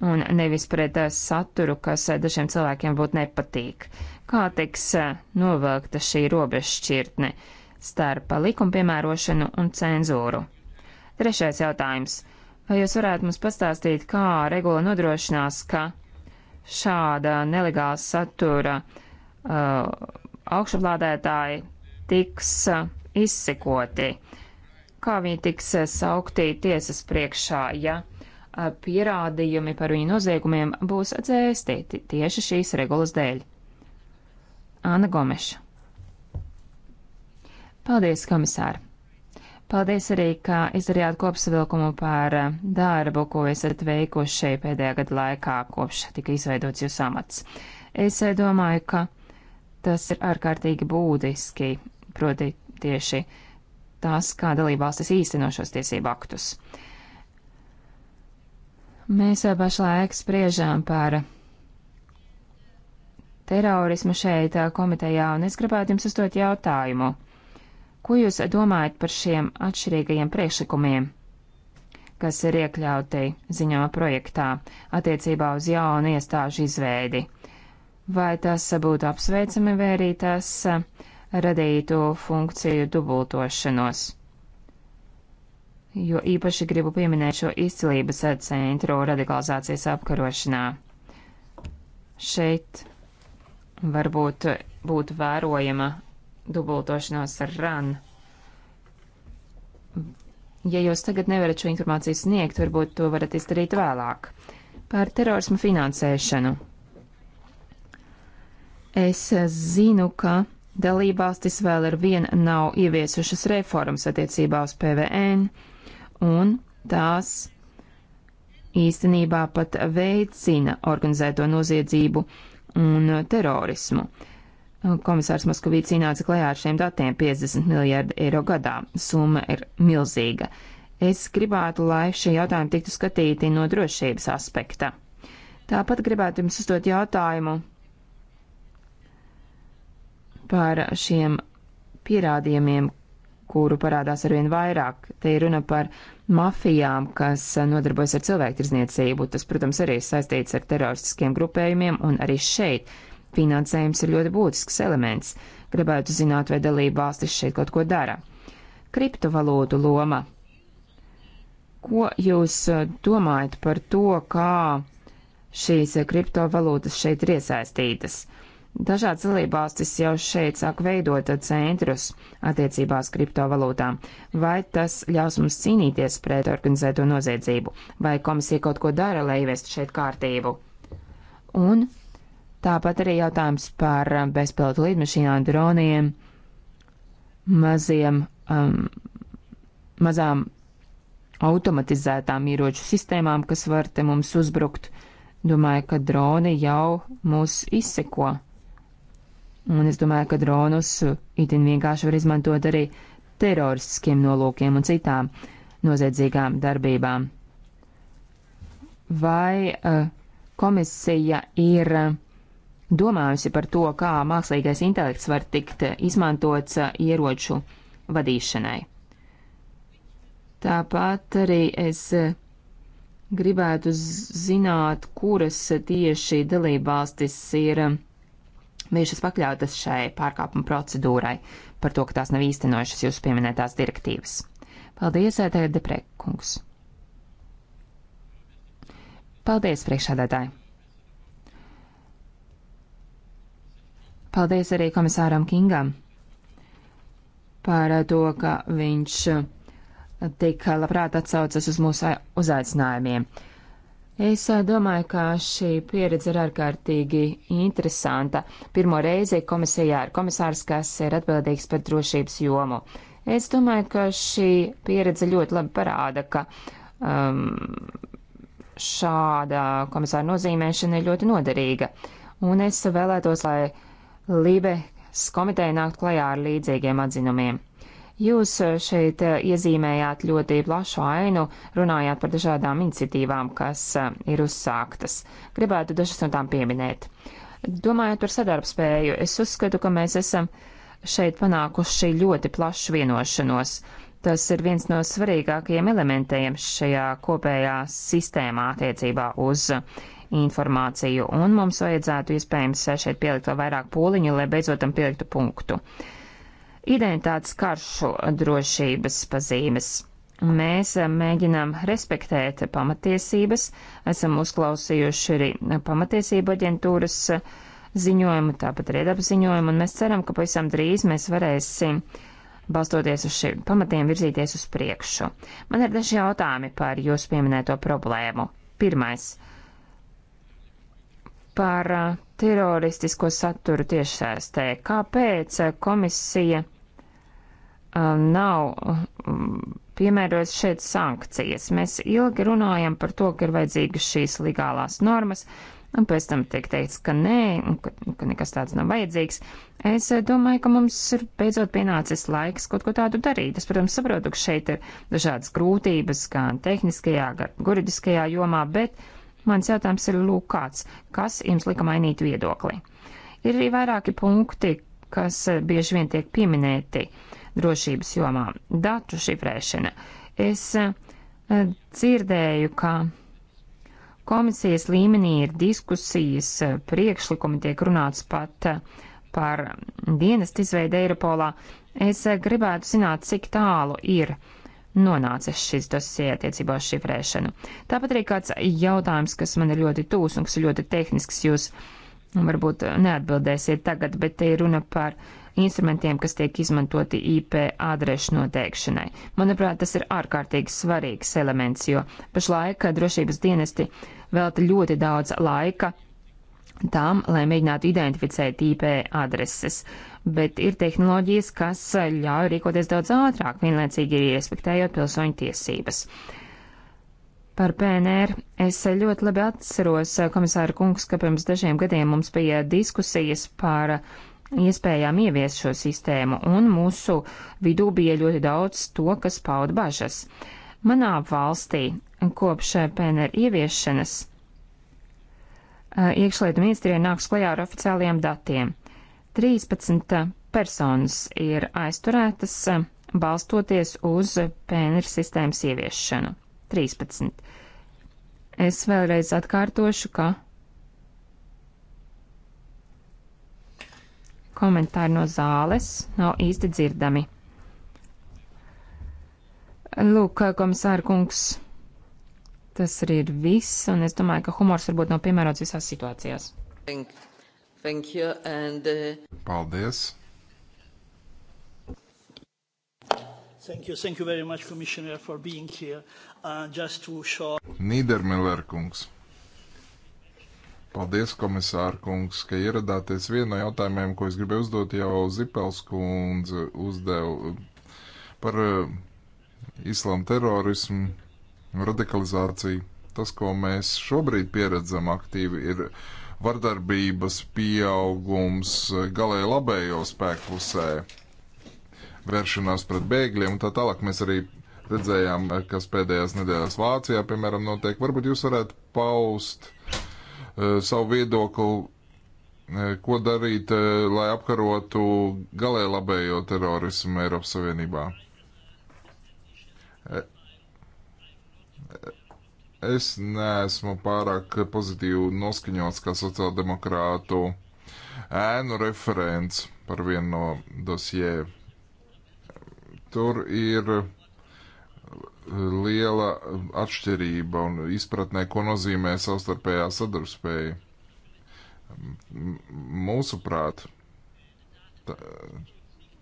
un nevis pret saturu, kas dažiem cilvēkiem būtu nepatīk. Kā tiks novelkta šī robežšķirtne? starp likuma piemērošanu un cenzūru. Trešais jautājums. Vai jūs varētu mums pastāstīt, kā regula nodrošinās, ka šāda nelegāla satura uh, augšuplādētāji tiks uh, izsekoti? Kā viņi tiks uh, saukti tiesas priekšā, ja uh, pierādījumi par viņu noziegumiem būs dzēstīti tieši šīs regulas dēļ? Āna Gomeša. Paldies, komisār! Paldies arī, ka izdarījāt kopsavilkumu par eh, darbu, ko esat veikuši pēdējā gada laikā, kopš tika izveidots jūsu amats. Es eh, domāju, ka tas ir ārkārtīgi būtiski, proti tieši tās, kā dalībvalstis īsteno šos tiesību aktus. Mēs eh, pašlaik spriežām par terorismu šeit komitejā, un es gribētu jums uzdot jautājumu. Ko jūs domājat par šiem atšķirīgajiem priekšlikumiem, kas ir iekļauti ziņojuma projektā attiecībā uz jaunu iestāžu izveidi? Vai tas būtu apsveicami vai arī tas radītu funkciju dubultošanos? Jo īpaši gribu pieminēt šo izcilības centru radikalizācijas apkarošanā. Šeit varbūt būtu vērojama dubultošanos ar RAN. Ja jūs tagad nevarat šo informāciju sniegt, varbūt to varat izdarīt vēlāk. Par terorismu finansēšanu. Es zinu, ka dalībvalstis vēl ar vien nav ieviesušas reformas attiecībā uz PVN, un tās īstenībā pat veicina organizēto noziedzību un terorismu. Uh, Komisārs Moskavīts ienāca klajā ar šiem datiem 50 miljārdu eiro gadā. Summa ir milzīga. Es gribētu, lai šie jautājumi tiktu skatīti no drošības aspekta. Tāpat gribētu jums uzdot jautājumu par šiem pierādījumiem, kuru parādās arvien vairāk. Te ir runa par mafijām, kas nodarbojas ar cilvēktirzniecību. Tas, protams, arī ir saistīts ar teroristiskiem grupējumiem un arī šeit Finansējums ir ļoti būtisks elements. Gribētu zināt, vai dalība valstis šeit kaut ko dara. Kriptovalūtu loma. Ko jūs eh, domājat par to, kā šīs eh, kriptovalūtas šeit ir iesaistītas? Dažādas dalībvalstis jau šeit sāk veidot eh, centrus attiecībās kriptovalūtām. Vai tas ļaus mums cīnīties pret organizēto noziedzību? Vai komisija kaut ko dara, lai ievestu šeit kārtību? Un Tāpat arī jautājums par um, bezpilotu lidmašīnām, droniem, maziem, um, mazām automatizētām ieroču sistēmām, kas var te mums uzbrukt. Domāju, ka droni jau mūs izseko. Un es domāju, ka dronus itin vienkārši var izmantot arī teroristiskiem nolūkiem un citām noziedzīgām darbībām. Vai uh, komisija ir uh, domājusi par to, kā mākslīgais intelekts var tikt izmantots ieroču vadīšanai. Tāpat arī es gribētu zināt, kuras tieši dalībvalstis ir bijušas pakļautas šai pārkāpuma procedūrai par to, ka tās nav īstenojušas jūsu pieminētās direktīvas. Paldies, Ētēja Deprekungs! Paldies, priekšādātāji! Paldies arī komisāram Kingam par to, ka viņš tik labprāt atsaucas uz mūsu uzaicinājumiem. Es domāju, ka šī pieredze ir ārkārtīgi interesanta. Pirmo reizi komisijā ir komisārs, kas ir atbildīgs par drošības jomu. Es domāju, ka šī pieredze ļoti labi parāda, ka um, šāda komisāra nozīmēšana ir ļoti noderīga. Un es vēlētos, lai Lībes komiteja nākt klajā ar līdzīgiem atzinumiem. Jūs eh, šeit eh, iezīmējāt ļoti plašu ainu, runājāt par dažādām iniciatīvām, kas eh, ir uzsāktas. Gribētu dažas no tām pieminēt. Domājot par sadarbspēju, es uzskatu, ka mēs esam šeit panākuši ļoti plašu vienošanos. Tas ir viens no svarīgākajiem elementiem šajā kopējā sistēmā attiecībā uz uh, informāciju, un mums vajadzētu iespējams šeit pielikt vēl vairāk pūliņu, lai beidzot tam pieliktu punktu. Identitātes karšu drošības pazīmes. Mēs mēģinām respektēt pamatiesības, esam uzklausījuši arī pamatiesību aģentūras ziņojumu, tāpat arī apziņojumu, un mēs ceram, ka pavisam drīz mēs varēsim balstoties uz šiem pamatiem virzīties uz priekšu. Man ir daži jautājumi par jūsu pieminēto problēmu. Pirmais par uh, teroristisko saturu tiešsēstē. Kāpēc uh, komisija uh, nav um, piemērojis šeit sankcijas? Mēs ilgi runājam par to, ka ir vajadzīgas šīs legālās normas, un pēc tam tiek teikts, ka nē, un ka, ka nekas tāds nav vajadzīgs. Es domāju, ka mums ir beidzot pienācis laiks kaut ko tādu darīt. Es, protams, saprotu, ka šeit ir dažādas grūtības gan tehniskajā, gan juridiskajā jomā, bet Mans jautājums ir lūk kāds, kas jums lika mainīt viedokli? Ir arī vairāki punkti, kas eh, bieži vien tiek pieminēti drošības jomā. Datu šifrēšana. Es eh, dzirdēju, ka komisijas līmenī ir diskusijas, eh, priekšlikumi tiek runāts pat par dienestu izveidu Eiropolā. Es gribētu zināt, cik tālu ir uh, nonācis šis dosie attiecībā uz šifrēšanu. Tāpat arī kāds jautājums, kas man ir ļoti tūs un kas ir ļoti tehnisks, jūs varbūt neatbildēsiet tagad, bet te ir runa par instrumentiem, kas tiek izmantoti IP adrešu noteikšanai. Manuprāt, tas ir ārkārtīgi svarīgs elements, jo pašlaik drošības dienesti velta ļoti daudz laika tām, lai mēģinātu identificēt IP adreses, bet ir tehnoloģijas, kas ļauj rīkoties daudz ātrāk, vienlaicīgi respektējot pilsoņu tiesības. Par PNR es ļoti labi atceros, eh, komisāra kungs, ka pirms dažiem gadiem mums bija diskusijas par iespējām ieviest šo sistēmu, un mūsu vidū bija ļoti daudz to, kas pauda bažas. Manā valstī kopš PNR ieviešanas Eh, iekšlietu ministrija nāks klajā ar oficiāliem datiem. 13 eh, personas ir aizturētas eh, balstoties uz PNR sistēmas ieviešanu. 13. Es vēlreiz atkārtošu, ka komentāri no zāles nav īsti dzirdami. Lūk, komisāra kungs, Tas arī ir viss, un es domāju, ka humors varbūt nav piemērots visās situācijās. Thank, thank you and, uh... Paldies! Thank you, thank you very much, Commissioner, for being here. Uh, just to show... Nīdermiller kungs. Paldies, komisāra kungs, ka ieradāties. Viena no jautājumiem, ko es gribēju uzdot, jau Zipels kundze uzdeva par uh, islāma terorismu radikalizāciju. Tas, ko mēs šobrīd pieredzam aktīvi, ir vardarbības pieaugums galēji labējo spēku pusē, vēršanās pret bēgļiem un tā tālāk. Mēs arī redzējām, kas pēdējās nedēļās Vācijā, piemēram, notiek. Varbūt jūs varētu paust uh, savu viedokli, uh, ko darīt, uh, lai apkarotu galēji labējo terorismu Eiropas Savienībā es neesmu pārāk pozitīvi noskaņots kā sociāldemokrātu ēnu referents par vienu no dosjē. Tur ir liela atšķirība un izpratnē, ko nozīmē savstarpējā sadarbspēja. Mūsuprāt,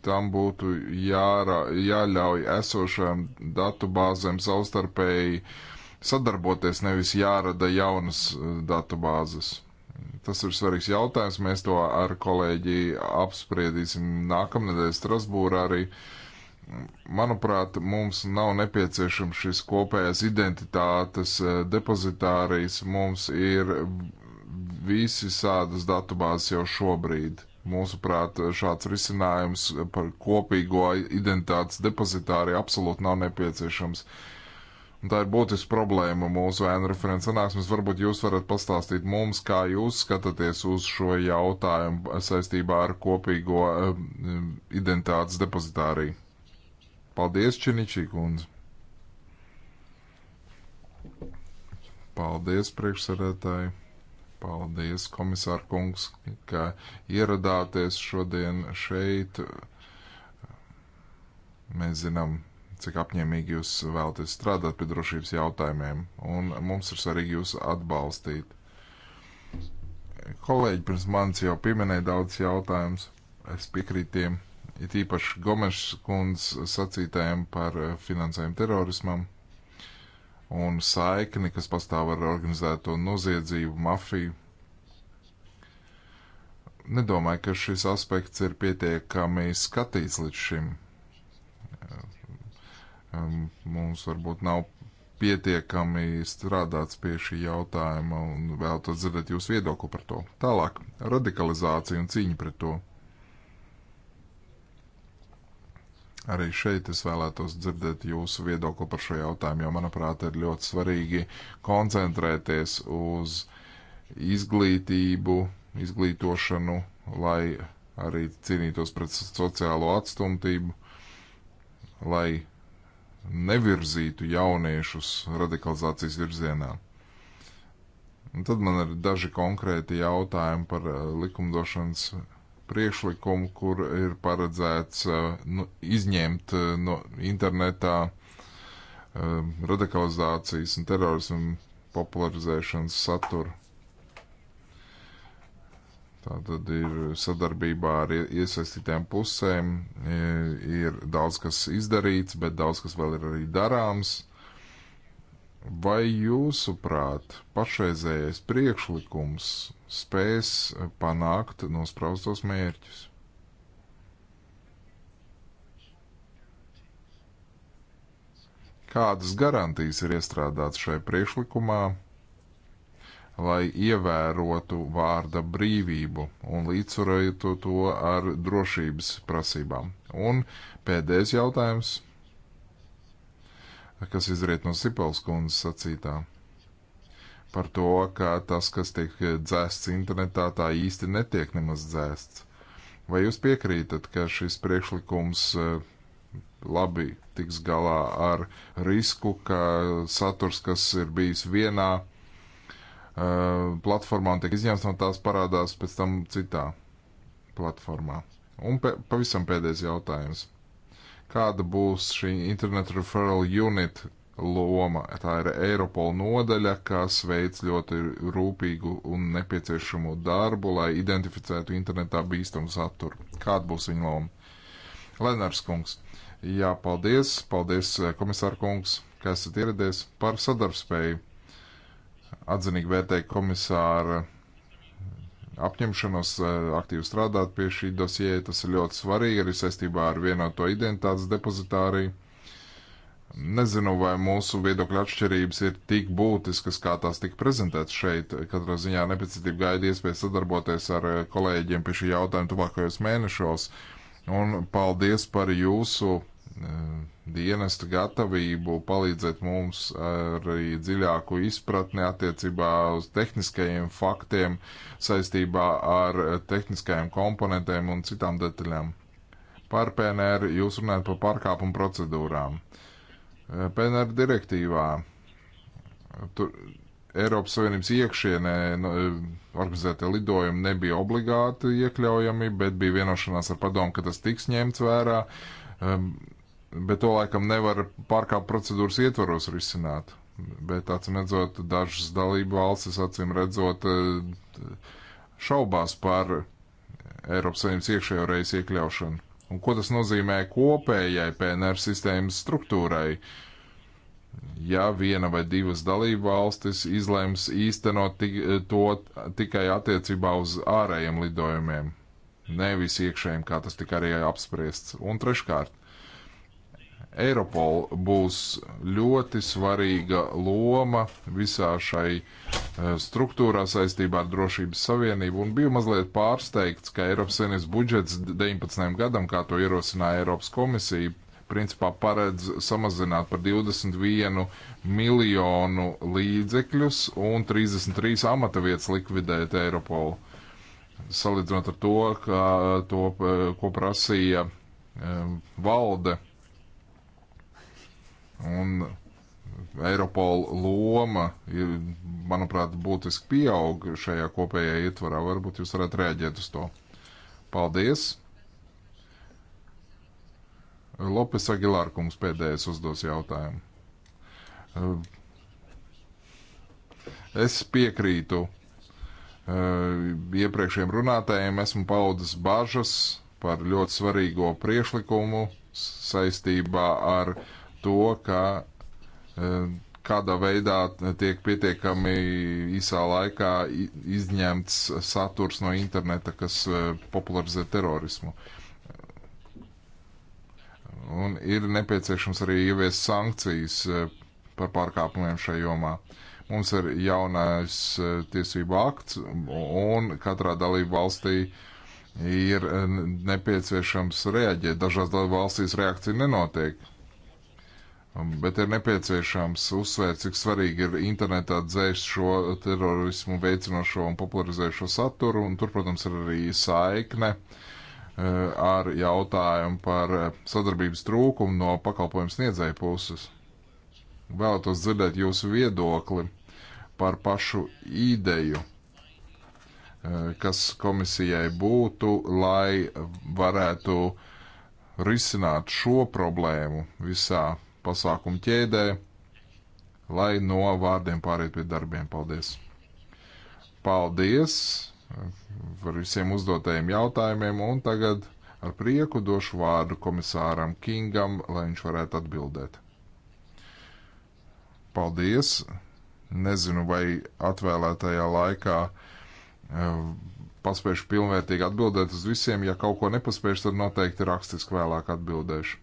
tam būtu jārā, jāļauj esošajām datu bāzēm savstarpēji uh, sadarboties, nevis jārada jaunas eh, datubāzes. Tas ir svarīgs jautājums. Mēs to ar kolēģi apspriedīsim nākamnedēļ Strasbūrā arī. Manuprāt, mums nav nepieciešams šis kopējais identitātes eh, depozitārijs. Mums ir visi sādas datubāzes jau šobrīd. Mūsuprāt, šāds risinājums par kopīgo identitātes depozitāriju absolūti nav nepieciešams. Uh, Tā ir būtiska problēma mūsu ēnu referents sanāksmes. Varbūt jūs varat pastāstīt mums, kā jūs skatāties uz šo jautājumu saistībā ar kopīgo um, identitātes depozitāriju. Paldies, Činičī kundze. Paldies, priekšsarētāji. Paldies, komisār kungs, ka ieradāties šodien šeit. Mēs zinām, cik apņēmīgi jūs vēlaties strādāt pie drošības jautājumiem, un mums ir svarīgi jūs atbalstīt. Kolēģi pirms manis jau pieminēja daudz jautājumus, es piekrītu tiem, it īpaši Gomešs kundzes sacītājiem par eh, finansējumu terorismam un saikni, kas pastāv ar organizēto noziedzību, mafiju nedomāju, ka šis aspekts ir pietiekami skatīts līdz šim. Mums varbūt nav pietiekami strādāts pie šī jautājuma un vēlētos dzirdēt jūsu viedokli par to. Tālāk, radikalizācija un cīņa pret to. Arī šeit es vēlētos dzirdēt jūsu viedokli par šo jautājumu, jo, manuprāt, ir ļoti svarīgi koncentrēties uz izglītību, izglītošanu, lai arī cīnītos pret sociālo atstumtību, lai nevirzītu jauniešus radikalizācijas virzienā. Un tad man ir daži konkrēti jautājumi par eh, likumdošanas priekšlikumu, kur ir paredzēts eh, nu, izņemt eh, no internetā radikalizācijas un terorismu popularizēšanas saturu. Tā tad ir sadarbībā ar iesaistītām pusēm, ir daudz kas izdarīts, bet daudz kas vēl ir arī darāms. Vai jūsuprāt, pašreizējais priekšlikums spēs panākt nospraustos mērķus? Kādas garantijas ir iestrādātas šai priekšlikumā? lai ievērotu vārda brīvību un līdzsvarotu to ar drošības prasībām. Un pēdējais jautājums, kas izriet no Sipels kundzes sacītā, par to, ka tas, kas tiek dzēsts internetā, tā īsti netiek nemaz dzēsts. Vai jūs piekrītat, ka šis priekšlikums eh, labi tiks galā ar risku, ka saturs, kas ir bijis vienā platformā un tiek izņemts no tās, parādās pēc tam citā platformā. Un pe, pavisam pēdējais jautājums. Kāda būs šī Internet Referral Unit loma? Tā ir Eiropola nodaļa, kas veic ļoti rūpīgu un nepieciešamo darbu, lai identificētu internetā bīstamu saturu. Kāda būs viņa loma? Lenārs Kungs. Jā, paldies, paldies komisāra kungs, kas esat ieradies par sadarbspēju atzinīgi vērtēju komisāra apņemšanos eh, aktīvi strādāt pie šī dosie. Tas ir ļoti svarīgi arī saistībā ar vienoto identitātes depozitāriju. Nezinu, vai mūsu viedokļa atšķirības ir tik būtiskas, kā tās tika prezentētas šeit. Katrā ziņā nepacietība gaida iespēju sadarboties ar eh, kolēģiem pie šī jautājuma tuvākajos mēnešos. Un paldies par jūsu Eh, dienestu gatavību palīdzēt mums arī dziļāku izpratni attiecībā uz tehniskajiem faktiem saistībā ar tehniskajiem komponentiem un citām detaļām. Par PNR jūs runājat par pārkāpumu procedūrām. Eh, PNR direktīvā tur Eiropas Savienības iekšienē no, nu, eh, organizētie lidojumi nebija obligāti iekļaujami, bet bija vienošanās ar padomu, ka tas tiks ņemts vērā. Um, bet to laikam nevar pārkāpt procedūras ietvaros risināt. Bet acīm redzot, dažas dalību valstis acīm redzot eh, šaubās par Eiropas Savienības iekšējo reisu iekļaušanu. Un ko tas nozīmē kopējai PNR sistēmas struktūrai? Ja viena vai divas dalību valstis izlems īstenot tik, eh, to tikai attiecībā uz ārējiem lidojumiem, nevis iekšējiem, kā tas tika arī apspriests. Un treškārt, Eiropol būs ļoti svarīga loma visā šai eh, struktūrā saistībā ar drošības savienību un biju mazliet pārsteigts, ka Eiropas Savienības budžets 19. gadam, kā to ierosināja Eiropas komisija, principā paredz samazināt par 21 miljonu līdzekļus un 33 amata vietas likvidēt Eiropolu. Salīdzinot ar to, ka to, eh, ko prasīja eh, valde Un Eiropola loma, ir, manuprāt, būtiski pieaug šajā kopējā ietvarā. Varbūt jūs varētu rēģēt uz to. Paldies! Lopes Agilārkungs pēdējais uzdos jautājumu. Es piekrītu eh, iepriekšējiem runātājiem, esmu paudas bažas par ļoti svarīgo priešlikumu saistībā ar uh, to, ka e, kādā veidā tiek pietiekami īsā laikā izņemts saturs no interneta, kas e, popularizē terorismu. Un ir nepieciešams arī ieviest sankcijas e, par pārkāpumiem šajā jomā. Mums ir jaunais tiesību akts, un katrā dalību valstī ir nepieciešams reaģēt. Dažās dalību valstīs reakcija nenotiek Um, bet ir nepieciešams uzsvērt, cik svarīgi ir internetā dzēst šo terorismu veicinošo un popularizējošo saturu, un tur, protams, ir arī saikne uh, ar jautājumu par uh, sadarbības trūkumu no pakalpojumu sniedzēju puses. Vēlētos dzirdēt jūsu viedokli par pašu ideju, uh, kas komisijai būtu, lai varētu risināt šo problēmu visā pasākumu ķēdē, lai no vārdiem pāriet pie darbiem. Paldies! Paldies par visiem uzdotajiem jautājumiem, un tagad ar prieku došu vārdu komisāram Kingam, lai viņš varētu atbildēt. Paldies! Nezinu, vai atvēlētajā laikā eh, paspēšu pilnvērtīgi atbildēt uz visiem. Ja kaut ko nepaspēšu, tad noteikti rakstiski vēlāk atbildēšu.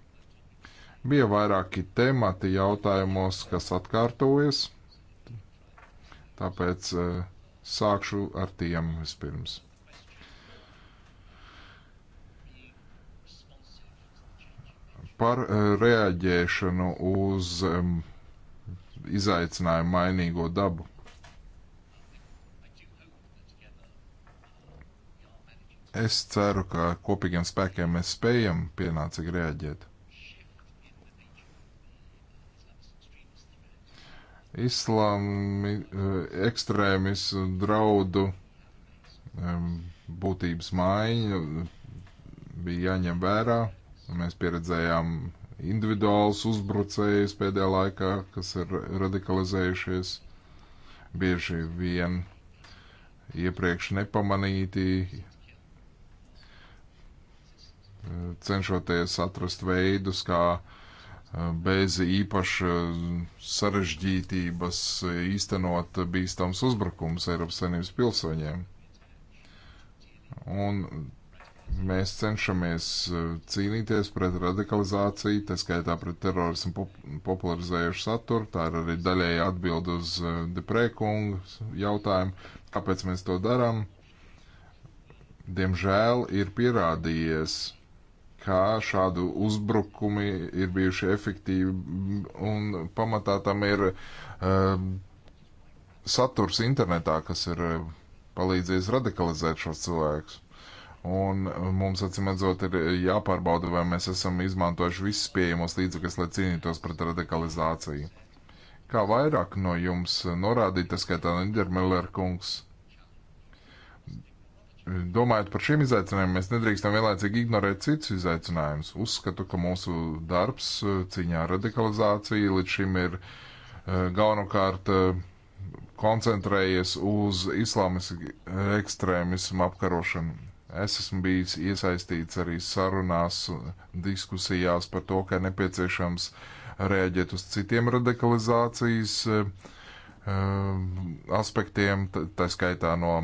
Bija vairāki temati jautājumos, kas atkārtojas, tāpēc e, sākšu ar tiem vispirms. Par e, reaģēšanu uz izaicinājumu mainīgo dabu. Es ceru, ka kopīgiem spēkiem mēs spējam pienācīgi reaģēt. islāmi, eh, ekstrēmismu draudu būtības maiņa eh, bija jāņem vērā. Mēs pieredzējām individuālus uzbrucējus pēdējā laikā, kas ir radikalizējušies bieži vien iepriekš nepamanīti, eh, cenšoties atrast veidus, kā bez īpaša sarežģītības īstenot bīstams uzbrukums Eiropas Savienības pilsoņiem. Un mēs cenšamies e, cīnīties pret radikalizāciju, tā skaitā pret terorismu pop popularizējušu saturu. Tā ir arī daļēji atbild uz e, deprēkungu jautājumu, kāpēc mēs to darām. Diemžēl ir pierādījies, kā šādu uzbrukumi ir bijuši efektīvi, un pamatā tam ir uh, saturs internetā, kas ir um, palīdzējis radikalizēt šos cilvēkus. Un um, mums, atcīmredzot, ir jāpārbauda, vai mēs esam izmantojuši visus pieejamos līdzekļus, lai cīnītos pret radikalizāciju. Kā vairāk no jums norādīja, tas skaitā Nidermiller kungs, Domājot par šiem izaicinājumiem, mēs nedrīkstam vienlaicīgi ignorēt citus izaicinājumus. Uzskatu, ka mūsu darbs eh, cīņā ar radikalizāciju līdz šim ir eh, galvenokārt eh, koncentrējies uz islāmisku ekstrēmismu apkarošanu. Es esmu bijis iesaistīts arī sarunās, diskusijās par to, ka nepieciešams rēģēt uz citiem radikalizācijas aspektiem, tā skaitā no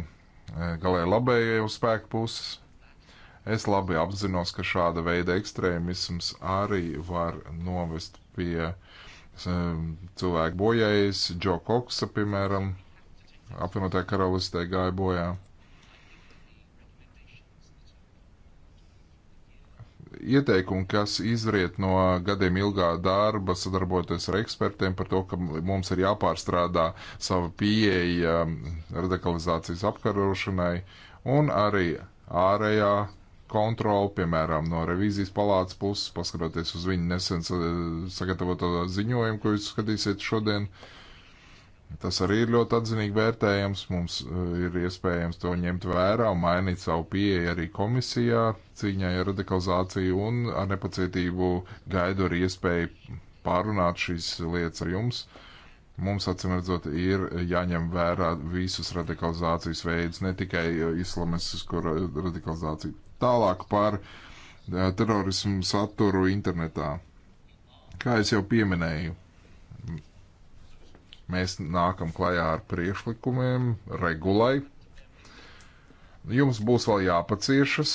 Eh, galēji labējai uz spēku puses. Es labi apzinos, ka šāda veida ekstrēmisms arī var novest pie cilvēku bojējas. Džo Koksa, piemēram, apvienotā karalistē gāja bojā. ieteikumi, kas izriet no gadiem ilgā darba, sadarbojoties ar ekspertiem par to, ka mums ir jāpārstrādā sava pieeja um, radikalizācijas apkarošanai un arī ārējā kontroli, piemēram, no revīzijas palātas puses, paskatoties uz viņu nesen sagatavoto ziņojumu, ko jūs skatīsiet šodien. Uh, Tas arī ir ļoti atzinīgi vērtējams. Mums eh, ir iespējams to ņemt vērā un mainīt savu pieeju arī komisijā cīņai ar radikalizāciju un ar nepacietību gaidu arī iespēju pārunāt šīs lietas ar jums. Mums, acīm redzot, ir jāņem vērā visus radikalizācijas veidus, ne tikai eh, islamistisko radikalizāciju. Tālāk par eh, terorismu saturu internetā. Kā es jau pieminēju, Mēs nākam klajā ar priekšlikumiem, regulai. Jums būs vēl jāpaciešas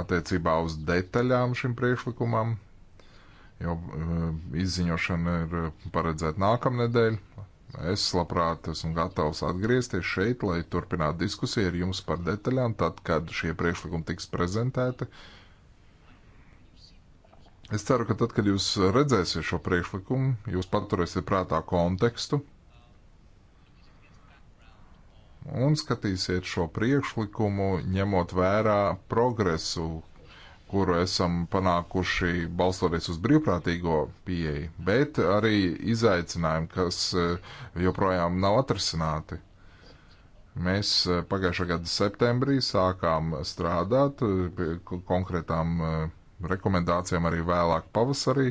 attiecībā uz detaļām šim priekšlikumam, jo eh, izziņošana ir eh, paredzēta nākamnedēļ. Es labprāt esmu gatavs atgriezties šeit, lai turpinātu diskusiju ar jums par detaļām, tad, kad šie priekšlikumi tiks prezentēti. Uh, Es ceru, ka tad, kad jūs redzēsiet šo priekšlikumu, jūs paturēsiet prātā kontekstu un skatīsiet šo priekšlikumu, ņemot vērā progresu, kuru esam panākuši balstoties uz brīvprātīgo pieeju, bet arī izaicinājumu, kas eh, joprojām nav atrisināti. Mēs eh, pagājušā gada septembrī sākām strādāt eh, pie konkrētām uh, rekomendācijām arī vēlāk pavasarī,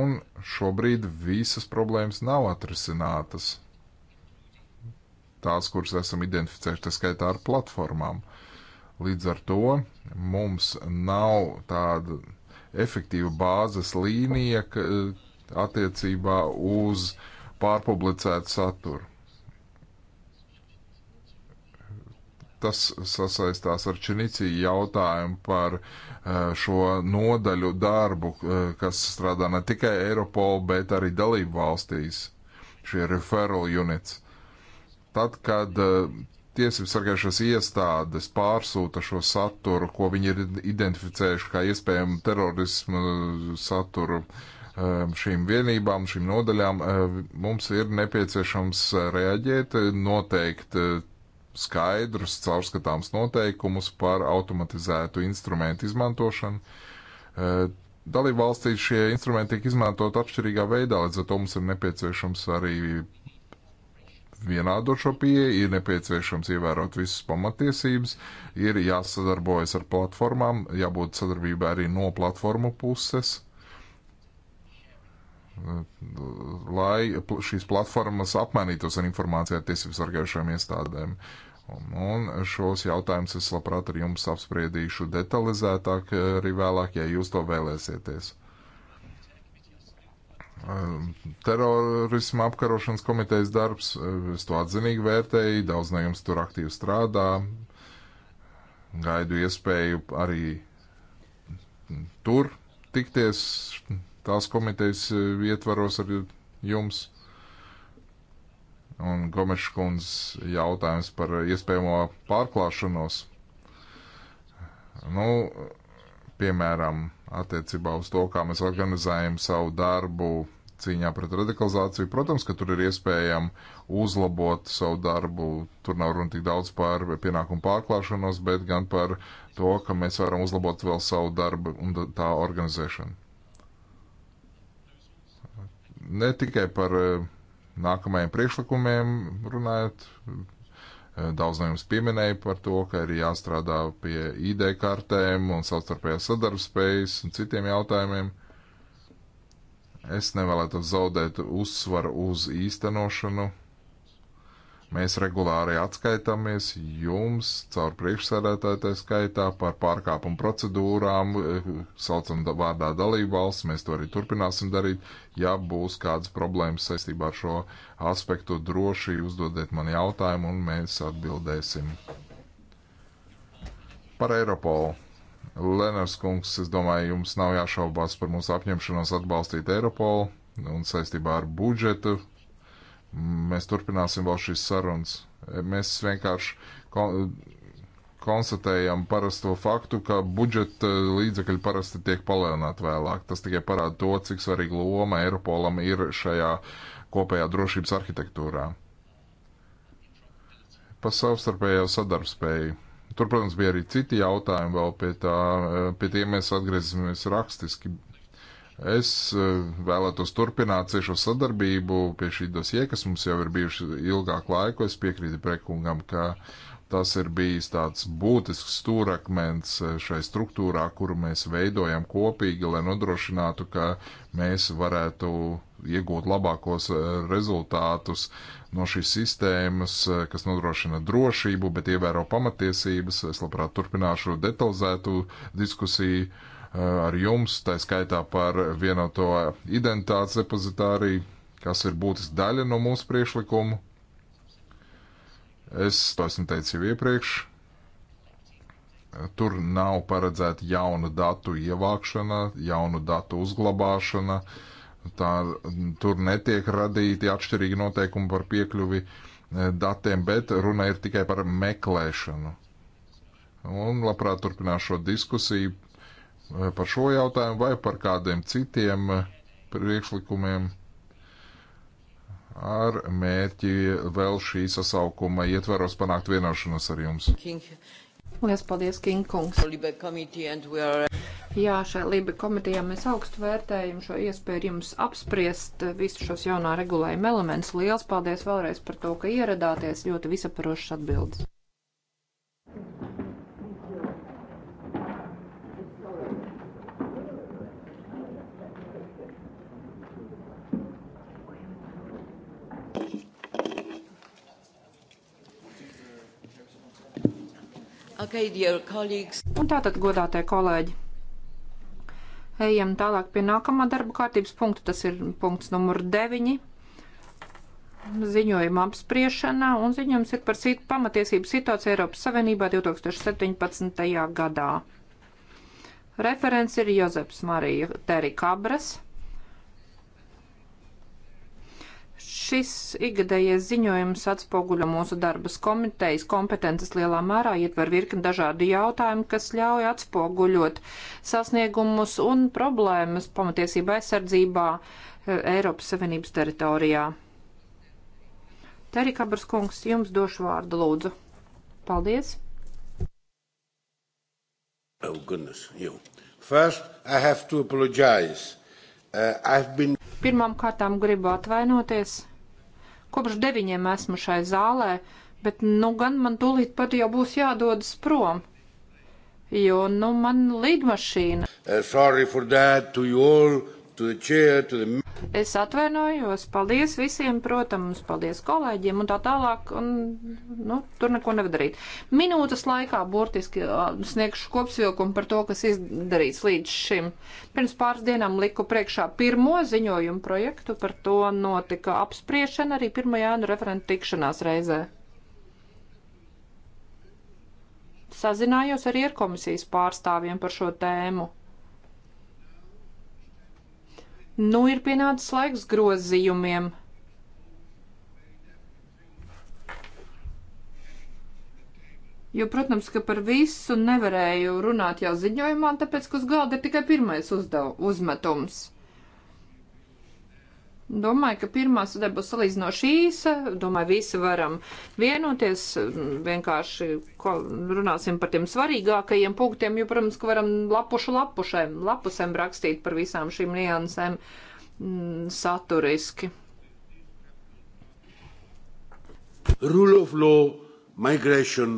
un šobrīd visas problēmas nav atrisinātas. Tās, kuras esam identificējuši, tā skaitā ar platformām. Līdz ar to mums nav tāda efektīva bāzes līnija eh, attiecībā uz pārpublicētu saturu Tas sasaistās ar Činici jautājumu par eh, šo nodaļu darbu, eh, kas strādā ne tikai Eiropol, bet arī dalību valstīs. Šie referral units. Tad, kad eh, tiesību sargājušās iestādes pārsūta šo saturu, ko viņi ir identificējuši kā iespējamu terorismu saturu šīm vienībām, šīm nodaļām, mums ir nepieciešams reaģēt, noteikt skaidrus, caurskatāms noteikumus par automatizētu instrumentu izmantošanu. E, Dalību valstīs šie instrumenti tiek izmantot atšķirīgā veidā, līdz ar to mums ir nepieciešams arī vienādošo pieeju, ir nepieciešams ievērot visas pamatiesības, ir jāsadarbojas ar platformām, jābūt sadarbībai arī no platformu puses lai šīs platformas apmainītos ar informāciju ar tiesību sargājušajām iestādēm. Un šos jautājumus es labprāt ar jums apspriedīšu detalizētāk eh, arī vēlāk, ja jūs to vēlēsieties. Um, terorisma apkarošanas komitejas darbs, eh, es to atzinīgi vērtēju, daudz no jums tur aktīvi strādā. Gaidu iespēju arī tur tikties tās komitejas eh, ietvaros ar jums un Gomeša kundzes jautājums par iespējamo pārklāšanos. Nu, piemēram, attiecībā uz to, kā mēs organizējam savu darbu cīņā pret radikalizāciju. Protams, ka tur ir iespējams uzlabot savu darbu. Tur nav runa tik daudz par pienākumu pārklāšanos, bet gan par to, ka mēs varam uzlabot vēl savu darbu un tā organizēšanu. Ne tikai par eh, nākamajiem priekšlikumiem runājot, eh, daudz no jums pieminēja par to, ka ir jāstrādā pie ID kartēm un savstarpējās sadarbspējas un citiem jautājumiem. Es nevēlētos zaudēt uzsvaru uz īstenošanu Mēs regulāri atskaitāmies jums caur priekšsēdētāju tā skaitā par pārkāpumu procedūrām, saucam vārdā dalību valsts, mēs to arī turpināsim darīt. Ja būs kādas problēmas saistībā ar šo aspektu, droši uzdodiet man jautājumu un mēs atbildēsim. Par Eiropolu. Lenars kungs, es domāju, jums nav jāšaubās par mūsu apņemšanos atbalstīt Eiropolu un saistībā ar budžetu Mēs turpināsim vēl šīs sarunas. Mēs vienkārši kon konstatējam parasto faktu, ka budžeta līdzekļi parasti tiek palielināti vēlāk. Tas tikai parāda to, cik svarīga loma Eiropolam ir šajā kopējā drošības arhitektūrā. Pa savstarpējo sadarbspēju. Tur, protams, bija arī citi jautājumi vēl pie tā, pie tiem mēs atgriezīsimies rakstiski. Es eh, vēlētos turpināt ciešo sadarbību pie šī dosie, kas mums jau ir bijuši ilgāku laiku. Es piekrītu prekungam, ka tas ir bijis tāds būtisks stūrakmens eh, šai struktūrā, kuru mēs veidojam kopīgi, lai nodrošinātu, ka mēs varētu iegūt labākos eh, rezultātus no šīs sistēmas, kas nodrošina drošību, bet ievēro pamatiesības. Es labprāt turpināšu detalizētu diskusiju Eh, ar jums, tā skaitā par vienoto identitātes depozitāriju, kas ir būtiski daļa no mūsu priekšlikumu. Es to esmu teicis jau iepriekš. Tur nav paredzēta jaunu datu ievākšana, jaunu datu uzglabāšana. Tā, tur netiek radīti atšķirīgi noteikumi par piekļuvi eh, datiem, bet runa ir tikai par meklēšanu. Un labprāt turpināšu šo diskusiju Eh, par šo jautājumu vai par kādiem citiem eh, priekšlikumiem ar mērķi vēl šī sasaukuma ietvaros panākt vienošanos ar jums. Lielas paldies, Kinkungs! Jā, šai Lība komitejā mēs augstu vērtējam šo iespēju jums apspriest eh, visu šos jaunā regulējuma elements. Lielas paldies vēlreiz par to, ka ieradāties ļoti visaparošas atbildes. Thank you. Okay, Un tātad, godātie kolēģi, ejam tālāk pie nākamā darba kārtības punkta. Tas ir punkts numur 9 ziņojuma apspriešana un ziņojums ir par sit pamatiesību situāciju Eiropas Savienībā 2017. gadā. Referents ir Jozefs Marija Terikabras. Šis ikgadējais ziņojums atspoguļo mūsu darbas komitejas kompetences lielā mērā, ietver virkni dažādu jautājumu, kas ļauj atspoguļot sasniegumus un problēmas pamatiesība aizsardzībā eh, Eiropas Savienības teritorijā. Terika Braskungs, jums došu vārdu lūdzu. Paldies! Oh, goodness, you. First, I have to apologize. Uh, I've been Pirmām kārtām gribu atvainoties. Kopš deviņiem esmu šai zālē, bet nu gan man tūlīt pat jau būs jādodas prom. Jo, nu, man līdmašīna. Uh, Es atvainojos, paldies visiem, protams, paldies kolēģiem un tā tālāk, un, nu, tur neko nevar darīt. Minūtes laikā burtiski sniegšu kopsvilkumu par to, kas izdarīts līdz šim. Pirms pāris dienām liku priekšā pirmo ziņojumu projektu, par to notika apspriešana arī pirmajā nu referenta tikšanās reizē. Sazinājos arī ar komisijas pārstāvjiem par šo tēmu Nu, ir pienācis laiks grozījumiem. Jo, protams, ka par visu nevarēju runāt jau ziņojumā, tāpēc, ka uz galda ir tikai pirmais uzdev, uzmetums. Domāju, ka pirmā sadarbība būs salīdzinoši īsa. Domāju, visi varam vienoties. Vienkārši runāsim par tiem svarīgākajiem punktiem, jo, protams, ka varam lapušu lapušiem, lapusēm rakstīt par visām šīm niansēm mm, saturiski. Rule of law, migration.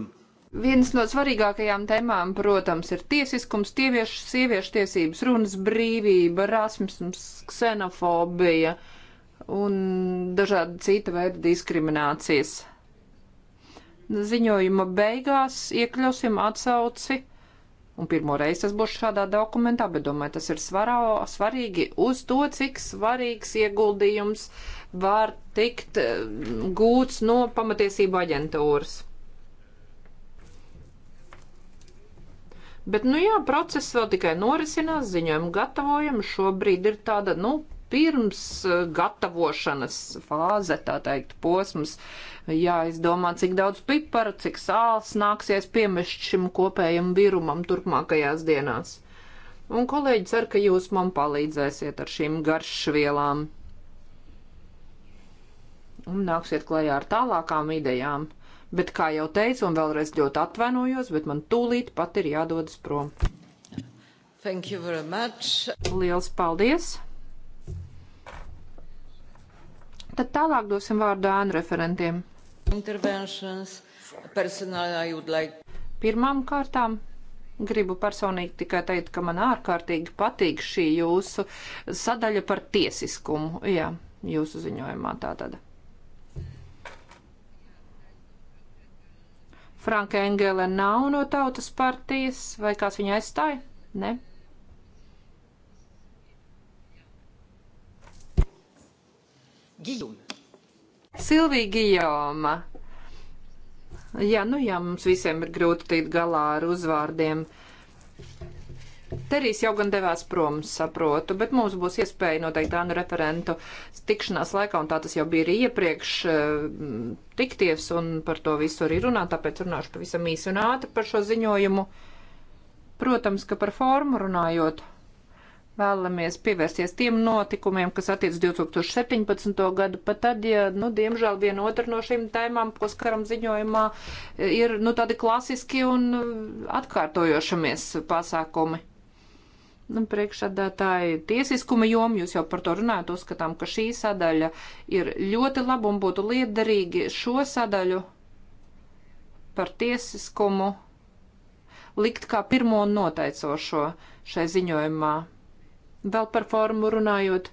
Viens no svarīgākajām tēmām, protams, ir tiesiskums, tieviešu, sieviešu tiesības, runas brīvība, rasisms, ksenofobija. Uh, un dažādi cita veida diskriminācijas. Ziņojuma beigās iekļausim atsauci, un pirmo reizi tas būs šādā dokumentā, bet domāju, tas ir svarā, svarīgi uz to, cik svarīgs ieguldījums var tikt mm, gūts no pamatiesību aģentūras. Bet, nu jā, process vēl tikai norisinās, ziņojumu gatavojam. Šobrīd ir tāda, nu, pirms eh, gatavošanas fāze, tā teikt, posms, jāizdomā, cik daudz pipara, cik sāls nāksies piemest šim kopējam virumam turpmākajās dienās. Un kolēģi cer, ka jūs man palīdzēsiet ar šīm garšvielām. Un nāksiet klajā ar tālākām idejām. Bet, kā jau teicu, un vēlreiz ļoti atvainojos, bet man tūlīt pat ir jādodas prom. Thank you very much. Liels paldies! Tad tālāk dosim vārdu ānu referentiem. Like... Pirmām kārtām Gribu personīgi tikai teikt, ka man ārkārtīgi patīk šī jūsu sadaļa par tiesiskumu. Jā, jūsu ziņojumā tā tad. Franka Engele nav no tautas partijas, vai kāds viņu aizstāja? Ne. Gijona. Silvija Gijoma. Jā, nu jā, mums visiem ir grūti tikt galā ar uzvārdiem. Terijs jau gan devās prom, saprotu, bet mums būs iespēja noteikti tādu referentu tikšanās laikā, un tā tas jau bija arī iepriekš, eh, tikties un par to visu arī runāt, tāpēc runāšu pavisam īsi un ātri par šo ziņojumu. Protams, ka par formu runājot vēlamies pievērsties tiem notikumiem, kas attiec 2017. gadu, pat tad, ja, nu, diemžēl viena otra no šīm tēmām, ko skaram ziņojumā, ir, nu, tādi klasiski un atkārtojošamies pasākumi. Nu, priekšsādātāji tiesiskuma jomu, jūs jau par to runājat, uzskatām, ka šī sadaļa ir ļoti laba un būtu liederīgi šo sadaļu par tiesiskumu likt kā pirmo noteicošo šai ziņojumā. Vēl par formu runājot,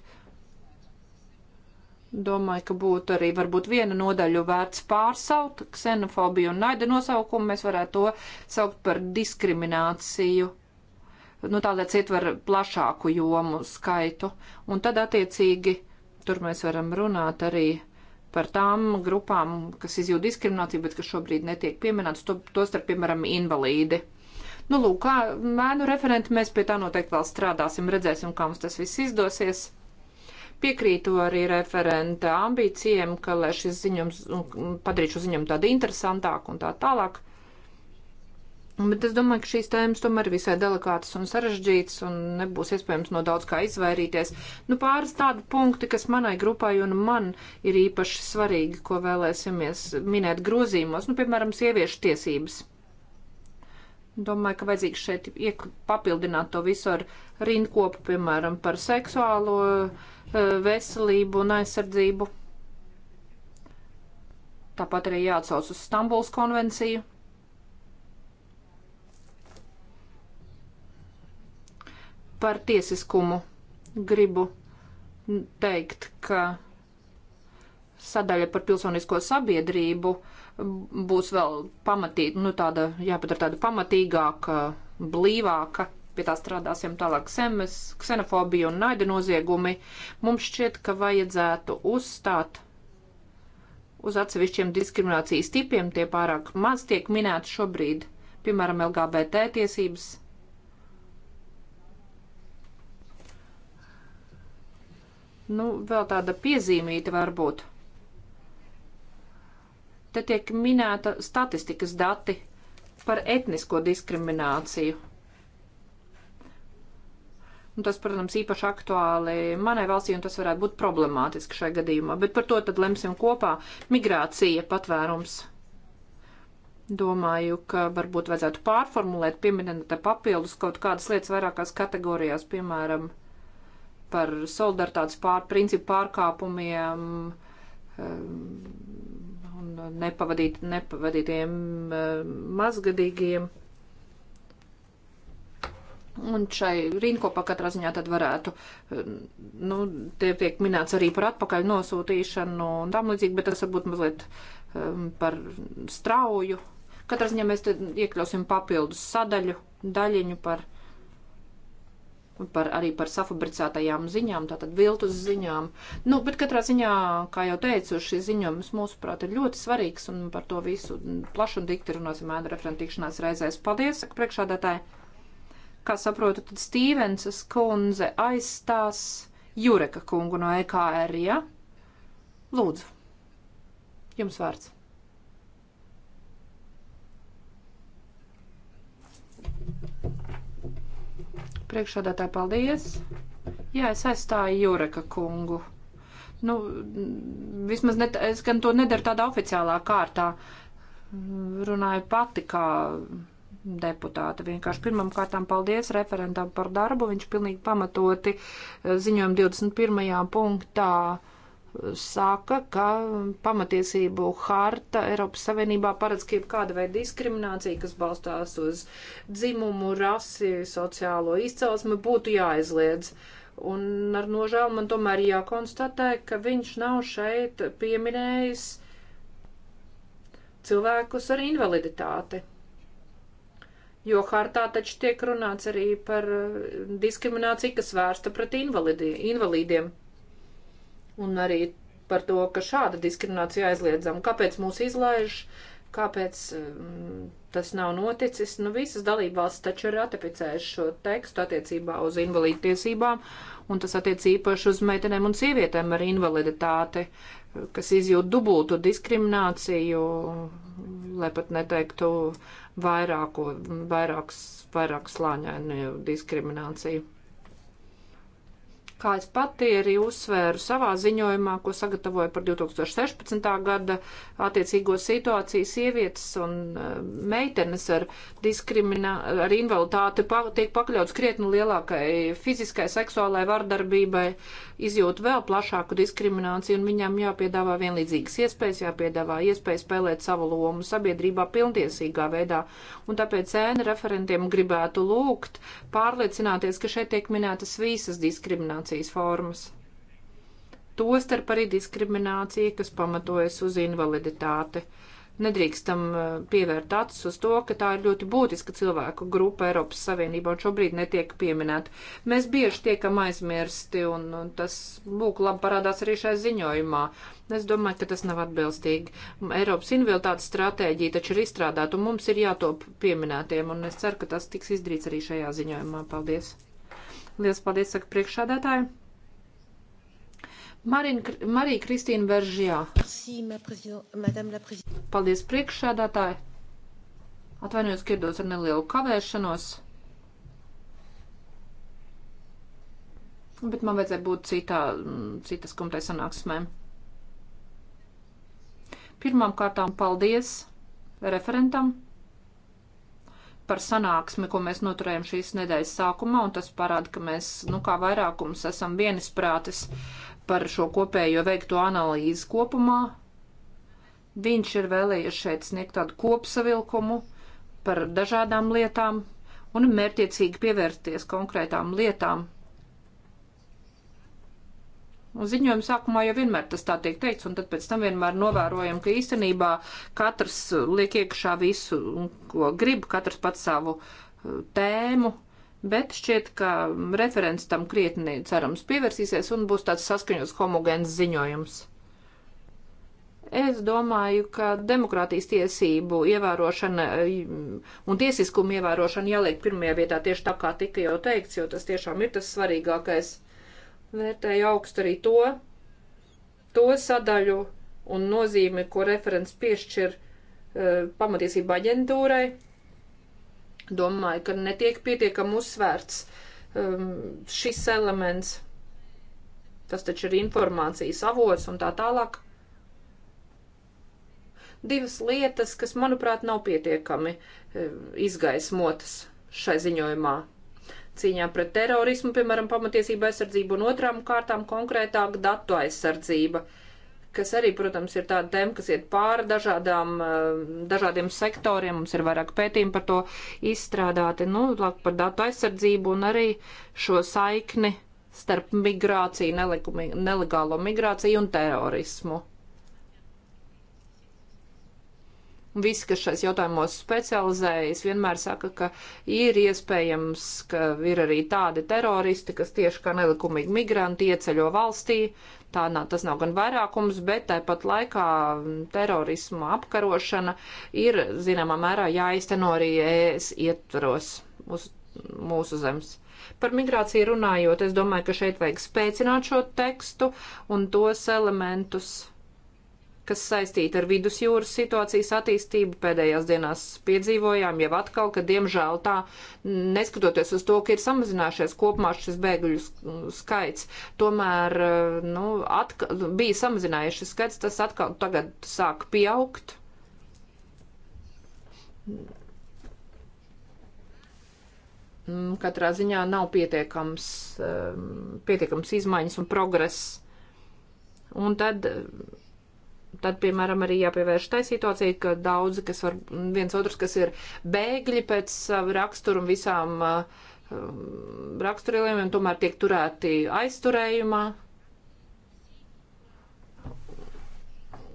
domāju, ka būtu arī varbūt viena nodaļu vērts pārsaukt ksenofobiju un naida nosaukumu. Mēs varētu to saukt par diskrimināciju. Nu, tālēc ietver plašāku jomu skaitu. Un tad attiecīgi tur mēs varam runāt arī par tām grupām, kas izjūt diskrimināciju, bet kas šobrīd netiek pieminētas, to, to starp, piemēram, invalīdi. Nu, lūk, kā mēnu referenti mēs pie tā noteikti vēl strādāsim, redzēsim, kā mums tas viss izdosies. Piekrītu arī referenta ambīcijiem, ka, lai šis ziņums, padarīšu ziņumu tādu interesantāku un tā tālāk. Bet es domāju, ka šīs tēmas tomēr ir visai delikātas un sarežģītas, un nebūs iespējams no daudz kā izvairīties. Nu, pāris tādi punkti, kas manai grupai un man ir īpaši svarīgi, ko vēlēsimies minēt grozījumos, nu, piemēram, sieviešu tiesības. Domāju, ka vajadzīgs šeit papildināt to visu ar rindkopu, piemēram, par seksuālo eh, veselību un aizsardzību. Tāpat arī jāatsauc uz Stambuls konvenciju. Par tiesiskumu gribu teikt, ka sadaļa par pilsonisko sabiedrību uh, būs vēl pamatīgi, nu tāda, jāpadara tāda pamatīgāka, blīvāka, pie tā strādāsim tālāk semes, ksenofobija un naida noziegumi. Mums šķiet, ka vajadzētu uzstāt uz atsevišķiem diskriminācijas tipiem, tie pārāk maz tiek minēti šobrīd, piemēram, LGBT tiesības. Nu, vēl tāda piezīmīta varbūt Te tiek minēta statistikas dati par etnisko diskrimināciju. Un tas, protams, īpaši aktuāli manai valstī, un tas varētu būt problemātiski šajā gadījumā. Bet par to tad lemsim kopā migrācija patvērums. Domāju, ka varbūt vajadzētu pārformulēt, pieminēt papildus kaut kādas lietas vairākās kategorijās, piemēram, par solidaritātes pār, principu pārkāpumiem, um, un nepavadīt, nepavadītiem eh, mazgadīgiem. Un šai rīnkopā katrā ziņā tad varētu, eh, nu, te tiek minēts arī par atpakaļ nosūtīšanu un tam līdzīgi, bet tas varbūt mazliet um, par strauju. Katrā ziņā mēs te iekļausim papildus sadaļu, daļiņu par par, arī par safabricētajām ziņām, tātad viltus ziņām. Nu, bet katrā ziņā, kā jau teicu, šis ziņojums mūsuprāt ir ļoti svarīgs un par to visu plašu un dikti runāsim ēnu referentīšanās reizēs. Paldies, saka priekšādātāji. Kā saprotu, tad Stīvensas kundze aizstās Jureka kungu no EKR, ja? Lūdzu, jums vārds. Thank you. Priekšādātā paldies. Jā, es aizstāju Jureka kungu. Nu, vismaz net, es gan to nedaru tādā oficiālā kārtā. Runāju pati kā deputāta. Vienkārši pirmam kārtām paldies referentam par darbu. Viņš pilnīgi pamatoti ziņojuma 21. punktā saka, ka pamatiesību harta Eiropas Savienībā paredz, ka jebkāda veida diskriminācija, kas balstās uz dzimumu, rasi, sociālo izcelsmi, būtu jāaizliedz. Un ar nožēlu man tomēr jākonstatē, ka viņš nav šeit pieminējis cilvēkus ar invaliditāti. Jo hartā taču tiek runāts arī par eh, diskrimināciju, kas vērsta pret invalidi, invalīdiem un arī par to, ka šāda diskriminācija aizliedzama. Kāpēc mūs izlaiž, kāpēc mm, tas nav noticis? Nu, visas dalībvalstis taču ir ratificējušas šo tekstu attiecībā uz invalīdu tiesībām, un tas attiec īpaši uz meitenēm un sievietēm ar invaliditāti, kas izjūt dubultu diskrimināciju, lai pat neteiktu vairāku, vairākas, vairākas slāņainu diskrimināciju kā es pati arī uzsvēru savā ziņojumā, ko sagatavoju par 2016. gada attiecīgo situāciju, sievietes un e, meitenes ar, ar invaliditāti pa, tiek pakļauts krietni lielākai fiziskai, seksuālai vardarbībai, izjūt vēl plašāku diskrimināciju un viņām jāpiedāvā vienlīdzīgas iespējas, jāpiedāvā iespēja spēlēt savu lomu sabiedrībā pilntiesīgā veidā. Un tāpēc ēna referentiem gribētu lūgt pārliecināties, ka šeit tiek minētas visas diskriminācijas diskriminācijas formas. Tostarp arī diskriminācija, kas pamatojas uz invaliditāti. Nedrīkstam eh, pievērt acis uz to, ka tā ir ļoti būtiska cilvēku grupa Eiropas Savienībā un šobrīd netiek pieminēta. Mēs bieži tiekam aizmirsti un, un tas lūk labi parādās arī šajā ziņojumā. Es domāju, ka tas nav atbilstīgi. Eiropas invaliditātes stratēģija taču ir izstrādāta, un mums ir jātop pieminētiem, un es ceru, ka tas tiks izdarīts arī šajā ziņojumā. Paldies! Lielas paldies, saka priekšādātāji. Marina, Marija Kristīna Veržjā. Paldies, priekšādātāji. Atvainojos, ka iedos ar nelielu kavēšanos. bet man vajadzēja būt citā, citas kumtai sanāksmēm. Pirmām kārtām paldies referentam par sanāksmi, ko mēs noturējam šīs nedēļas sākumā, un tas parāda, ka mēs, nu, kā vairākums esam vienisprātis par šo kopējo veikto analīzi kopumā. Viņš ir vēlējies šeit sniegt tādu kopsavilkumu par dažādām lietām un mērķiecīgi pievērties konkrētām lietām, Ziņojuma sākumā jau vienmēr tas tā tiek teikts, un tad pēc tam vienmēr novērojam, ka īstenībā katrs liek iekšā visu, ko grib, katrs pats savu uh, tēmu, bet šķiet, ka referents tam krietni cerams pievērsīsies un būs tāds saskaņots homogēns ziņojums. Es domāju, ka demokrātijas tiesību ievērošana uh, un tiesiskuma ievērošana jāliek pirmajā vietā tieši tā, kā tika jau teikts, jo tas tiešām ir tas svarīgākais Vērtēju augstu arī to, to sadaļu un nozīmi, ko referents piešķir uh, eh, pamatiesība aģentūrai. Domāju, ka netiek pietiekam uzsvērts um, šis elements. Tas taču ir informācijas avots un tā tālāk divas lietas, kas, manuprāt, nav pietiekami eh, izgaismotas šai ziņojumā cīņā pret terorismu, piemēram, pamatiesība aizsardzība un otrām kārtām konkrētāk datu aizsardzība, kas arī, protams, ir tāda tēma, kas iet pāri dažādām, eh, dažādiem sektoriem, mums ir vairāk pētījumi par to izstrādāti, nu, lāk par datu aizsardzību un arī šo saikni starp migrāciju, nelegālo migrāciju un terorismu. Un visi, kas šais jautājumos specializējas, vienmēr saka, ka ir iespējams, ka ir arī tādi teroristi, kas tieši kā nelikumīgi migranti ieceļo valstī. Tā nav, tas nav gan vairākums, bet tāpat laikā terorisma apkarošana ir, zināmā mērā, jāizteno arī ES ietvaros uz mūsu zemes. Par migrāciju runājot, es domāju, ka šeit vajag spēcināt šo tekstu un tos elementus, kas saistīta ar vidusjūras situācijas attīstību. Pēdējās dienās piedzīvojām jau atkal, ka diemžēl tā, neskatoties uz to, ka ir samazinājušies kopumā šis bēgļu skaits, tomēr eh, nu, atkal, bija samazinājušies skaits, tas atkal tagad sāk pieaugt. Mm, katrā ziņā nav pietiekams, eh, pietiekams izmaiņas un progress. Un tad tad, piemēram, arī jāpievērš tai situācija, ka daudzi, kas var viens otrs, kas ir bēgļi pēc savu raksturu un visām uh, um, raksturījumiem, tomēr tiek turēti aizturējumā.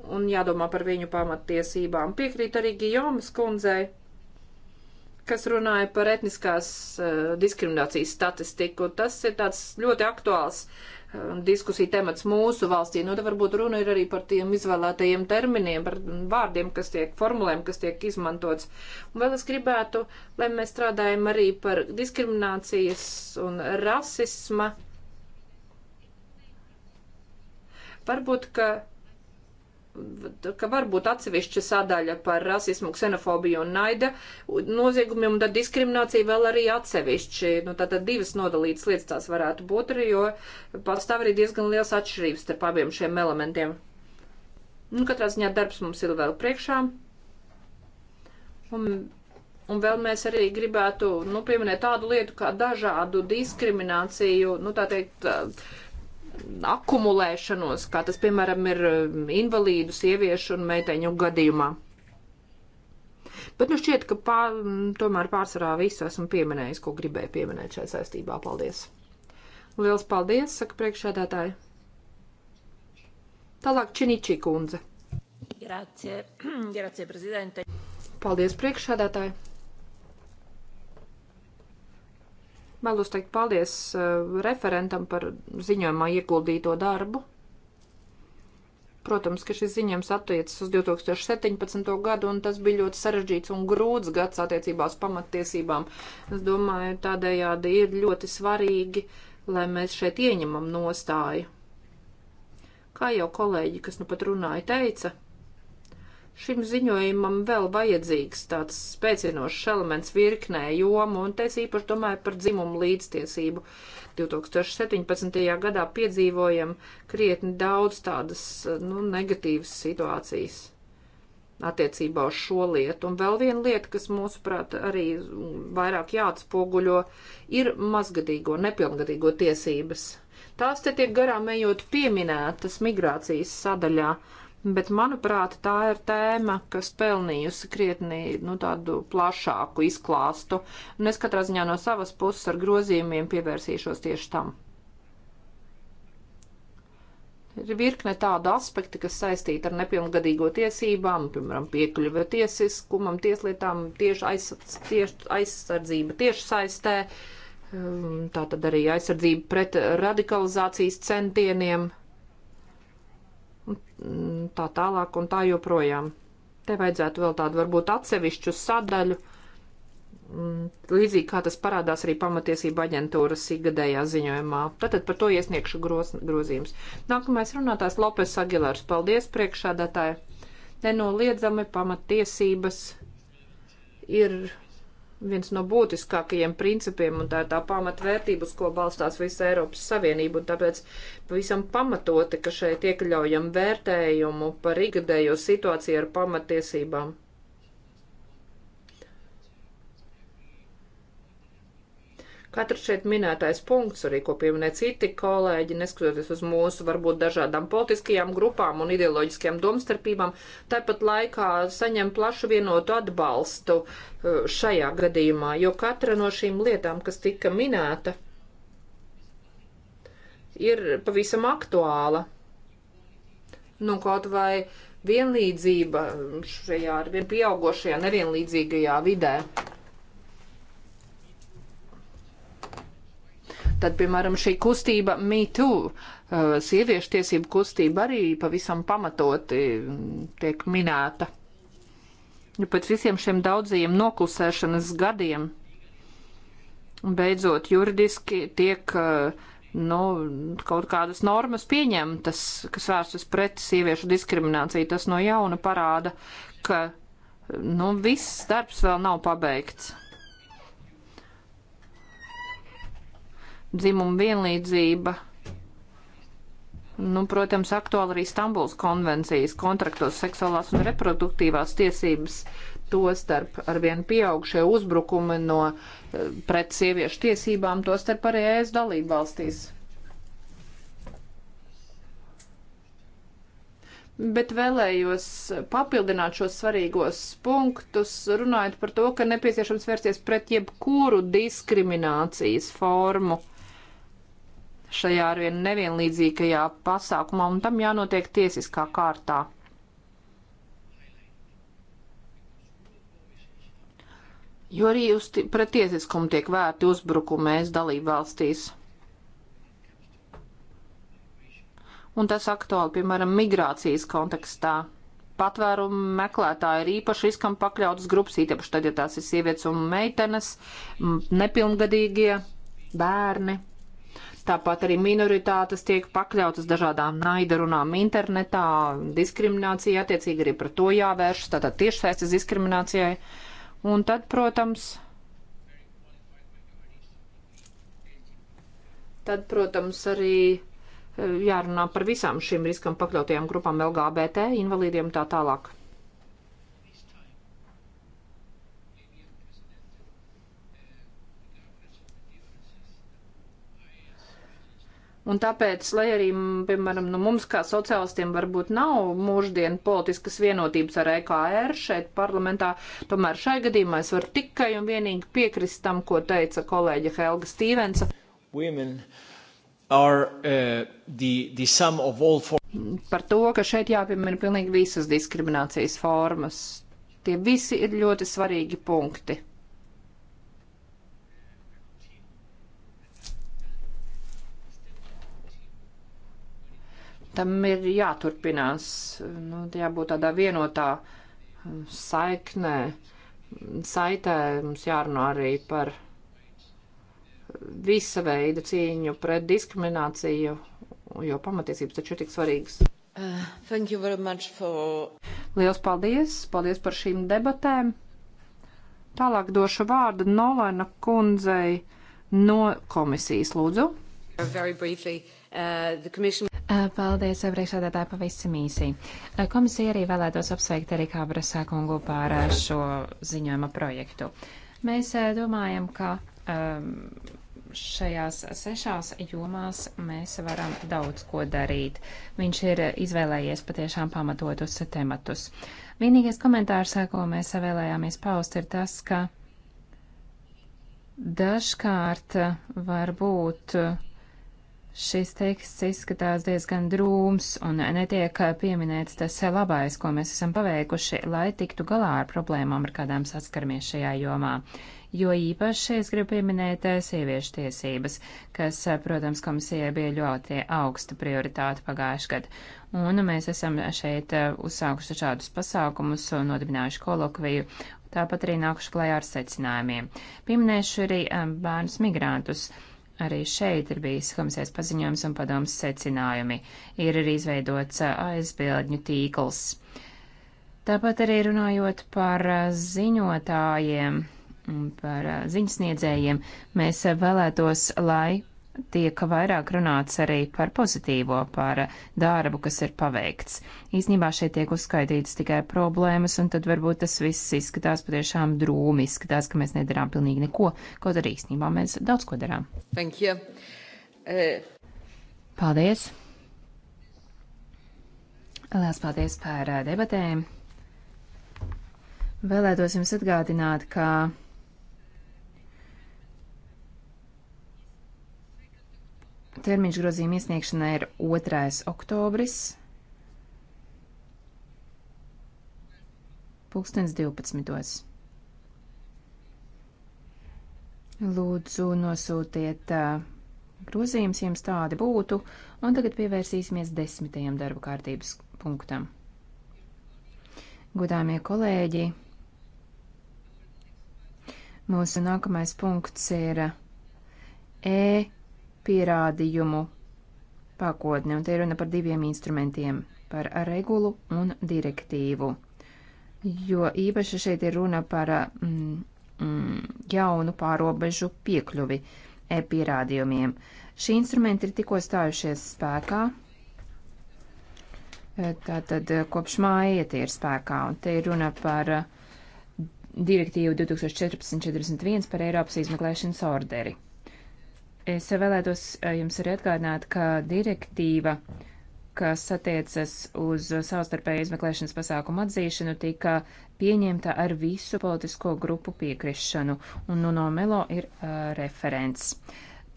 Un jādomā par viņu pamattiesībām. Piekrīt arī Gijomas kundzei kas runāja par etniskās uh, diskriminācijas statistiku. Tas ir tāds ļoti aktuāls Um, diskusija temats mūsu valstī. Nu, te varbūt runa ir arī par tiem izvēlētajiem terminiem, par vārdiem, kas tiek formulēm, kas tiek izmantots. Un vēl es gribētu, lai mēs strādājam arī par diskriminācijas un rasisma. Varbūt, ka ka varbūt atsevišķa sadaļa par rasismu, ksenofobiju un naida noziegumiem un tad diskrimināciju vēl arī atsevišķi. Nu, tātad divas nodalītas lietas tās varētu būt arī, jo pastāv arī diezgan liels atšķirības starp abiem šiem elementiem. Nu, katrā ziņā darbs mums ir vēl priekšā. Un, un vēl mēs arī gribētu, nu, pieminēt tādu lietu kā dažādu diskrimināciju, nu, tā teikt, uh, akumulēšanos, kā tas, piemēram, ir um, invalīdu, sieviešu un meiteņu gadījumā. Bet nu šķiet, ka pār, tomēr pārsvarā visu esmu pieminējis, ko gribēju pieminēt šajā saistībā. Paldies! Liels paldies, saka priekšsēdētāji. Tālāk Činičī kundze. Grazie, grazie, prezidente. Paldies, priekšsēdētāji. Vēlos teikt paldies uh, referentam par ziņojumā ieguldīto darbu. Protams, ka šis ziņojums attiecas uz 2017. gadu, un tas bija ļoti sarežģīts un grūts gads attiecībā uz pamattiesībām. Es domāju, tādējādi ir ļoti svarīgi, lai mēs šeit ieņemam nostāju. Kā jau kolēģi, kas nu pat runāja, teica, Šim ziņojumam vēl vajadzīgs tāds spēcinošs elements virknē jomu, un te es īpaši domāju par dzimumu līdztiesību. 2017. gadā piedzīvojam krietni daudz tādas nu, negatīvas situācijas attiecībā uz šo lietu. Un vēl viena lieta, kas mūsuprāt arī vairāk jāatspoguļo, ir mazgadīgo, nepilngadīgo tiesības. Tās te tiek garām ejot pieminētas migrācijas sadaļā bet, manuprāt, tā ir tēma, kas pelnījusi krietni nu, tādu plašāku izklāstu, un es katrā ziņā no savas puses ar grozījumiem pievērsīšos tieši tam. Ir virkne tādu aspektu, kas saistīta ar nepilngadīgo tiesībām, piemēram, piekļuve tiesiskumam, tieslietām, tieši, aizs, tieši aizsardzība tieši saistē, um, tā tad arī aizsardzība pret radikalizācijas centieniem tā tālāk un tā joprojām. Te vajadzētu vēl tādu varbūt atsevišķu sadaļu, mm, līdzīgi kā tas parādās arī pamatiesība aģentūras ikgadējā ziņojumā. Tātad par to iesniegšu groz, grozījums. Nākamais runātājs Lopes Agilārs. Paldies priekšādātāji. Nenoliedzami pamatiesības ir viens no būtiskākajiem principiem, un tā ir tā pamatvērtība, uz ko balstās visa Eiropas Savienība, un tāpēc pavisam pamatoti, ka šeit iekļaujam vērtējumu par ikgadējo situāciju ar pamatiesībām. Katrs šeit minētais punkts, arī ko pieminē citi kolēģi, neskatoties uz mūsu varbūt dažādām politiskajām grupām un ideoloģiskajām domstarpībām, tāpat laikā saņem plašu vienotu atbalstu uh, šajā gadījumā, jo katra no šīm lietām, kas tika minēta, ir pavisam aktuāla. Nu, kaut vai vienlīdzība šajā ar vien pieaugošajā nevienlīdzīgajā vidē. Tad, piemēram, šī kustība MeToo, uh, sieviešu tiesību kustība arī pavisam pamatoti mm, tiek minēta. Jo pēc visiem šiem daudzajiem noklusēšanas gadiem beidzot juridiski tiek uh, nu, kaut kādas normas pieņemtas, kas vērstas pret sieviešu diskrimināciju. Tas no jauna parāda, ka nu, viss darbs vēl nav pabeigts. dzimuma vienlīdzība. Nu, protams, aktuāli arī Stambuls konvencijas kontraktos seksuālās un reproduktīvās tiesības, to starp arvien pieaugšie uzbrukumi no eh, pret sieviešu tiesībām, to starp arī ES dalību valstīs. bet vēlējos papildināt šos svarīgos punktus, runājot par to, ka nepieciešams vērsties pret jebkuru diskriminācijas formu šajā arvien nevienlīdzīgajā pasākumā, un tam jānotiek tiesiskā kārtā. Jo arī uz pret tiesiskumu tiek vērti uzbrukumēs dalību valstīs. Un tas aktuāli, piemēram, migrācijas kontekstā. Patvērumu meklētāji ir īpaši riskam pakļautas grupas, īpaši tad, ja tās ir sievietes un meitenes, nepilngadīgie, bērni. Tāpat arī minoritātes tiek pakļautas dažādām naidarunām internetā, diskriminācija attiecīgi arī par to jāvēršas, tātad tiešsaistes diskriminācijai. Un tad, protams, tad, protams, arī eh, jārunā par visām šīm riskam pakļautajām grupām LGBT, invalīdiem tā tālāk. Un tāpēc, lai arī, piemēram, nu, mums kā sociālistiem varbūt nav mūždien politiskas vienotības ar EKR šeit parlamentā, tomēr šai gadījumā es varu tikai un vienīgi piekrist tam, ko teica kolēģa Helga Stīvensa. Are, uh, the, the for... Par to, ka šeit jāpiemina pilnīgi visas diskriminācijas formas. Tie visi ir ļoti svarīgi punkti. tam ir jāturpinās, nu, jābūt tādā vienotā saiknē, saitē mums jārunā arī par visa veida cīņu pret diskrimināciju, jo pamatiesības taču ir tik svarīgas. Uh, thank you very much for. Liels paldies! Paldies par šīm debatēm! Tālāk došu vārdu Nolaina kundzei no komisijas. Lūdzu! Very briefly. Uh, commission... Paldies, priekšsēdētāji, pavisam īsi. Komisija arī vēlētos apsveikt arī Kābrasā kungu par šo ziņojuma projektu. Mēs domājam, ka šajās sešās jomās mēs varam daudz ko darīt. Viņš ir izvēlējies patiešām pamatotus tematus. Vienīgais komentārs, ko mēs vēlējāmies paust, ir tas, ka dažkārt varbūt Šis teksts izskatās diezgan drūms un netiek pieminēts tas labais, ko mēs esam paveikuši, lai tiktu galā ar problēmām, ar kādām saskaramies šajā jomā. Jo īpaši es gribu pieminēt eh, sieviešu tiesības, kas, eh, protams, komisijai bija ļoti augsta prioritāte pagājuši gadu. Un mēs esam šeit eh, uzsākuši šādus pasākumus, nodibinājuši kolokviju Tāpat arī nākuši klajā ar secinājumiem. Pieminēšu arī bērnus migrantus. Arī šeit ir bijis komisijas paziņojums un padomas secinājumi. Ir arī izveidots uh, aizbildņu tīkls. Tāpat arī runājot par uh, ziņotājiem, par uh, ziņasniedzējiem, mēs vēlētos, lai tiek vairāk runāts arī par pozitīvo, par darbu, kas ir paveikts. Īsnībā šeit tiek uzskaitītas tikai problēmas, un tad varbūt tas viss izskatās patiešām drūmi, izskatās, ka mēs nedarām pilnīgi neko, kaut arī īsnībā mēs daudz ko darām. Thank you. Uh... Paldies! Lielas paldies par eh, debatēm! Vēlētos jums atgādināt, ka Termiņš grozījuma iesniegšanai ir 2. oktobris, pulkstens 12. Lūdzu, nosūtiet grozījums, ja jums tādi būtu, un tagad pievērsīsimies desmitajam darba kārtības punktam. Godāmie kolēģi, mūsu nākamais punkts ir E pierādījumu pakotni, un te ir runa par diviem instrumentiem - par regulu un direktīvu. Jo īpaši šeit ir runa par mm, mm, jaunu pārobežu piekļuvi e-pierādījumiem. Šī instrumenti ir tikko stājušies spēkā, e, tātad e, kopš māja tie ir spēkā, un te ir runa par e, direktīvu 2014-41 par Eiropas izmeklēšanas orderi. Es vēlētos eh, jums arī atgādināt, ka direktīva, kas attiecas uz savstarpēju izmeklēšanas pasākumu atzīšanu, tika pieņemta ar visu politisko grupu piekrišanu, un Nuno Melo ir uh, referents.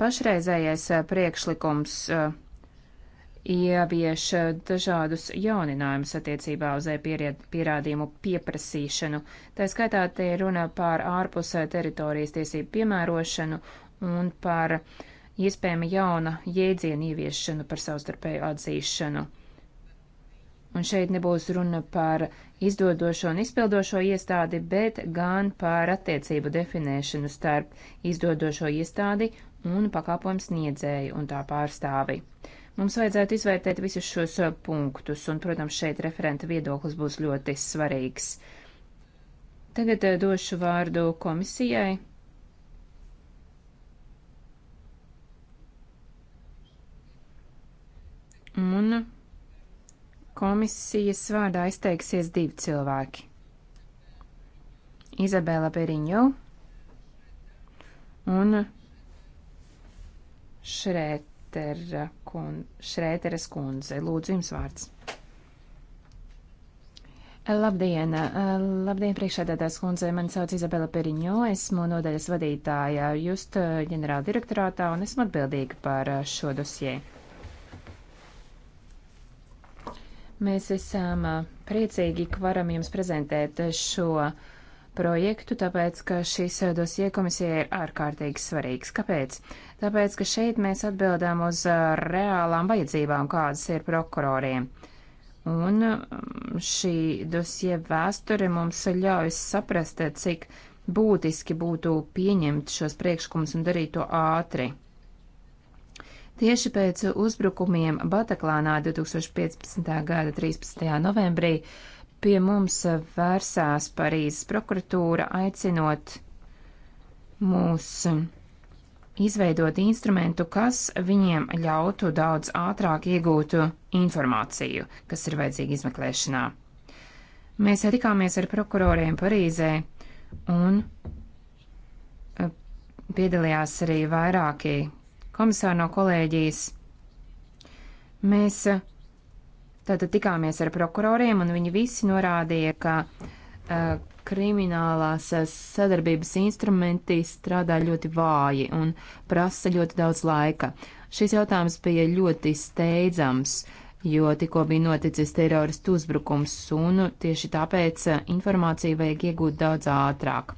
Pašreizējais uh, priekšlikums uh, ievieš dažādus jauninājumus attiecībā uz e-pierādījumu pieprasīšanu. Tā skaitā te ir runa pār ārpus teritorijas tiesību piemērošanu un par iespējama jauna jēdziena ieviešanu par savstarpēju atzīšanu. Un šeit nebūs runa par izdodošo un izpildošo iestādi, bet gan par attiecību definēšanu starp izdodošo iestādi un pakāpojumu sniedzēju un tā pārstāvi. Mums vajadzētu izvērtēt visus šos punktus, un, protams, šeit referenta viedoklis būs ļoti svarīgs. Tagad eh, došu vārdu komisijai. Un komisijas vārdā izteiksies divi cilvēki. Izabela Periņo un Šrētera kun, Šrēteres kundze. Lūdzu, jums vārds. Labdien! Labdien, priekšādātās kundze! Mani sauc Izabela Periņo, esmu nodaļas vadītāja just ģenerāldirektorātā un esmu atbildīga par eh, šo dosieju. Mēs esam priecīgi, ka varam jums prezentēt šo projektu, tāpēc, ka šis dosie komisija ir ārkārtīgi svarīgs. Kāpēc? Tāpēc, ka šeit mēs atbildām uz reālām vajadzībām, kādas ir prokuroriem. Un šī dosie vēsture mums ļauj saprast, cik būtiski būtu pieņemt šos priekšlikumus un darīt to ātri. Tieši pēc uzbrukumiem Bataklānā 2015. gada 13. novembrī pie mums vērsās Parīzes prokuratūra, aicinot mūs izveidot instrumentu, kas viņiem ļautu daudz ātrāk iegūt informāciju, kas ir vajadzīga izmeklēšanā. Mēs tikāmies ar prokuroriem Parīzē un eh, piedalījās arī vairāki komisāru no kolēģijas. Mēs eh, tātad tikāmies ar prokuroriem, un viņi visi norādīja, ka uh, kriminālās eh, sadarbības instrumenti strādā ļoti vāji un prasa ļoti daudz laika. Šis jautājums bija ļoti steidzams, jo tikko bija noticis teroristu uzbrukums, un tieši tāpēc informāciju vajag iegūt daudz ātrāk.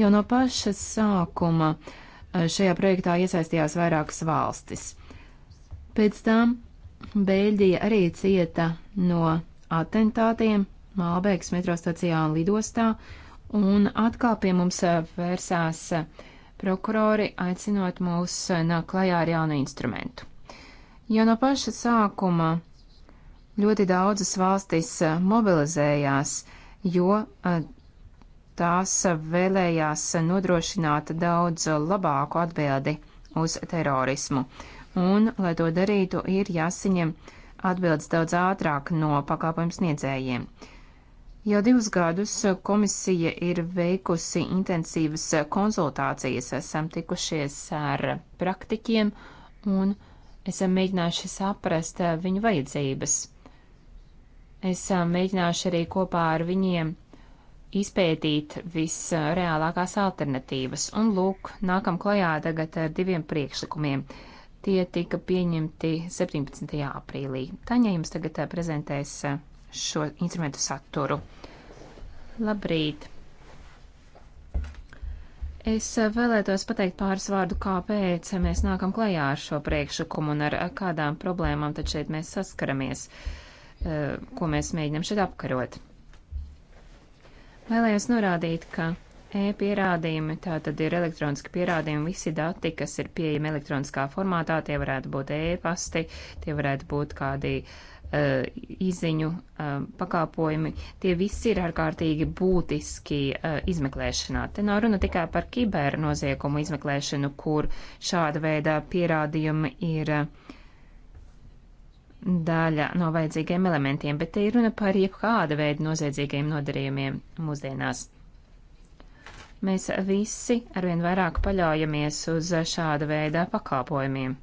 Jau no paša sākuma uh, Eh, šajā projektā iesaistījās vairākas valstis. Pēc tam Beļģija arī cieta no atentātiem Mālbēgas metrostacijā un lidostā, un atkal pie mums eh, vērsās eh, prokurori, aicinot mūs nāk klajā ar jaunu instrumentu. Jo no paša sākuma ļoti daudzas valstis mobilizējās, jo Tās vēlējās nodrošināt daudz labāku atbildi uz terorismu. Un, lai to darītu, ir jāsaņem atbildes daudz ātrāk no pakāpojumu sniedzējiem. Jau divus gadus komisija ir veikusi intensīvas konsultācijas, esam tikušies ar praktiķiem un esam mēģinājuši saprast viņu vajadzības. Esam mēģinājuši arī kopā ar viņiem izpētīt visreālākās alternatīvas, un lūk, nākam klajā tagad ar diviem priekšlikumiem. Tie tika pieņemti 17. aprīlī. Taņa jums tagad eh, prezentēs eh, šo instrumentu saturu. Labrīt! Es eh, vēlētos pateikt pāris vārdu, kāpēc mēs nākam klajā ar šo priekšlikumu un ar kādām problēmām tad šeit mēs saskaramies, ko mēs mēģinam šeit apkarot. Vēlējos norādīt, ka e-pierādījumi, tā tad ir elektroniski pierādījumi, visi dati, kas ir pieejami elektroniskā formātā, tie varētu būt e-pasti, tie varētu būt kādi uh, izziņu uh, pakāpojumi, tie visi ir ārkārtīgi būtiski uh, izmeklēšanā. Te nav runa tikai par kibernoziegumu izmeklēšanu, kur šāda veida pierādījumi ir uh, daļa no vajadzīgiem elementiem, bet te ir runa par jebkāda veida noziedzīgiem nodarījumiem mūsdienās. Mēs visi arvien vairāk paļaujamies uz šāda veida pakāpojumiem.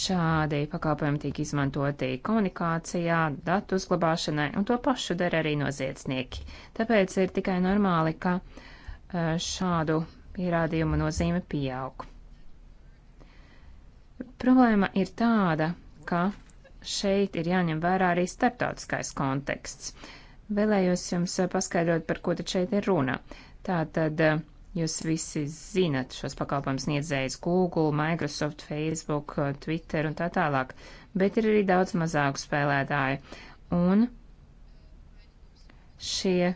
Šādi pakāpojumi tiek izmantoti komunikācijā, datu uzglabāšanai, un to pašu dara arī noziedznieki. Tāpēc ir tikai normāli, ka eh, šādu pierādījumu nozīme pieaug. Problēma ir tāda, ka šeit ir jāņem vērā arī starptautiskais konteksts. Vēlējos jums paskaidrot, par ko tad šeit ir runa. Tātad jūs visi zinat šos pakalpojumus niedzējus Google, Microsoft, Facebook, Twitter un tā tālāk, bet ir arī daudz mazāku spēlētāju. Un šie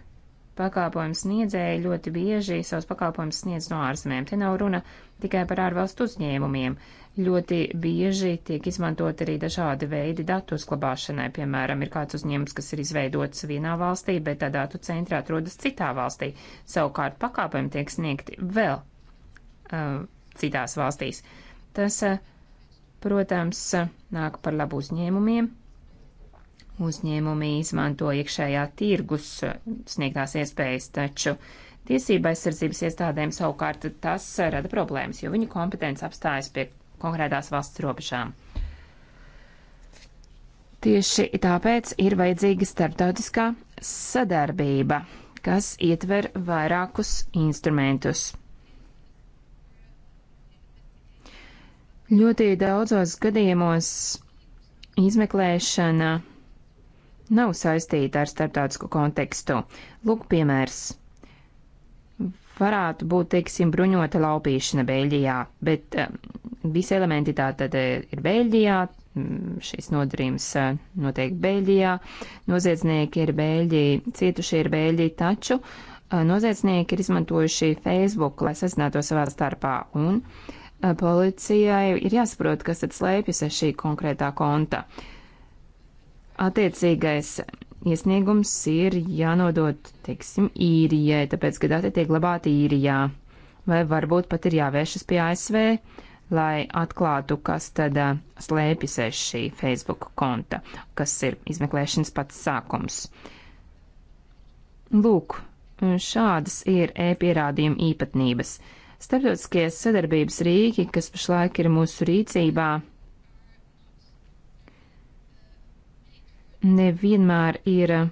pakalpojumu sniedzēji ļoti bieži savus pakalpojumus sniedz no ārzemēm. Te nav runa tikai par ārvalstu uzņēmumiem. Uh, ļoti bieži tiek izmantot arī dažādi veidi datu uzglabāšanai. Piemēram, ir kāds uzņēmums, kas ir izveidots vienā valstī, bet tā datu centrā atrodas citā valstī. Savukārt pakāpēm tiek sniegti vēl uh, citās valstīs. Tas, uh, protams, uh, nāk par labu uzņēmumiem. Uzņēmumi izmanto iekšējā tirgus uh, sniegtās iespējas, taču tiesība aizsardzības iestādēm savukārt tas uh, rada problēmas, jo viņu kompetence apstājas pie konkrētās valsts robežām. Tieši tāpēc ir vajadzīga starptautiskā sadarbība, kas ietver vairākus instrumentus. Ļoti daudzos gadījumos izmeklēšana nav saistīta ar starptautisku kontekstu. Lūk, piemērs varētu būt, teiksim, bruņota laupīšana Beļģijā, bet eh, visi elementi tā tad eh, ir Beļģijā, mm, šis nodarījums eh, noteikti Beļģijā, noziedznieki ir Beļģija, cietušie ir Beļģija, taču noziedznieki ir izmantojuši Facebook, lai sazinātu savā starpā, un policijai ir jāsaprot, kas tad slēpjas ar šī konkrētā konta. Attiecīgais iesniegums ir jānodod, teiksim, īrijai, tāpēc, ka dati tiek labāti īrijā. Vai varbūt pat ir jāvēršas pie ASV, lai atklātu, kas tad slēpjas aiz šī Facebook konta, kas ir izmeklēšanas pats sākums. Lūk, šādas ir e-pierādījuma īpatnības. Starptautiskie sadarbības rīki, kas pašlaik ir mūsu rīcībā, nevienmēr ir eh,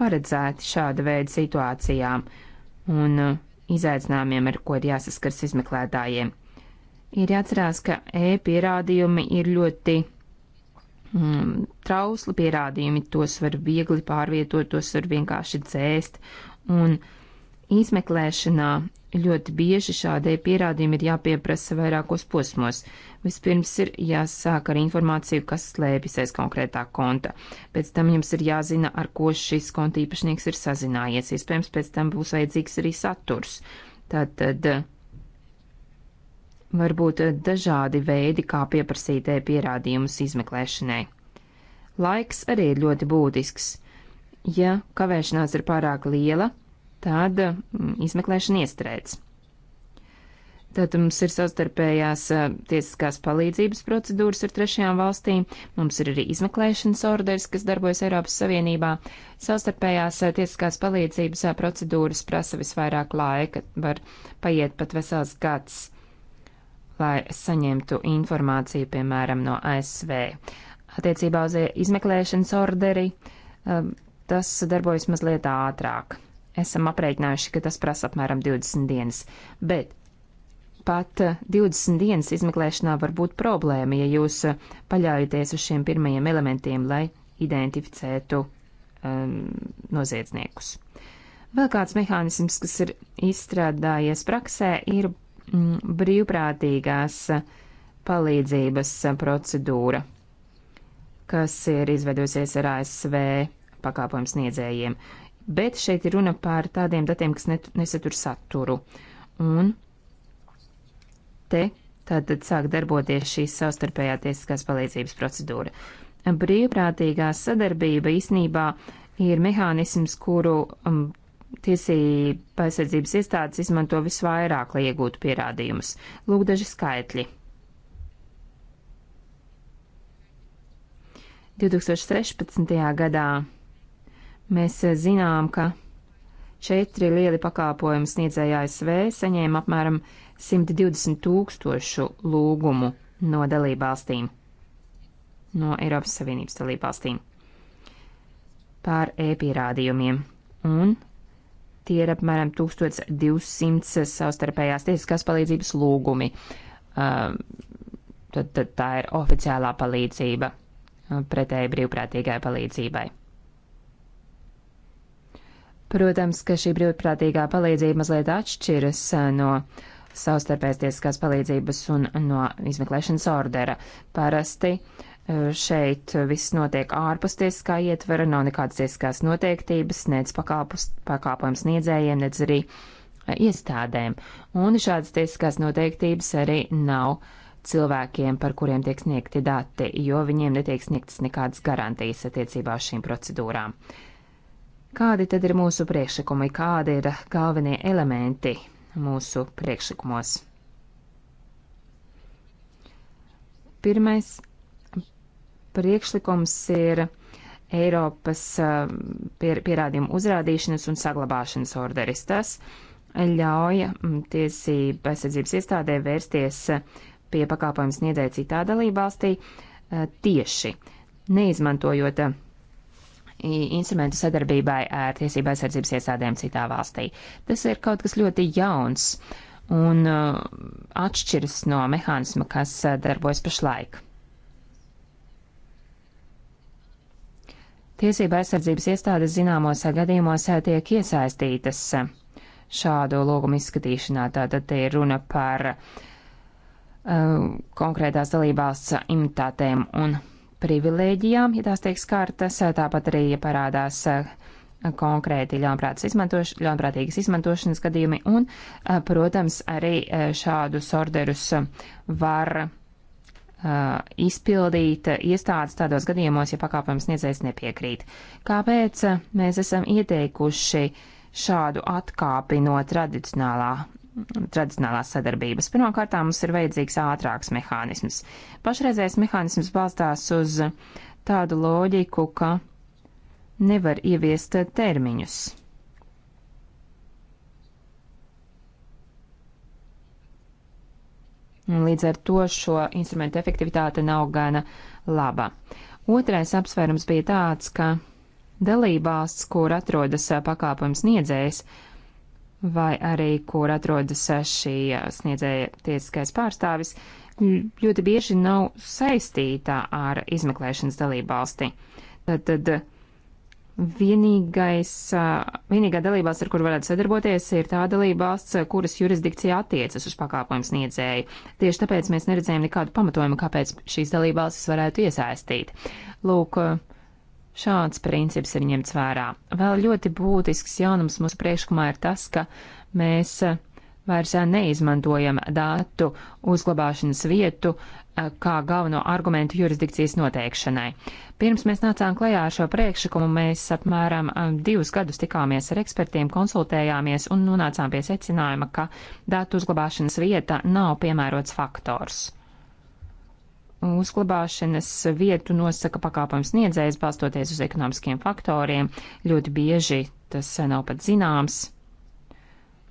paredzēti šāda veida situācijām un eh, izaicinājumiem, ar ko ir jāsaskars izmeklētājiem. Ir jāatcerās, ka e-pierādījumi ir ļoti mm, trausli pierādījumi, tos var viegli pārvietot, tos var vienkārši dzēst, un izmeklēšanā Ļoti bieži šādai pierādījumi ir jāpieprasa vairākos posmos. Vispirms ir jāsāk ar informāciju, kas slēpjas aiz konkrētā konta. Pēc tam jums ir jāzina, ar ko šis konta īpašnieks ir sazinājies. Iespējams, pēc tam būs vajadzīgs arī saturs. Tātad var būt dažādi veidi, kā pieprasīt e-pierādījumus izmeklēšanai. Laiks arī ir ļoti būtisks. Ja kavēšanās ir pārāk liela, tad mm, izmeklēšana iestrēdz. Tātad mums ir savstarpējās eh, tiesiskās palīdzības procedūras ar trešajām valstīm, mums ir arī izmeklēšanas orders, kas darbojas Eiropas Savienībā. Savstarpējās eh, tiesiskās palīdzības eh, procedūras prasa visvairāk laika, var paiet pat vesels gads, lai saņemtu informāciju, piemēram, no ASV. Attiecībā uz izmeklēšanas orderi tas darbojas mazliet ātrāk esam aprēķinājuši, ka tas prasa apmēram 20 dienas. Bet pat 20 eh, dienas izmeklēšanā var būt problēma, ja jūs eh, paļaujaties uz šiem pirmajiem elementiem, lai identificētu um, noziedzniekus. Vēl kāds mehānisms, kas ir izstrādājies praksē, ir mm, brīvprātīgās eh, palīdzības procedūra, kas ir izveidojusies ar ASV pakāpojumu sniedzējiem bet šeit ir runa par tādiem datiem, kas net, nesatur saturu. Un te tātad sāk darboties šī savstarpējā tiesiskās palīdzības procedūra. Brīvprātīgā sadarbība īsnībā ir mehānisms, kuru um, tiesība aizsardzības iestādes izmanto visvairāk, lai iegūtu pierādījumus. Lūk, daži skaitļi. 2016. gadā Mēs eh, zinām, ka četri lieli pakāpojumi sniedzēja ASV saņēma apmēram 120 tūkstošu lūgumu no dalībvalstīm, no Eiropas Savienības dalībvalstīm par e-pierādījumiem, un tie ir apmēram 1200 savstarpējās tiesiskās palīdzības lūgumi. Um, tad, tad tā ir oficiālā palīdzība pretēji brīvprātīgai palīdzībai. Protams, ka šī brīvprātīgā palīdzība mazliet atšķiras eh, no savstarpējas tiesiskās palīdzības un no izmeklēšanas ordera. Parasti eh, šeit viss notiek ārpus tiesiskā ietvera, nav nekādas tiesiskās noteiktības, nec pakāpojums sniedzējiem, nec arī eh, iestādēm. Un šādas tiesiskās noteiktības arī nav cilvēkiem, par kuriem tiek sniegti dati, jo viņiem netiek sniegtas nekādas garantijas attiecībā uz šīm procedūrām. Kādi tad ir mūsu priekšlikumi, kādi ir galvenie elementi mūsu priekšlikumos? Pirmais priekšlikums ir Eiropas um, pierādījumu uzrādīšanas un saglabāšanas orderis. Tas ļauj mm, tiesība aizsardzības iestādē vērsties pie pakāpojums sniedzēja citā dalībvalstī uh, tieši neizmantojot uh, instrumentu sadarbībai ar tiesībā aizsardzības iestādēm citā valstī. Tas ir kaut kas ļoti jauns un uh, atšķiras no mehānisma, kas uh, darbojas pašlaik. Tiesība aizsardzības iestādes zināmos uh, gadījumos tiek iesaistītas šādu lūgumu izskatīšanā. Tātad te ir runa par uh, konkrētās dalībvalsts imitātēm un privilēģijām, ja tās tiek skartas, tāpat arī parādās eh, konkrēti ļaunprātīgas izmantoš, ļaunprātīgas izmantošanas gadījumi, un, eh, protams, arī eh, šādus orderus var izpildīt iestādes tādos gadījumos, ja pakāpojums niedzējs nepiekrīt. Kāpēc mēs esam ieteikuši šādu atkāpi no tradicionālā tradicionālās sadarbības. Pirmkārt, mums ir vajadzīgs ātrāks mehānisms. Pašreizējais mehānisms balstās uz tādu loģiku, ka nevar ieviest termiņus. Un līdz ar to šo instrumentu efektivitāte nav gana laba. Otrais apsvērums bija tāds, ka dalībās, kur atrodas pakāpojums niedzējs, vai arī, kur atrodas eh, šī eh, sniedzēja tiesiskais pārstāvis, ļoti bieži nav saistītā ar izmeklēšanas dalībvalsti. Tad, tad vienīgais, eh, vienīgā dalībvalsts, ar kur varētu sadarboties, ir tā dalībvalsts, kuras jurisdikcija attiecas uz pakāpojumu sniedzēju. Tieši tāpēc mēs neredzējām nekādu pamatojumu, kāpēc šīs dalībvalstis varētu iesaistīt. Lūk, uh, Šāds princips ir ņemts vērā. Vēl ļoti būtisks jaunums mūsu priekšlikumā ir tas, ka mēs vairs neizmantojam datu uzglabāšanas vietu eh, kā galveno argumentu jurisdikcijas noteikšanai. Pirms mēs nācām klajā ar šo priekšlikumu, mēs apmēram eh, divus gadus tikāmies ar ekspertiem, konsultējāmies un nonācām pie secinājuma, ka datu uzglabāšanas vieta nav piemērots faktors. Uzglabāšanas vietu nosaka pakāpams sniedzējs, balstoties uz ekonomiskiem faktoriem. Ļoti bieži tas nav pat zināms.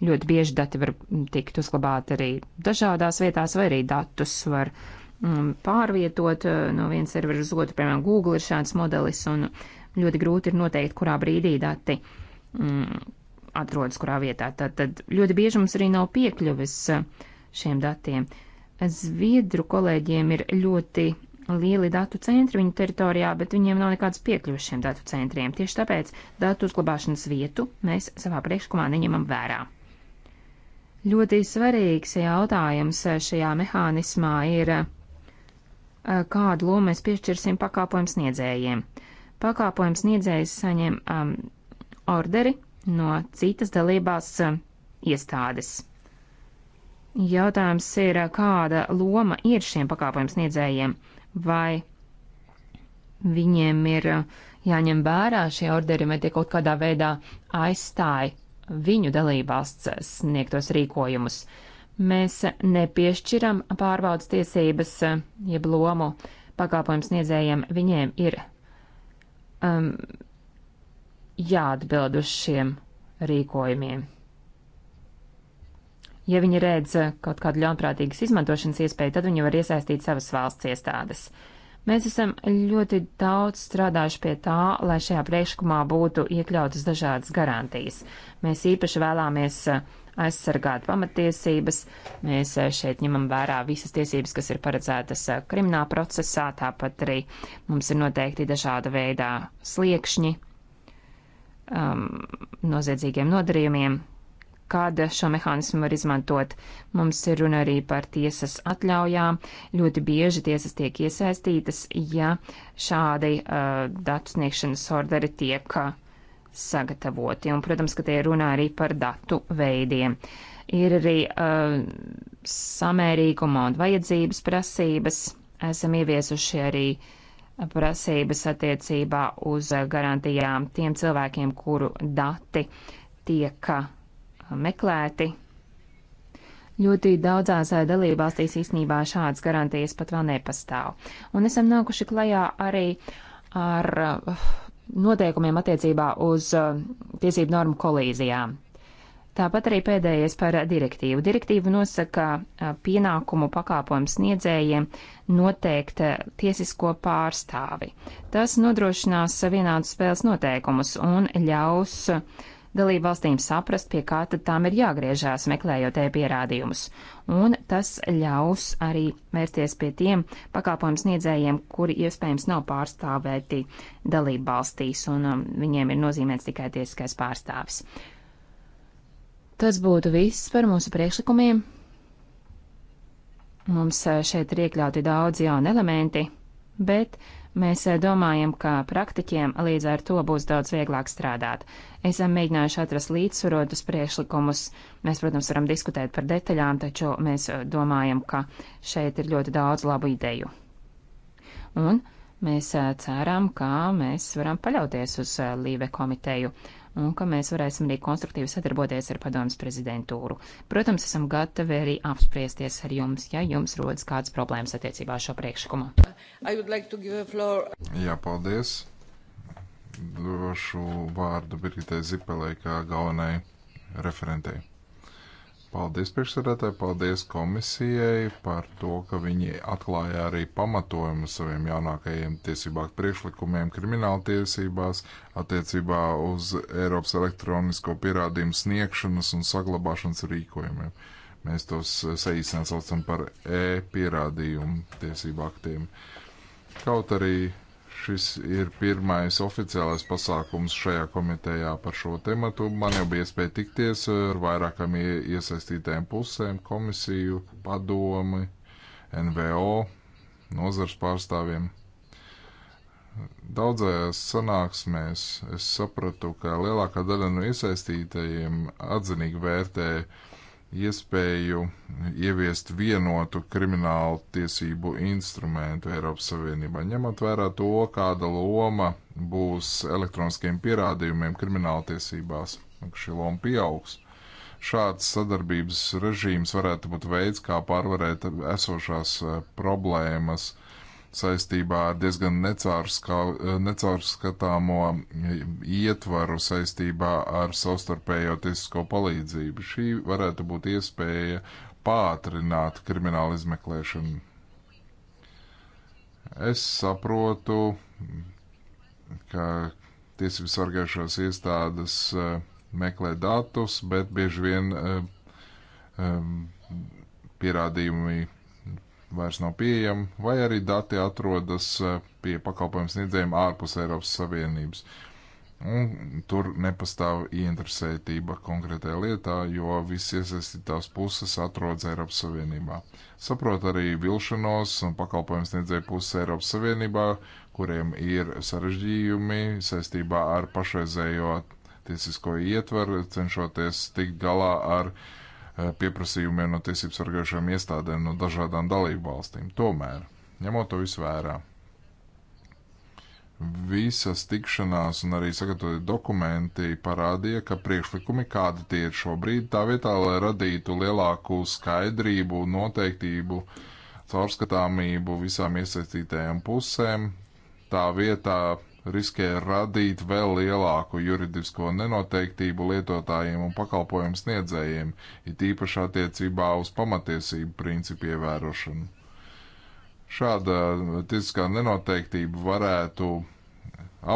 Ļoti bieži dati var tikt uzglabāti arī dažādās vietās, vai arī datus var um, pārvietot eh, no viens servera uz otru. Piemēram, Google ir šāds modelis, un ļoti grūti ir noteikt, kurā brīdī dati um, atrodas kurā vietā. Tad, tad ļoti bieži mums arī nav piekļuvis eh, šiem datiem. Uh, Zviedru kolēģiem ir ļoti lieli datu centri viņu teritorijā, bet viņiem nav nekādas piekļuves šiem datu centriem. Tieši tāpēc datu uzglabāšanas vietu mēs savā priekšlikumā neņemam vērā. Ļoti svarīgs jautājums šajā mehānismā ir, eh, kādu lomu mēs piešķirsim pakāpojumu sniedzējiem. Pakāpojums sniedzējs saņem um, orderi no citas dalībās um, iestādes. Jautājums ir, kāda loma ir šiem pakāpojumu sniedzējiem? Vai viņiem ir jāņem vērā šie orderi vai tie kaut kādā veidā aizstāja viņu dalībvalsts sniegtos rīkojumus? Mēs nepiešķiram pārbaudas tiesības, jeb lomu pakāpojumu sniedzējiem. Viņiem ir um, jāatbild uz šiem rīkojumiem. Ja viņi redz eh, kaut kādu ļaunprātīgas izmantošanas iespēju, tad viņi var iesaistīt savas valsts iestādes. Mēs esam ļoti daudz strādājuši pie tā, lai šajā priekšlikumā būtu iekļautas dažādas garantijas. Mēs īpaši vēlamies eh, aizsargāt pamatiesības, mēs eh, šeit ņemam vērā visas tiesības, kas ir paredzētas krimināla procesā, tāpat arī mums ir noteikti dažāda veidā sliekšņi um, noziedzīgiem nodarījumiem, kāda šo mehānismu var izmantot. Mums ir runa arī par tiesas atļaujām. Ļoti bieži tiesas tiek iesaistītas, ja šādi uh, datu sniegšanas orderi tiek uh, sagatavoti. Un, protams, ka tie runā arī par datu veidiem. Ir arī uh, samērīguma un vajadzības prasības. Esam ieviesuši arī uh, prasības attiecībā uz garantijām tiem cilvēkiem, kuru dati tiek uh, meklēti. Ļoti daudzās eh, dalībvalstīs īsnībā šādas garantijas pat vēl nepastāv. Un esam nākuši klajā arī ar eh, noteikumiem attiecībā uz eh, tiesību normu kolīzijām. Tāpat arī pēdējais par direktīvu. Direktīva nosaka pienākumu pakāpojumu sniedzējiem noteikt tiesisko pārstāvi. Tas nodrošinās vienādus spēles noteikumus un ļaus uh, dalību valstīm saprast, pie kā tad tām ir jāgriežās, meklējot e-pierādījumus. Un tas ļaus arī vērsties pie tiem pakalpojumu sniedzējiem, kuri iespējams nav pārstāvēti dalību valstīs, un um, viņiem ir nozīmēts tikai tiesiskais pārstāvis. Tas būtu viss par mūsu priekšlikumiem. Mums uh, šeit ir iekļauti daudz jauni elementi, bet Mēs eh, domājam, ka praktiķiem līdz ar to būs daudz vieglāk strādāt. Esam eh, mēģinājuši atrast līdzsvarotus priekšlikumus. Mēs, protams, varam diskutēt par detaļām, taču mēs eh, domājam, ka šeit ir ļoti daudz labu ideju. Un mēs ceram, ka mēs varam paļauties uz Līve komiteju un ka mēs varēsim arī konstruktīvi sadarboties ar padomas prezidentūru. Protams, esam gatavi arī apspriesties ar jums, ja jums rodas kādas problēmas attiecībā šo priekšlikumu. Like Jā, paldies. Došu vārdu Birgitai Zipelei kā galvenai referentei. Paldies priekšsēdētāji, paldies komisijai par to, ka viņi atklāja arī pamatojumu saviem jaunākajiem tiesībāk priekšlikumiem krimināla tiesībās attiecībā uz Eiropas elektronisko pierādījumu sniegšanas un saglabāšanas rīkojumiem. Mēs tos saīsināt saucam par e-pierādījumu tiesībāktiem. Kaut arī Šis ir pirmais oficiālais pasākums šajā komitejā par šo tematu. Man jau bija iespēja tikties ar vairākām iesaistītēm pusēm - komisiju, padomi, NVO, nozars pārstāvjiem. Daudzajās sanāksmēs es sapratu, ka lielākā daļa no iesaistītajiem atzinīgi vērtēja iespēju ieviest vienotu kriminālu tiesību instrumentu Eiropas Savienībā, ņemot vērā to, kāda loma būs elektroniskiem pierādījumiem krimināla tiesībās, ka šī loma pieaugs. Šāds sadarbības režīms varētu būt veids, kā pārvarēt esošās eh, problēmas saistībā ar diezgan necaurskatāmo ietvaru saistībā ar savstarpējo tiesisko palīdzību. Šī varētu būt iespēja pātrināt kriminālu izmeklēšanu. Es saprotu, ka tiesību sargājušās iestādes eh, meklē datus, bet bieži vien eh, eh, pierādījumi vairs nav pieejama, vai arī dati atrodas eh, pie pakalpojumu sniedzējiem ārpus Eiropas Savienības. Un tur nepastāv ieinteresētība konkrētajā lietā, jo visas iesaistītās puses atrodas Eiropas Savienībā. Saprot arī vilšanos un pakalpojumu sniedzēju puses Eiropas Savienībā, kuriem ir sarežģījumi saistībā ar pašreizējo tiesisko ietvaru, cenšoties tikt galā ar uh, Eh, pieprasījumiem no tiesību sargājušām iestādēm no dažādām dalību valstīm. Tomēr, ņemot to visu vērā, visas tikšanās un arī sagatavotie dokumenti parādīja, ka priekšlikumi, kādi tie ir šobrīd, tā vietā, lai radītu lielāku skaidrību, noteiktību, caurskatāmību visām iesaistītajām pusēm, tā vietā riskē radīt vēl lielāku juridisko nenoteiktību lietotājiem un pakalpojumu sniedzējiem, it īpaši attiecībā uz pamatiesību principu ievērošanu. Šāda tiesiskā nenoteiktība varētu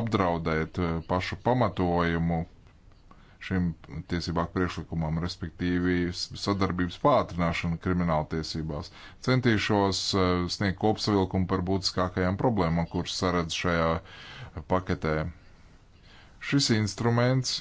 apdraudēt pašu pamatojumu šim tiesībāk priekšlikumam, respektīvi sadarbības pātrināšanu krimināltiesībās. Centīšos e, sniegt kopsavilkumu par būtiskākajām problēmām, kuras saredz šajā paketē. Šis instruments,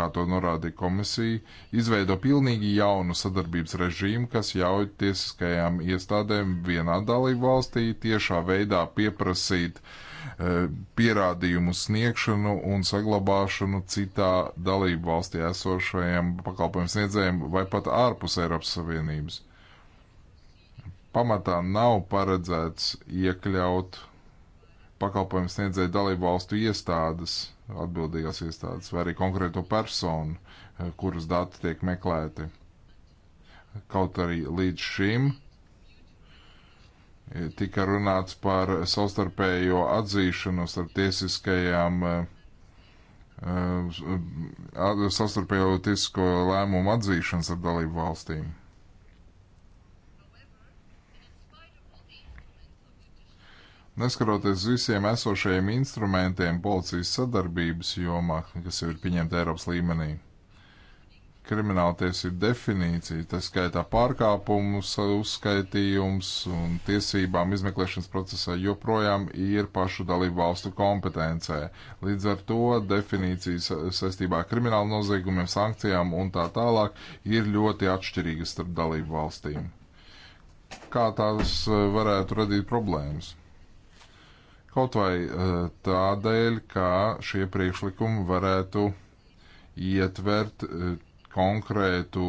kā to norādīja komisija, izveido pilnīgi jaunu sadarbības režīmu, kas ļauj tiesiskajām iestādēm vienā dalību valstī tiešā veidā pieprasīt uh, E, pierādījumu sniegšanu un saglabāšanu citā dalību valstī esošajiem pakalpojumu sniedzējiem vai pat ārpus Eiropas Savienības. Pamatā nav paredzēts iekļaut pakalpojumu sniedzēju dalību valstu iestādes, atbildīgās iestādes, vai arī konkrēto personu, e, kuras dati tiek meklēti. Kaut arī līdz šim tika runāts par savstarpējo atzīšanu starp tiesiskajām, eh, eh, savstarpējo tiesisko lēmumu atzīšanu starp dalību valstīm. Neskaroties visiem esošajiem instrumentiem policijas sadarbības jomā, kas jau ir pieņemta Eiropas līmenī krimināltiesību definīcija, tā skaitā pārkāpumus, uzskaitījums un tiesībām izmeklēšanas procesā joprojām ir pašu dalību valstu kompetencē. Līdz ar to definīcijas saistībā ar kriminālu noziegumiem, sankcijām un tā tālāk ir ļoti atšķirīgas starp dalību valstīm. Kā tās e, varētu radīt problēmas? Kaut vai e, tādēļ, ka šie priekšlikumi varētu ietvert e, konkrētu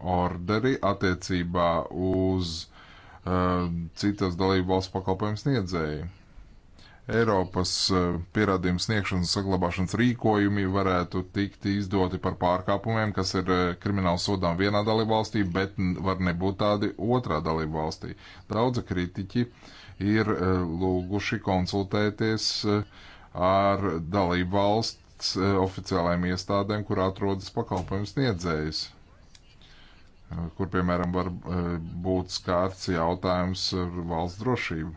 orderi attiecībā uz uh, citas dalību valsts pakalpojumu sniedzēju. Eiropas uh, um, pierādījums sniegšanas saglabāšanas rīkojumi varētu tikt izdoti par pārkāpumiem, kas ir uh, krimināli sodām vienā dalību valstī, bet var nebūt tādi otrā dalību valstī. Daudzi kritiķi ir uh, lūguši konsultēties uh, ar dalību valstu sniegts eh, oficiālajām iestādēm, kur atrodas pakalpojums sniedzējs, eh, kur, piemēram, var eh, būt skārts jautājums ar valsts drošību.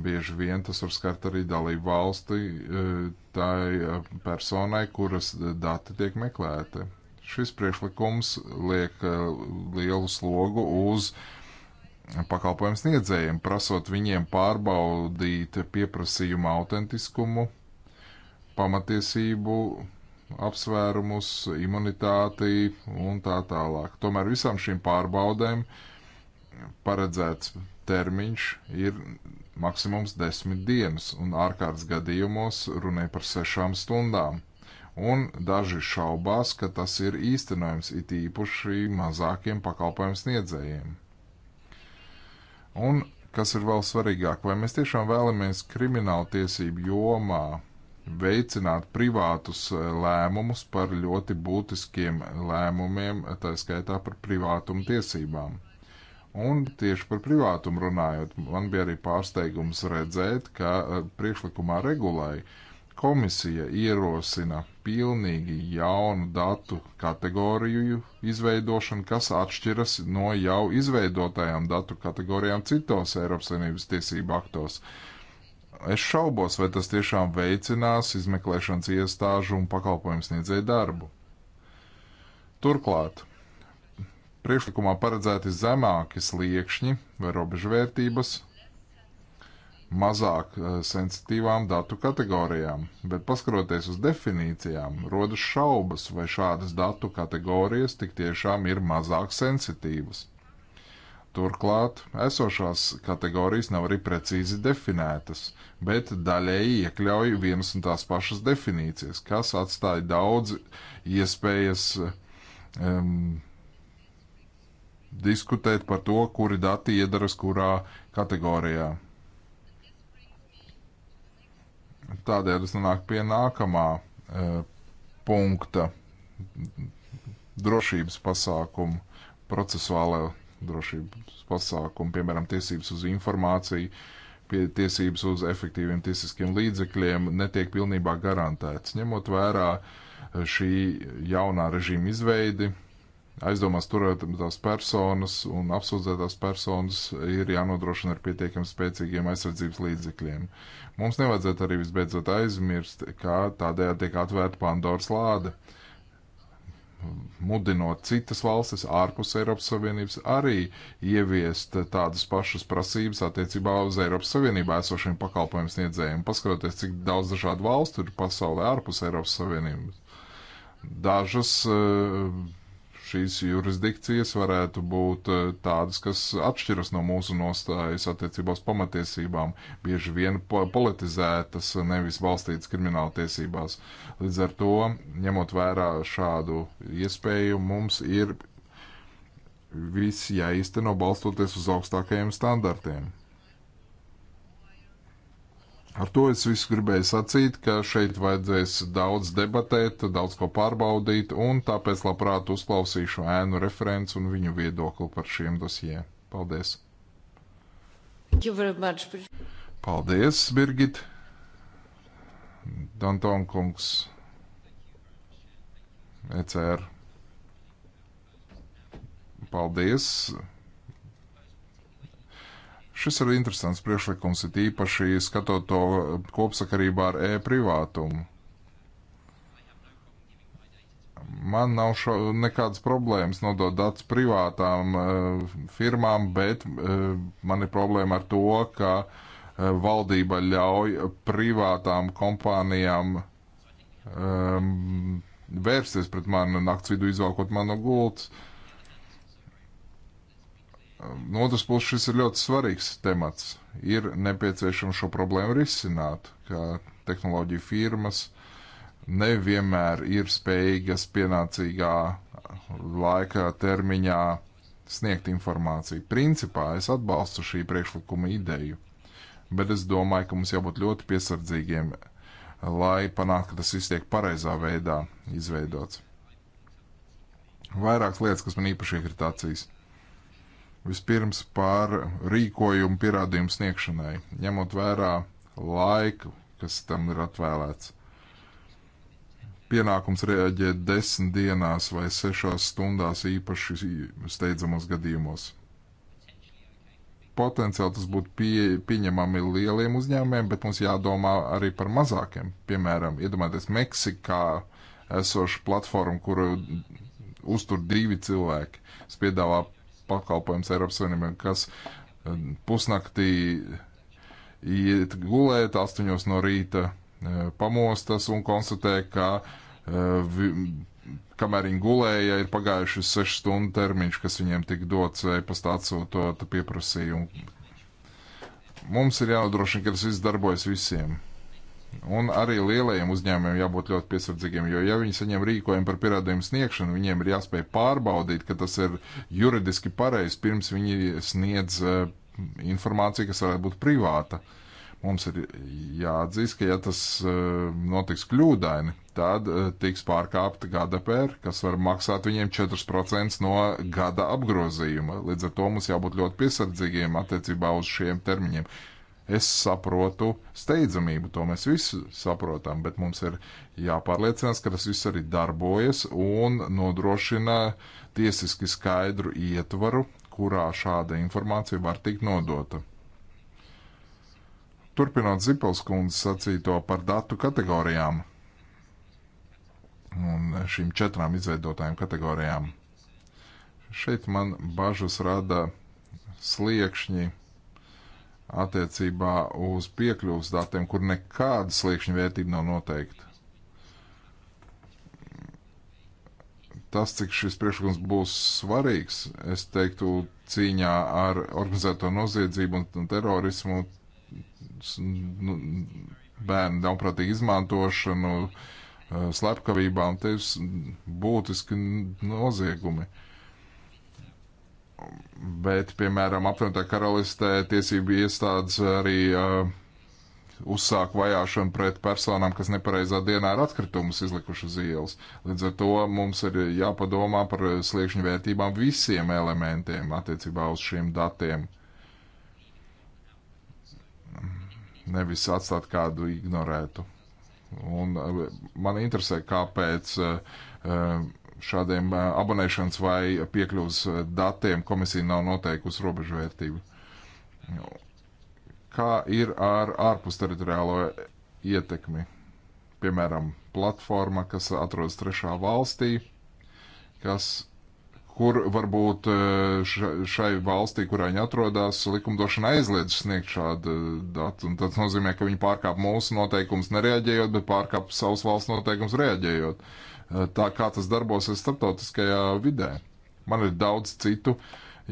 Bieži vien tas var skart arī dalību valsti tai personai, kuras dati tiek meklēti. Šis priekšlikums liek lielu slogu uz pakalpojumu sniedzējiem, prasot viņiem pārbaudīt pieprasījuma autentiskumu pamatiesību apsvērumus, imunitāti un tā tālāk. Tomēr visām šīm pārbaudēm paredzēts termiņš ir maksimums desmit dienas, un ārkārtas gadījumos runē par sešām stundām. Un daži šaubās, ka tas ir īstenojams it īpaši mazākiem pakalpojumu sniedzējiem. Un, kas ir vēl svarīgāk, vai mēs tiešām vēlamies krimināltiesību jomā veicināt privātus e, lēmumus par ļoti būtiskiem lēmumiem, tā skaitā par privātumu tiesībām. Un tieši par privātumu runājot, man bija arī pārsteigums redzēt, ka e, priekšlikumā regulai komisija ierosina pilnīgi jaunu datu kategoriju izveidošanu, kas atšķiras no jau izveidotajām datu kategorijām citos Eiropas Savienības tiesību aktos. Uh, Es šaubos, vai tas tiešām veicinās izmeklēšanas iestāžu un pakalpojumu sniedzēju darbu. Turklāt, priekšlikumā paredzēti zemāki sliekšņi vai robežvērtības mazāk eh, sensitīvām datu kategorijām, bet paskroties uz definīcijām, rodas šaubas, vai šādas datu kategorijas tik tiešām ir mazāk sensitīvas. Turklāt esošās kategorijas nav arī precīzi definētas, bet daļēji iekļauj vienas un tās pašas definīcijas, kas atstāja daudz iespējas um, diskutēt par to, kuri dati iedaras kurā kategorijā. Tādēļ es nonāku pie nākamā uh, punkta drošības pasākumu procesuālajā drošības pasākumu, piemēram, tiesības uz informāciju, pie tiesības uz efektīviem tiesiskiem līdzekļiem netiek pilnībā garantēts. Ņemot vērā šī jaunā režīma izveidi, aizdomās turētās personas un apsūdzētās personas ir jānodrošina ar pietiekami spēcīgiem aizsardzības līdzekļiem. Mums nevajadzētu arī visbeidzot aizmirst, kā tādējādi tiek atvērta Pandoras lāde. Uh, mudinot citas valstis ārpus Eiropas Savienības arī ieviest tādas pašas prasības attiecībā uz Eiropas Savienībā esošiem pakalpojumu sniedzējiem, paskatoties, cik daudz dažādu valstu ir pasaulē ārpus Eiropas Savienības. Dažas uh, šīs jurisdikcijas varētu būt eh, tādas, kas atšķiras no mūsu nostājas attiecībās pamatiesībām, bieži vien politizētas, nevis balstītas krimināla tiesībās. Līdz ar to, ņemot vērā šādu iespēju, mums ir viss jāizteno balstoties uz augstākajiem standartiem. Ar to es visu gribēju sacīt, ka šeit vajadzēs daudz debatēt, daudz ko pārbaudīt, un tāpēc labprāt uzklausīšu ēnu referents un viņu viedokli par šiem dosijiem. Paldies! Paldies, Birgit! Dantonkungs, ECR. Paldies! Šis ir interesants priekšlikums, it īpaši skatot to eh, kopsakarībā ar e-privātumu. Man nav šo, nekādas problēmas nodot datus privātām uh, firmām, bet uh, man ir problēma ar to, ka uh, valdība ļauj privātām kompānijām um, vērsties pret mani nakts vidu izvēlkot manu gultu. Uh, Um, no otras puses, šis ir ļoti svarīgs temats. Ir nepieciešams šo problēmu risināt, ka tehnoloģiju firmas nevienmēr ir spējīgas pienācīgā laika termiņā sniegt informāciju. Principā es atbalstu šī priekšlikuma ideju, bet es domāju, ka mums jābūt ļoti piesardzīgiem, lai panāktu, ka tas viss tiek pareizā veidā izveidots. Vairākas lietas, kas man īpaši iekrita acīs. Vispirms par rīkojumu pierādījumu sniegšanai, ņemot vērā laiku, kas tam ir atvēlēts. Pienākums reaģēt desmit dienās vai sešās stundās īpaši steidzamos gadījumos potenciāli tas būtu pie, pieņemami lieliem uzņēmumiem, bet mums jādomā arī par mazākiem. Piemēram, iedomājieties Meksikā esošu platformu, kuru uztur divi cilvēki. Es piedāvā pakalpojums Eiropas Savienībā, kas eh, pusnaktī iet gulēt, astoņos no rīta eh, pamostas un konstatē, ka eh, kamēr viņi gulēja, ir pagājuši sešu stundu termiņš, kas viņiem tika dots e-pastā atsūtot pieprasījumu. Mums ir jānodrošina, ka tas viss darbojas visiem. Un arī lielajiem uzņēmumiem jābūt ļoti piesardzīgiem, jo ja viņi saņem rīkojumu par pierādījumu sniegšanu, viņiem ir jāspēj pārbaudīt, ka tas ir juridiski pareizi, pirms viņi sniedz uh, informāciju, kas varētu būt privāta. Mums ir jāatzīst, ka ja tas uh, notiks kļūdaini, tad uh, tiks pārkāpta GDPR, kas var maksāt viņiem 4% no gada apgrozījuma. Līdz ar to mums jābūt ļoti piesardzīgiem attiecībā uz šiem termiņiem. Uh, Es saprotu steidzamību, to mēs visi saprotam, bet mums ir jāpārliecinās, ka tas viss arī darbojas un nodrošina tiesiski skaidru ietvaru, kurā šāda informācija var tikt nodota. Turpinot Zipelskundas sacīto par datu kategorijām un šīm četrām izveidotājām kategorijām. Šeit man bažas rada sliekšņi attiecībā uz piekļuvas datiem, kur nekāda sliekšņa vērtība nav noteikta. Tas, cik šis priekšlikums būs svarīgs, es teiktu, cīņā ar organizēto noziedzību un terorismu, nu, bērnu ļaunprātīgu izmantošanu, eh, slepkavībām, tie būtiski noziegumi. Uh, bet, piemēram, apvienotā karalistē tiesību iestādes arī uh, uzsāk vajāšanu pret personām, kas nepareizā dienā ir atkritumus izlikuši uz ielas. Līdz ar to mums ir jāpadomā par sliekšņu vērtībām visiem elementiem attiecībā uz šiem datiem. Nevis atstāt kādu ignorētu. Un uh, man interesē, kāpēc uh, uh, šādiem abonēšanas vai piekļuvas datiem komisija nav noteikusi robežvērtību. Kā ir ar ārpus teritoriālo ietekmi? Piemēram, platforma, kas atrodas trešā valstī, kas kur varbūt šai valstī, kurā viņi atrodas, likumdošana aizliedz sniegt šādu datu. Un tas nozīmē, ka viņi pārkāp mūsu noteikumus nereaģējot, bet pārkāp savas valsts noteikumus reaģējot. Uh, Eh, tā kā tas darbosies starptautiskajā vidē. Man ir daudz citu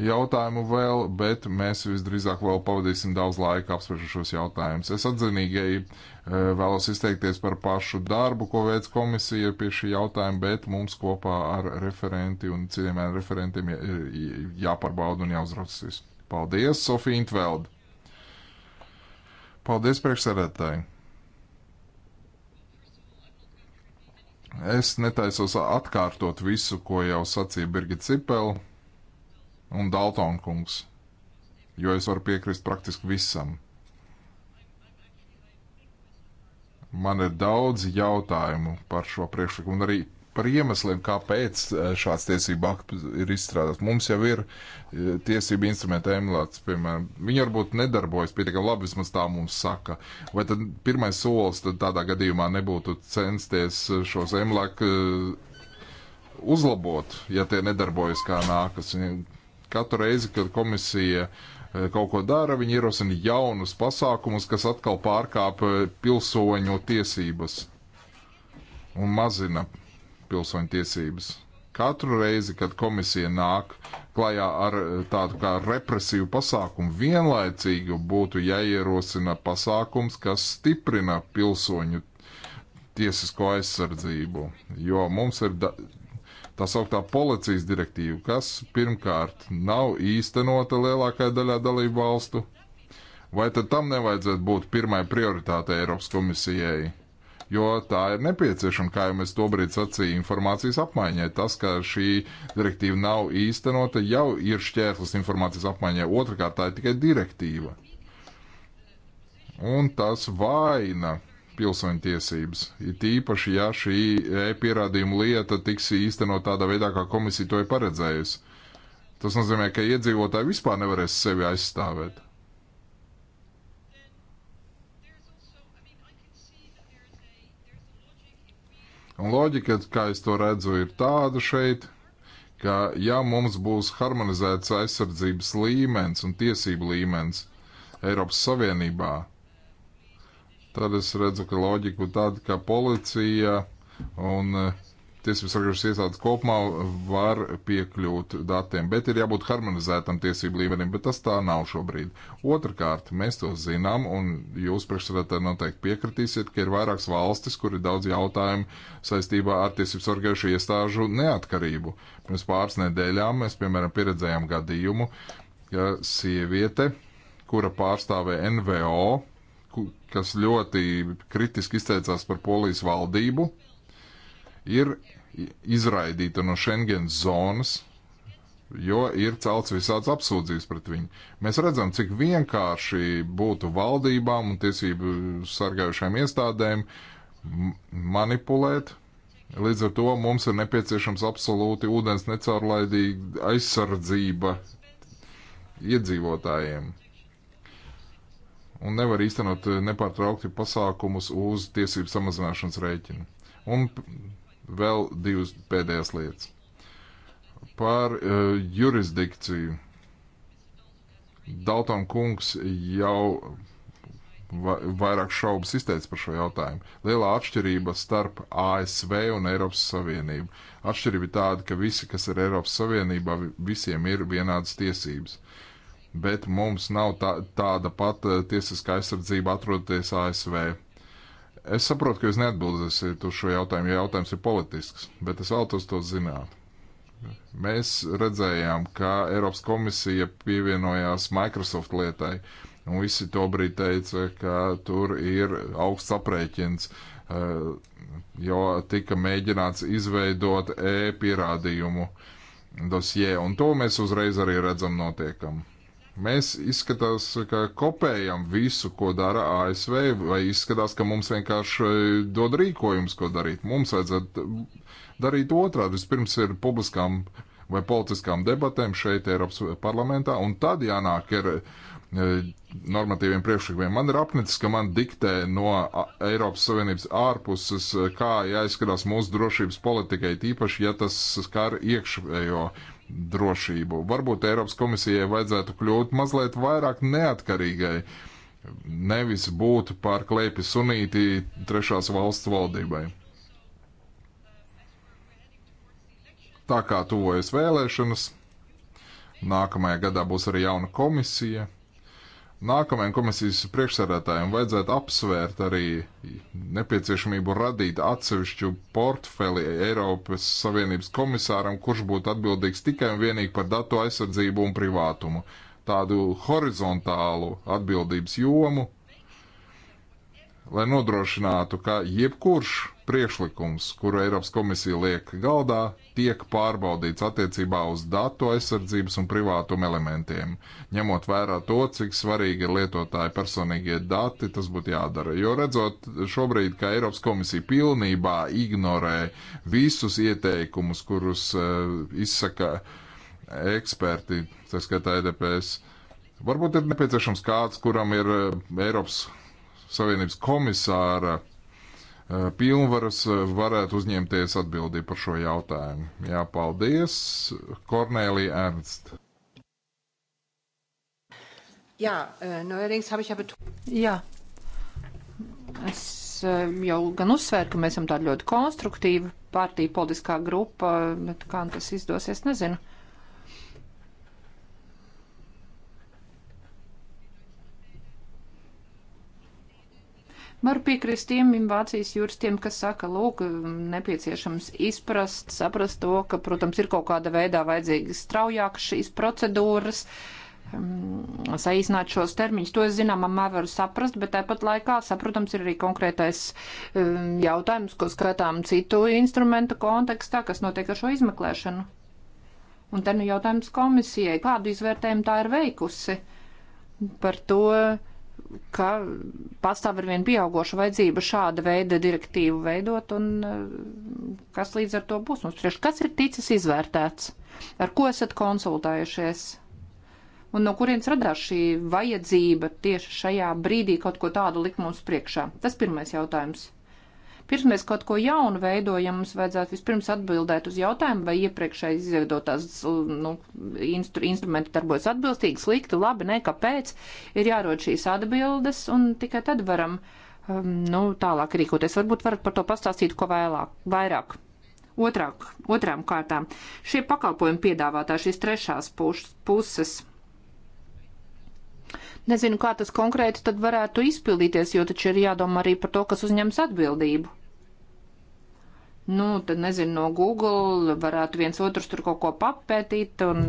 jautājumu vēl, bet mēs visdrīzāk vēl pavadīsim daudz laika apspriežot šos jautājumus. Es atzinīgi eh, vēlos izteikties par pašu darbu, ko veic komisija pie šī jautājuma, bet mums kopā ar referenti un citiem referentiem ir jāparbauda un jāuzraucas. Paldies, Sofija Intveld! Paldies priekšsēdētāji! Es netaisos atkārtot visu, ko jau sacīja Birgit Cipela un Daltona kungs, jo es varu piekrist praktiski visam. Man ir daudz jautājumu par šo priekšlikumu, un arī par iemesliem, kāpēc eh, šāds tiesību akts ir izstrādāts. Mums jau ir eh, tiesība instrumenta emulāts, piemēram, viņi varbūt nedarbojas pietiekami labi, vismaz tā mums saka. Vai tad pirmais solis tad tādā gadījumā nebūtu censties šos emulāku eh, uzlabot, ja tie nedarbojas kā nākas? Katru reizi, kad komisija kaut ko dara, viņi ierosina jaunus pasākumus, kas atkal pārkāpa pilsoņu tiesības un mazina pilsoņu tiesības. Katru reizi, kad komisija nāk klajā ar eh, tādu kā represīvu pasākumu, vienlaicīgi būtu jāierosina pasākums, kas stiprina pilsoņu tiesisko aizsardzību, jo mums ir da, tā sauktā policijas direktīva, kas pirmkārt nav īstenota lielākajā daļā dalību valstu. Vai tad tam nevajadzētu būt pirmai prioritātei Eiropas komisijai? jo tā ir nepieciešama, kā jau mēs tobrīd sacīju, informācijas apmaiņai. Tas, ka šī direktīva nav īstenota, jau ir šķērslis informācijas apmaiņai. Otrakārt, tā ir tikai direktīva. Un tas vaina pilsoņu tiesības. It īpaši, ja šī e-pierādījuma lieta tiks īstenot tādā veidā, kā komisija to ir paredzējusi. Tas nozīmē, ka iedzīvotāji vispār nevarēs sevi aizstāvēt. Un loģika, kā es to redzu, ir tāda šeit, ka ja mums būs harmonizēts aizsardzības līmenis un tiesību līmenis Eiropas Savienībā, tad es redzu, ka loģika ir tāda, ka policija un uh, tiesību sargājušas iestādes kopumā var piekļūt datiem, bet ir jābūt harmonizētam tiesību līmenim, bet tas tā nav šobrīd. Otrakārt, mēs to zinām, un jūs priekšsēdētāji noteikti piekritīsiet, ka ir vairākas valstis, kur ir daudz jautājumu saistībā ar tiesību sargājušu iestāžu neatkarību. Pirms pāris nedēļām mēs, piemēram, pieredzējām gadījumu, ja sieviete, kura pārstāvē NVO, kas ļoti kritiski izteicās par polijas valdību, ir izraidīta no Schengens zonas, jo ir celts visāds apsūdzības pret viņu. Mēs redzam, cik vienkārši būtu valdībām un tiesību sargājušajām iestādēm manipulēt. Līdz ar to mums ir nepieciešams absolūti ūdens necaurlaidīga aizsardzība iedzīvotājiem. Un nevar īstenot nepārtraukti pasākumus uz tiesību samazināšanas rēķinu. Un vēl divas pēdējās lietas. Par uh, jurisdikciju. Dalton kungs jau va vairāk šaubas izteica par šo jautājumu. Lielā atšķirība starp ASV un Eiropas Savienību. Atšķirība ir tāda, ka visi, kas ir Eiropas Savienībā, visiem ir vienādas tiesības. Bet mums nav tā, tāda pata eh, tiesiskā aizsardzība atrodoties ASV Es saprotu, ka jūs neatbildēsiet uz šo jautājumu, ja jautājums ir politisks, bet es vēlos to zināt. Mēs redzējām, kā Eiropas komisija pievienojās Microsoft lietai, un visi to brīdi teica, ka tur ir augsts aprēķins, eh, jo tika mēģināts izveidot e-pierādījumu dosjē, un to mēs uzreiz arī redzam notiekam. Mēs izskatās, ka kopējam visu, ko dara ASV, vai izskatās, ka mums vienkārši dod rīkojums, ko darīt. Mums vajadzētu darīt otrādi. Vispirms ir publiskām vai politiskām debatēm šeit Eiropas parlamentā, un tad jānāk ir e, normatīviem priekšlikumiem. Man ir apnicis, ka man diktē no Eiropas Savienības ārpuses, e, kā jāizskatās mūsu drošības politikai, tīpaši, ja tas skar iekšējo drošību. Varbūt Eiropas komisijai vajadzētu kļūt mazliet vairāk neatkarīgai, nevis būt pār kleipi sunītī trešās valsts valdībai. Tā kā tuvojas vēlēšanas, nākamajā gadā būs arī jauna komisija. Nākamajam komisijas priekšsēdētājam vajadzētu apsvērt arī nepieciešamību radīt atsevišķu portfeli Eiropas Savienības komisāram, kurš būtu atbildīgs tikai un vienīgi par datu aizsardzību un privātumu. Tādu horizontālu atbildības jomu, lai nodrošinātu, ka jebkurš priekšlikums, kuru Eiropas komisija liek galdā, tiek pārbaudīts attiecībā uz datu aizsardzības un privātuma elementiem, ņemot vērā to, cik svarīgi ir lietotāja personīgie dati, tas būtu jādara. Jo redzot šobrīd, ka Eiropas komisija pilnībā ignorē visus ieteikumus, kurus uh, izsaka eksperti, tas skaitā EDPS, varbūt ir nepieciešams kāds, kuram ir e, Eiropas komisija Savienības komisāra eh, pilnvaras eh, varētu uzņemties atbildību par šo jautājumu. Jā, paldies, Kornēlija Ernst. Jā, eh, neuerdings habe ich ja betont. Jā. Es jau gan uzsvēru, ka mēs esam tāda ļoti konstruktīva partija, politiskā grupa, bet kā tas izdosies, nezinu. Varu piekrist tiem Vācijas juristiem, kas saka, lūk, nepieciešams izprast, saprast to, ka, protams, ir kaut kāda veidā vajadzīgas straujākas šīs procedūras, um, saīsināt šos termiņus. To es zināmā mērā varu saprast, bet tāpat laikā, saprotams, ir arī konkrētais um, jautājums, ko skatām citu instrumentu kontekstā, kas notiek ar šo izmeklēšanu. Un te nu jautājums komisijai, kādu izvērtējumu tā ir veikusi par to, ka pastāv ar vien pieaugošu vajadzību šāda veida direktīvu veidot un eh, kas līdz ar to būs mums priekš. Kas ir ticis izvērtēts? Ar ko esat konsultējušies? Un no kurienes radās šī vajadzība tieši šajā brīdī kaut ko tādu likt mums priekšā? Tas pirmais jautājums. Pirms mēs kaut ko jaunu veidojam, mums vajadzētu vispirms atbildēt uz jautājumu, vai iepriekšēji izveidotās nu, instru, instrumenti darbojas atbilstīgi, slikti, labi, ne, kāpēc. Ir jārod šīs atbildes, un tikai tad varam um, nu, tālāk rīkoties. Varbūt varat par to pastāstīt, ko vēlāk, vairāk. Otrāk, otrām kārtām šie pakalpojumi piedāvātāji, šīs trešās puš, puses. Nezinu, kā tas konkrēti tad varētu izpildīties, jo taču ir jādomā arī par to, kas uzņems atbildību nu, tad nezinu, no Google varētu viens otrs tur kaut ko papētīt un,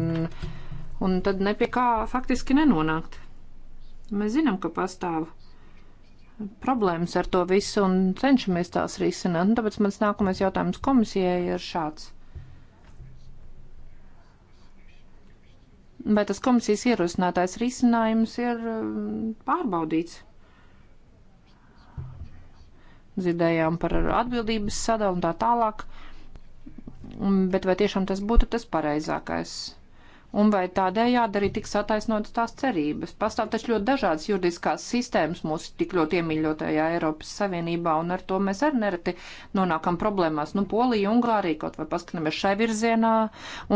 un tad nepie kā faktiski nenonākt. Mēs zinām, ka pastāv problēmas ar to visu un cenšamies tās risināt. Un nu, tāpēc mans nākamais jautājums komisijai ir šāds. Vai tas komisijas ierosinātais risinājums ir um, pārbaudīts? dzirdējām par atbildības sadalu un tā tālāk. Bet vai tiešām tas būtu tas pareizākais? un vai tādējādi arī tiks attaisnotas tās cerības. Pastāv taču ļoti dažādas juridiskās sistēmas mūsu tik ļoti iemīļotajā Eiropas Savienībā, un ar to mēs arī nereti nonākam problēmās. Nu, Polija, Ungārija kaut vai paskatāmies šai virzienā,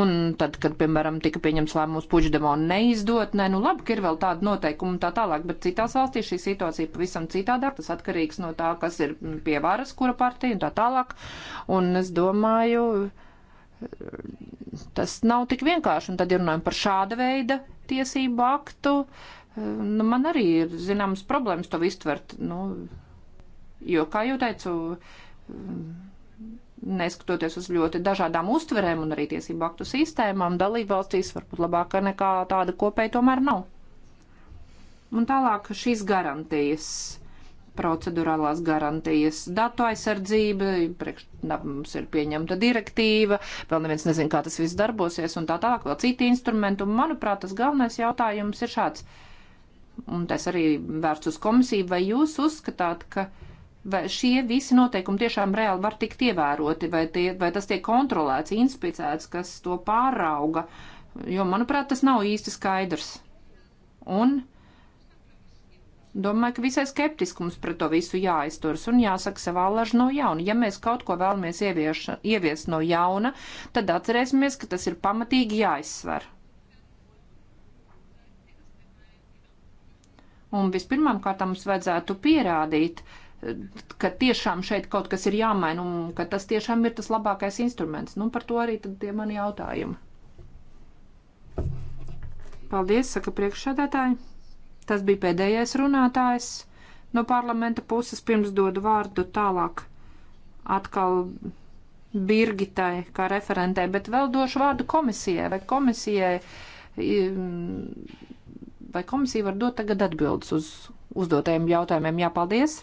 un tad, kad, piemēram, tika pieņemts lēmums puģdemonu neizdot, nē, nu labi, ka ir vēl tāda noteikuma un tā tālāk, bet citās valstīs šī situācija pavisam citādāk, tas atkarīgs no tā, kas ir pie varas, kura partija un tā tālāk, un es domāju, tas nav tik vienkārši. Un tad, ja runājam par šāda veida tiesību aktu, nu, man arī ir zināmas problēmas to iztvert. Nu, jo, kā jau teicu, neskatoties uz ļoti dažādām uztverēm un arī tiesību aktu sistēmām, dalībvalstīs varbūt labāka nekā tāda kopēja tomēr nav. Un tālāk šīs garantijas procedurālās garantijas, datu aizsardzība, priekš, na, mums ir pieņemta direktīva, vēl neviens nezin, kā tas viss darbosies un tā tālāk, vēl citi instrumenti. Un, manuprāt, tas galvenais jautājums ir šāds, un tas arī vērsts uz komisiju, vai jūs uzskatāt, ka vai šie visi noteikumi tiešām reāli var tikt ievēroti, vai, tie, vai tas tiek kontrolēts, inspicēts, kas to pārauga, jo, manuprāt, tas nav īsti skaidrs. Un Domāju, ka visai skeptiski mums pret to visu jāizturas un jāsaka savā laža no jauna. Ja mēs kaut ko vēlamies ievieš, ieviest no jauna, tad atcerēsimies, ka tas ir pamatīgi jāizsver. Un vispirmām kārtām mums vajadzētu pierādīt, ka tiešām šeit kaut kas ir jāmaina un ka tas tiešām ir tas labākais instruments. Nu, par to arī tad tie mani jautājumi. Paldies, saka priekšsēdētāji. Tas bija pēdējais runātājs no parlamenta puses, pirms dodu vārdu tālāk atkal Birgitai kā referentē, bet vēl došu vārdu komisijai, vai komisijai, mm, vai komisija var dot tagad atbildes uz uzdotajiem jautājumiem. Jāpaldies!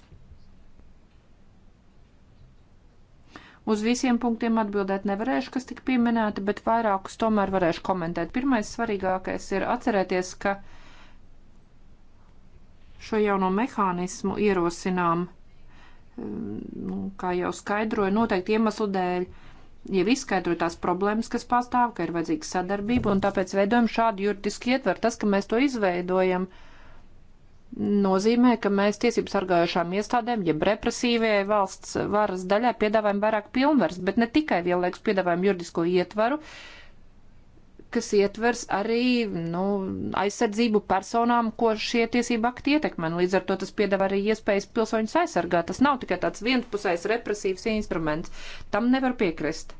Uz visiem punktiem atbildēt nevarēšu, kas tika pieminēti, bet vairākus tomēr varēšu komentēt. Pirmais svarīgākais ir atcerēties, ka šo jauno mehānismu ierosinām, um, nu, kā jau skaidroju, noteikti iemeslu dēļ, jau izskaidroju tās problēmas, kas pastāv, ka ir vajadzīga sadarbība, un tāpēc veidojam šādu juridisku ietveru. Tas, ka mēs to izveidojam, nozīmē, ka mēs tiesību sargājošām iestādēm, jeb represīvajai valsts varas daļai piedāvājam vairāk pilnvars, bet ne tikai vienlaikus piedāvājam juridisko ietvaru, uh, kas ietvers arī nu, aizsardzību personām, ko šie tiesību akti ietekmē. Nu, līdz ar to tas piedāvā arī iespējas pilsoņus aizsargāt. Tas nav tikai tāds vienpusējs represīvs instruments. Tam nevar piekrist.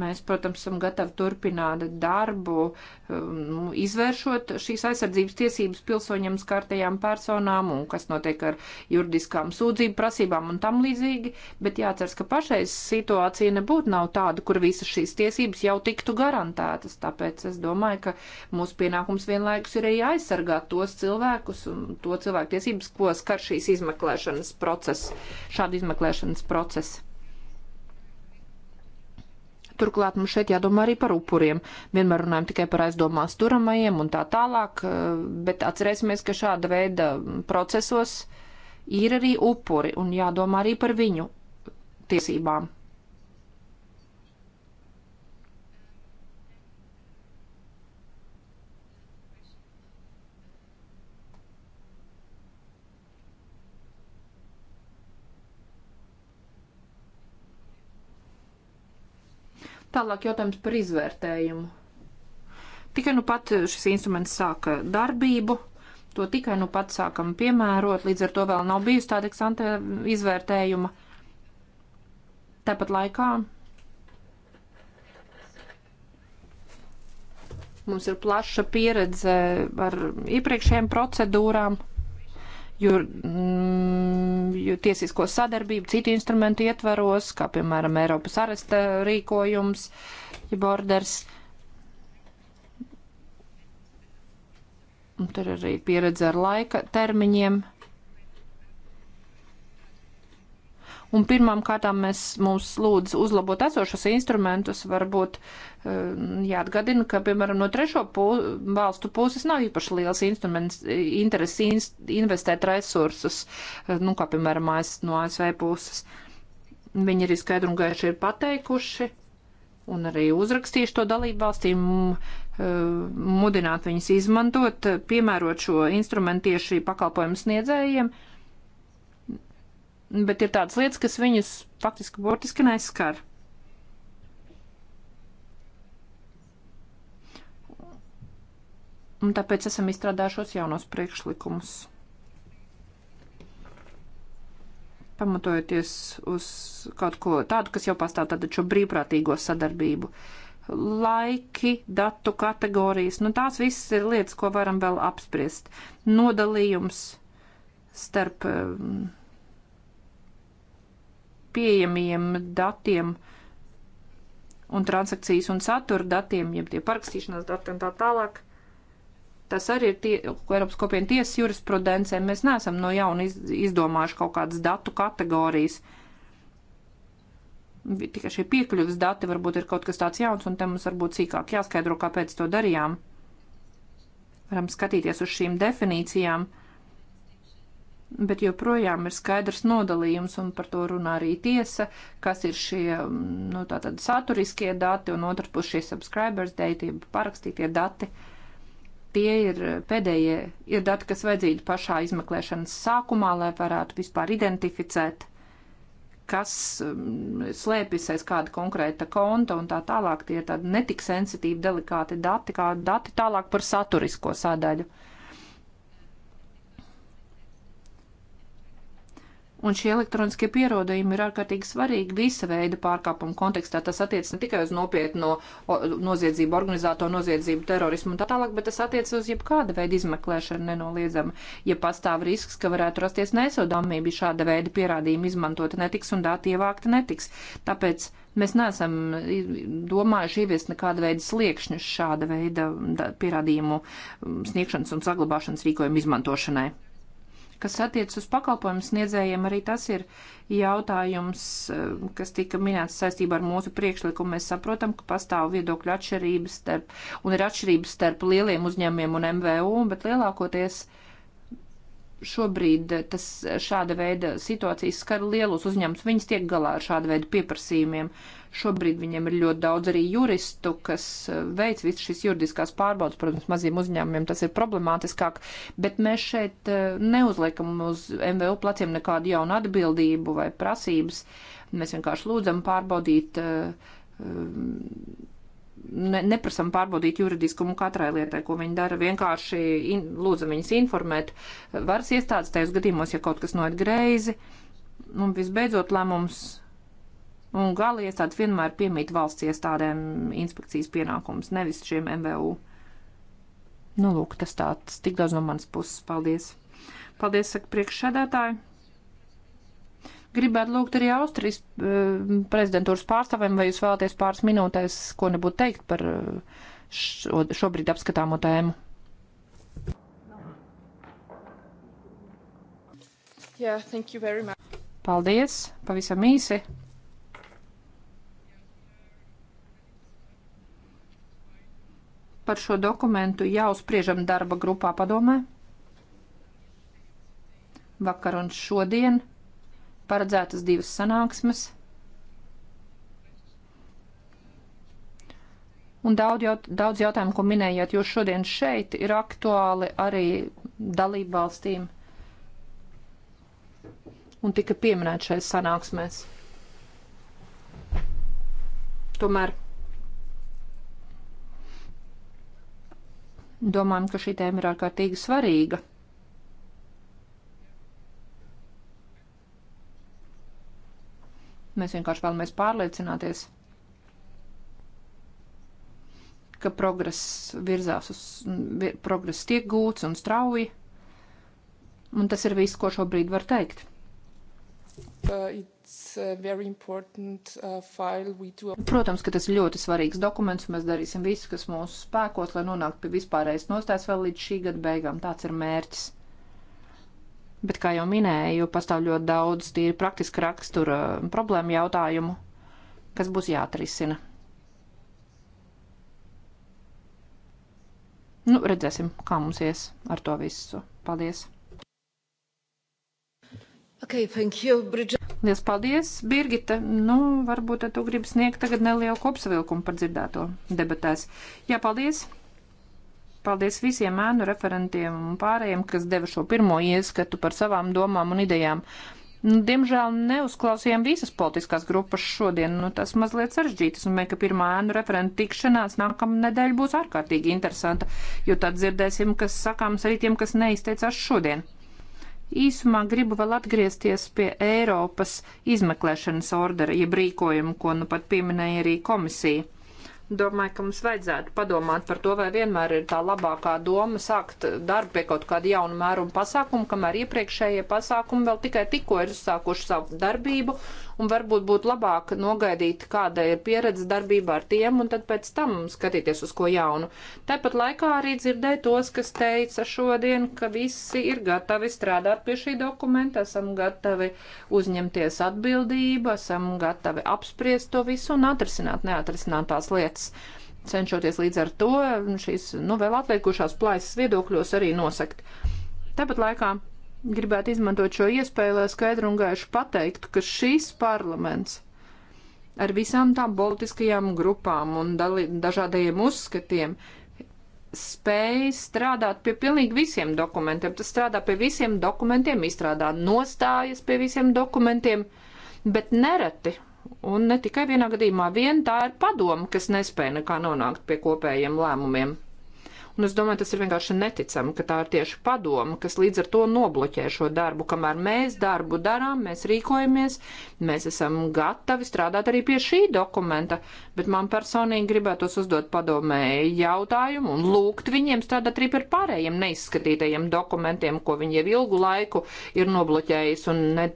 Mēs, protams, esam gatavi turpināt darbu, um, izvēršot šīs aizsardzības tiesības pilsoņiem skartajām personām un kas notiek ar juridiskām sūdzību prasībām un tam līdzīgi, bet jāceras, ka pašreiz situācija nebūtu nav tāda, kur visas šīs tiesības jau tiktu garantētas, tāpēc es domāju, ka mūsu pienākums vienlaikus ir arī aizsargāt tos cilvēkus un to cilvēku tiesības, ko skar šīs izmeklēšanas process, šāda izmeklēšanas process. Turklāt mums šeit jādomā arī par upuriem. Vienmēr runājam tikai par aizdomās turamajiem un tā tālāk, eh, bet atcerēsimies, ka šāda veida procesos ir arī upuri un jādomā arī par viņu tiesībām. Tālāk jautājums par izvērtējumu. Tikai nu pat šis instruments sāka darbību, to tikai nu pat sākam piemērot, līdz ar to vēl nav bijusi tāda eksante izvērtējuma. Tāpat laikā mums ir plaša pieredze ar iepriekšējām procedūrām jur, mm, tiesisko sadarbību citu instrumentu ietvaros, kā piemēram Eiropas aresta rīkojums, ja borders. Un tur arī pieredze ar laika termiņiem. Un pirmām kārtām mēs mums lūdz uzlabot esošos instrumentus, varbūt uh, Ehm, jāatgadina, ka, piemēram, no trešo pu valstu puses nav īpaši liels instruments, interesi inst investēt resursus, e, nu, kā, piemēram, AS, no ASV puses. Viņi arī skaidru un gaišu ir pateikuši un arī uzrakstījuši to dalību valstīm, e, mudināt viņus izmantot, piemērot šo instrumentu tieši pakalpojumu sniedzējiem. Bet ir tādas lietas, kas viņus faktiski burtiski neskar. Un tāpēc esam izstrādājušos jaunos priekšlikumus. Pamatojoties uz kaut ko tādu, kas jau pastāv tātad šo brīvprātīgo sadarbību. Laiki, datu kategorijas, nu tās visas ir lietas, ko varam vēl apspriest. Nodalījums starp um, pieejamiem datiem un transakcijas un satura datiem, jeb tie parakstīšanās dati un tā tālāk. Tas arī ir tie, Eiropas kopienas tiesas jurisprudencē. Mēs neesam no jauna iz, izdomājuši kaut kādas datu kategorijas. Tikai šie piekļuves dati varbūt ir kaut kas tāds jauns, un te mums varbūt sīkāk jāskaidro, kāpēc to darījām. Varam skatīties uz šīm definīcijām, bet joprojām ir skaidrs nodalījums, un par to runā arī tiesa, kas ir šie, nu, tātad saturiskie dati, un otrs puses šie subscribers, dētība, parakstītie dati. Uh, Tie ir eh, pēdējie, ir dati, kas vajadzīgi pašā izmeklēšanas sākumā, lai varētu vispār identificēt, kas mm, slēpjas aiz kāda konkrēta konta un tā tālāk. Tie ir tādi netik sensitīvi, delikāti dati, kā dati tālāk par saturisko sādaļu. Uh, Un šie elektroniskie pierādījumi ir ārkārtīgi svarīgi visa veida pārkāpumu kontekstā. Tas attiecas ne tikai uz nopietno noziedzību, organizēto noziedzību, terorismu un tā tālāk, bet tas attiecas uz jebkāda veida izmeklēšanu nenoliedzami. Ja pastāv risks, ka varētu rasties nesodāmība, šāda veida pierādījumi izmantot netiks un dati ievākti netiks. Tāpēc mēs neesam domājuši ieviest nekāda veida sliekšņus šāda veida pierādījumu sniegšanas un saglabāšanas rīkojumu izmantošanai. Kas attiec uz pakalpojumu sniedzējiem, arī tas ir jautājums, eh, kas tika minēts saistībā ar mūsu priekšlikumu. Mēs saprotam, ka pastāv viedokļu atšķirības starp, un ir atšķirības starp lieliem uzņēmiem un MVU, bet lielākoties šobrīd eh, tas eh, šāda veida situācijas skar lielos uzņēmumus. Viņas tiek galā ar šāda veida pieprasījumiem. Uh, Šobrīd viņiem ir ļoti daudz arī juristu, kas eh, veic visu šīs juridiskās pārbaudas. Protams, maziem uzņēmumiem tas ir problemātiskāk, bet mēs šeit eh, neuzliekam uz MVU pleciem nekādu jaunu atbildību vai prasības. Mēs vienkārši lūdzam pārbaudīt. Eh, ne, neprasam pārbaudīt juridiskumu katrai lietai, ko viņi dara. Vienkārši in, lūdzam viņus informēt varas iestādes tajos gadījumos, ja kaut kas noiet greizi. Un visbeidzot, lēmums un gala iestādes vienmēr piemīt valsts iestādēm inspekcijas pienākums, nevis šiem MVU. Nu, lūk, tas tāds tik daudz no manas puses. Paldies! Paldies, saka priekšsēdētāji! Gribētu lūgt arī Austrijas eh, prezidentūras pārstāvēm, vai jūs vēlaties pāris minūtēs, ko nebūtu teikt par eh, šo, šobrīd apskatāmo tēmu. Yeah, Paldies, pavisam īsi. par šo dokumentu jau spriežam darba grupā padomē. Vakar un šodien paredzētas divas sanāksmes. Un daudz, jaut, daudz jautājumu, ko minējāt jūs šodien šeit, ir aktuāli arī dalību valstīm un tika pieminēts šajās sanāksmēs. Tomēr Domājam, ka šī tēma ir ārkārtīgi svarīga. Mēs vienkārši vēlamies pārliecināties, ka progress virzās uz, progress tiek gūts un strauji. Un tas ir viss, ko šobrīd var teikt. Uh, Uh, Protams, ka tas ir ļoti svarīgs dokuments, un mēs darīsim visu, kas mūsu spēkos, lai nonāktu pie vispārējais nostājas vēl līdz šī gada beigām. Tāds ir mērķis. Bet, kā jau minēju, pastāv ļoti daudz tīri praktiska rakstura problēmu jautājumu, kas būs jāatrisina. Nu, redzēsim, kā mums ies ar to visu. Paldies! Okay, thank you, Bridget. Liels paldies, Birgita. Nu, varbūt tu gribi sniegt tagad nelielu kopsavilkumu par dzirdēto debatēs. Jā, paldies. Paldies visiem ēnu referentiem un pārējiem, kas deva šo pirmo ieskatu par savām domām un idejām. Nu, diemžēl neuzklausījām visas politiskās grupas šodien. Nu, tas mazliet sarežģītas. Un mēs, ka pirmā ēnu referenta tikšanās nākamā nedēļa būs ārkārtīgi interesanta, jo tad dzirdēsim, kas sakāms arī tiem, kas neizteicās šodien. Īsumā gribu vēl atgriezties pie Eiropas izmeklēšanas ordera, jeb rīkojumu, ko nu pat pieminēja arī komisija. Domāju, ka mums vajadzētu padomāt par to, vai vienmēr ir tā labākā doma sākt darbu pie kaut kāda jauna mēruma pasākuma, kamēr iepriekšējie pasākumi vēl tikai tikko ir sākuši savu darbību un varbūt būtu labāk nogaidīt, kāda ir pieredze darbībā ar tiem, un tad pēc tam skatīties uz ko jaunu. Tāpat laikā arī dzirdēju tos, kas teica šodien, ka visi ir gatavi strādāt pie šī dokumenta, esam gatavi uzņemties atbildību, esam gatavi apspriest to visu un atrisināt neatrisinātās lietas cenšoties līdz ar to šīs nu, vēl atliekušās plaisas viedokļos arī nosakt. Tāpat laikā Gribētu izmantot šo iespēju, lai skaidru un gaišu pateiktu, ka šīs parlaments ar visām tām politiskajām grupām un dali, dažādajiem uzskatiem spēj strādāt pie pilnīgi visiem dokumentiem. Tas strādā pie visiem dokumentiem, izstrādā nostājas pie visiem dokumentiem, bet nereti, un ne tikai vienā gadījumā, vien tā ir padoma, kas nespēja nekā nonākt pie kopējiem lēmumiem. Un es domāju, tas ir vienkārši neticami, ka tā ir tieši padoma, kas līdz ar to nobloķē šo darbu. Kamēr mēs darbu darām, mēs rīkojamies, mēs esam gatavi strādāt arī pie šī dokumenta, bet man personīgi gribētos uzdot padomēju jautājumu un lūgt viņiem strādāt arī par pārējiem neizskatītajiem dokumentiem, ko viņi jau ilgu laiku ir nobloķējis un, ne,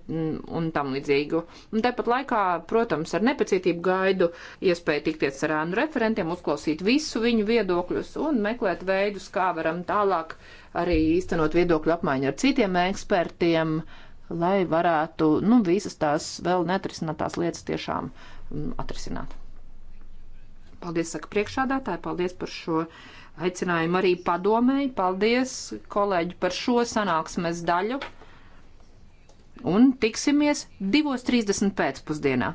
un tam līdzīgu. Un tāpat laikā, protams, ar nepacietību gaidu iespēju tikties ar ānu referentiem, uzklausīt visu viņu viedokļus un meklēt meklēt veidus, kā varam tālāk arī īstenot viedokļu apmaiņu ar citiem ekspertiem, lai varētu nu, visas tās vēl netrisinātās lietas tiešām mm, atrisināt. Paldies, saka priekšādātāji, paldies par šo aicinājumu arī padomēji, paldies kolēģi par šo sanāksmes daļu un tiksimies 2.30 pēcpusdienā.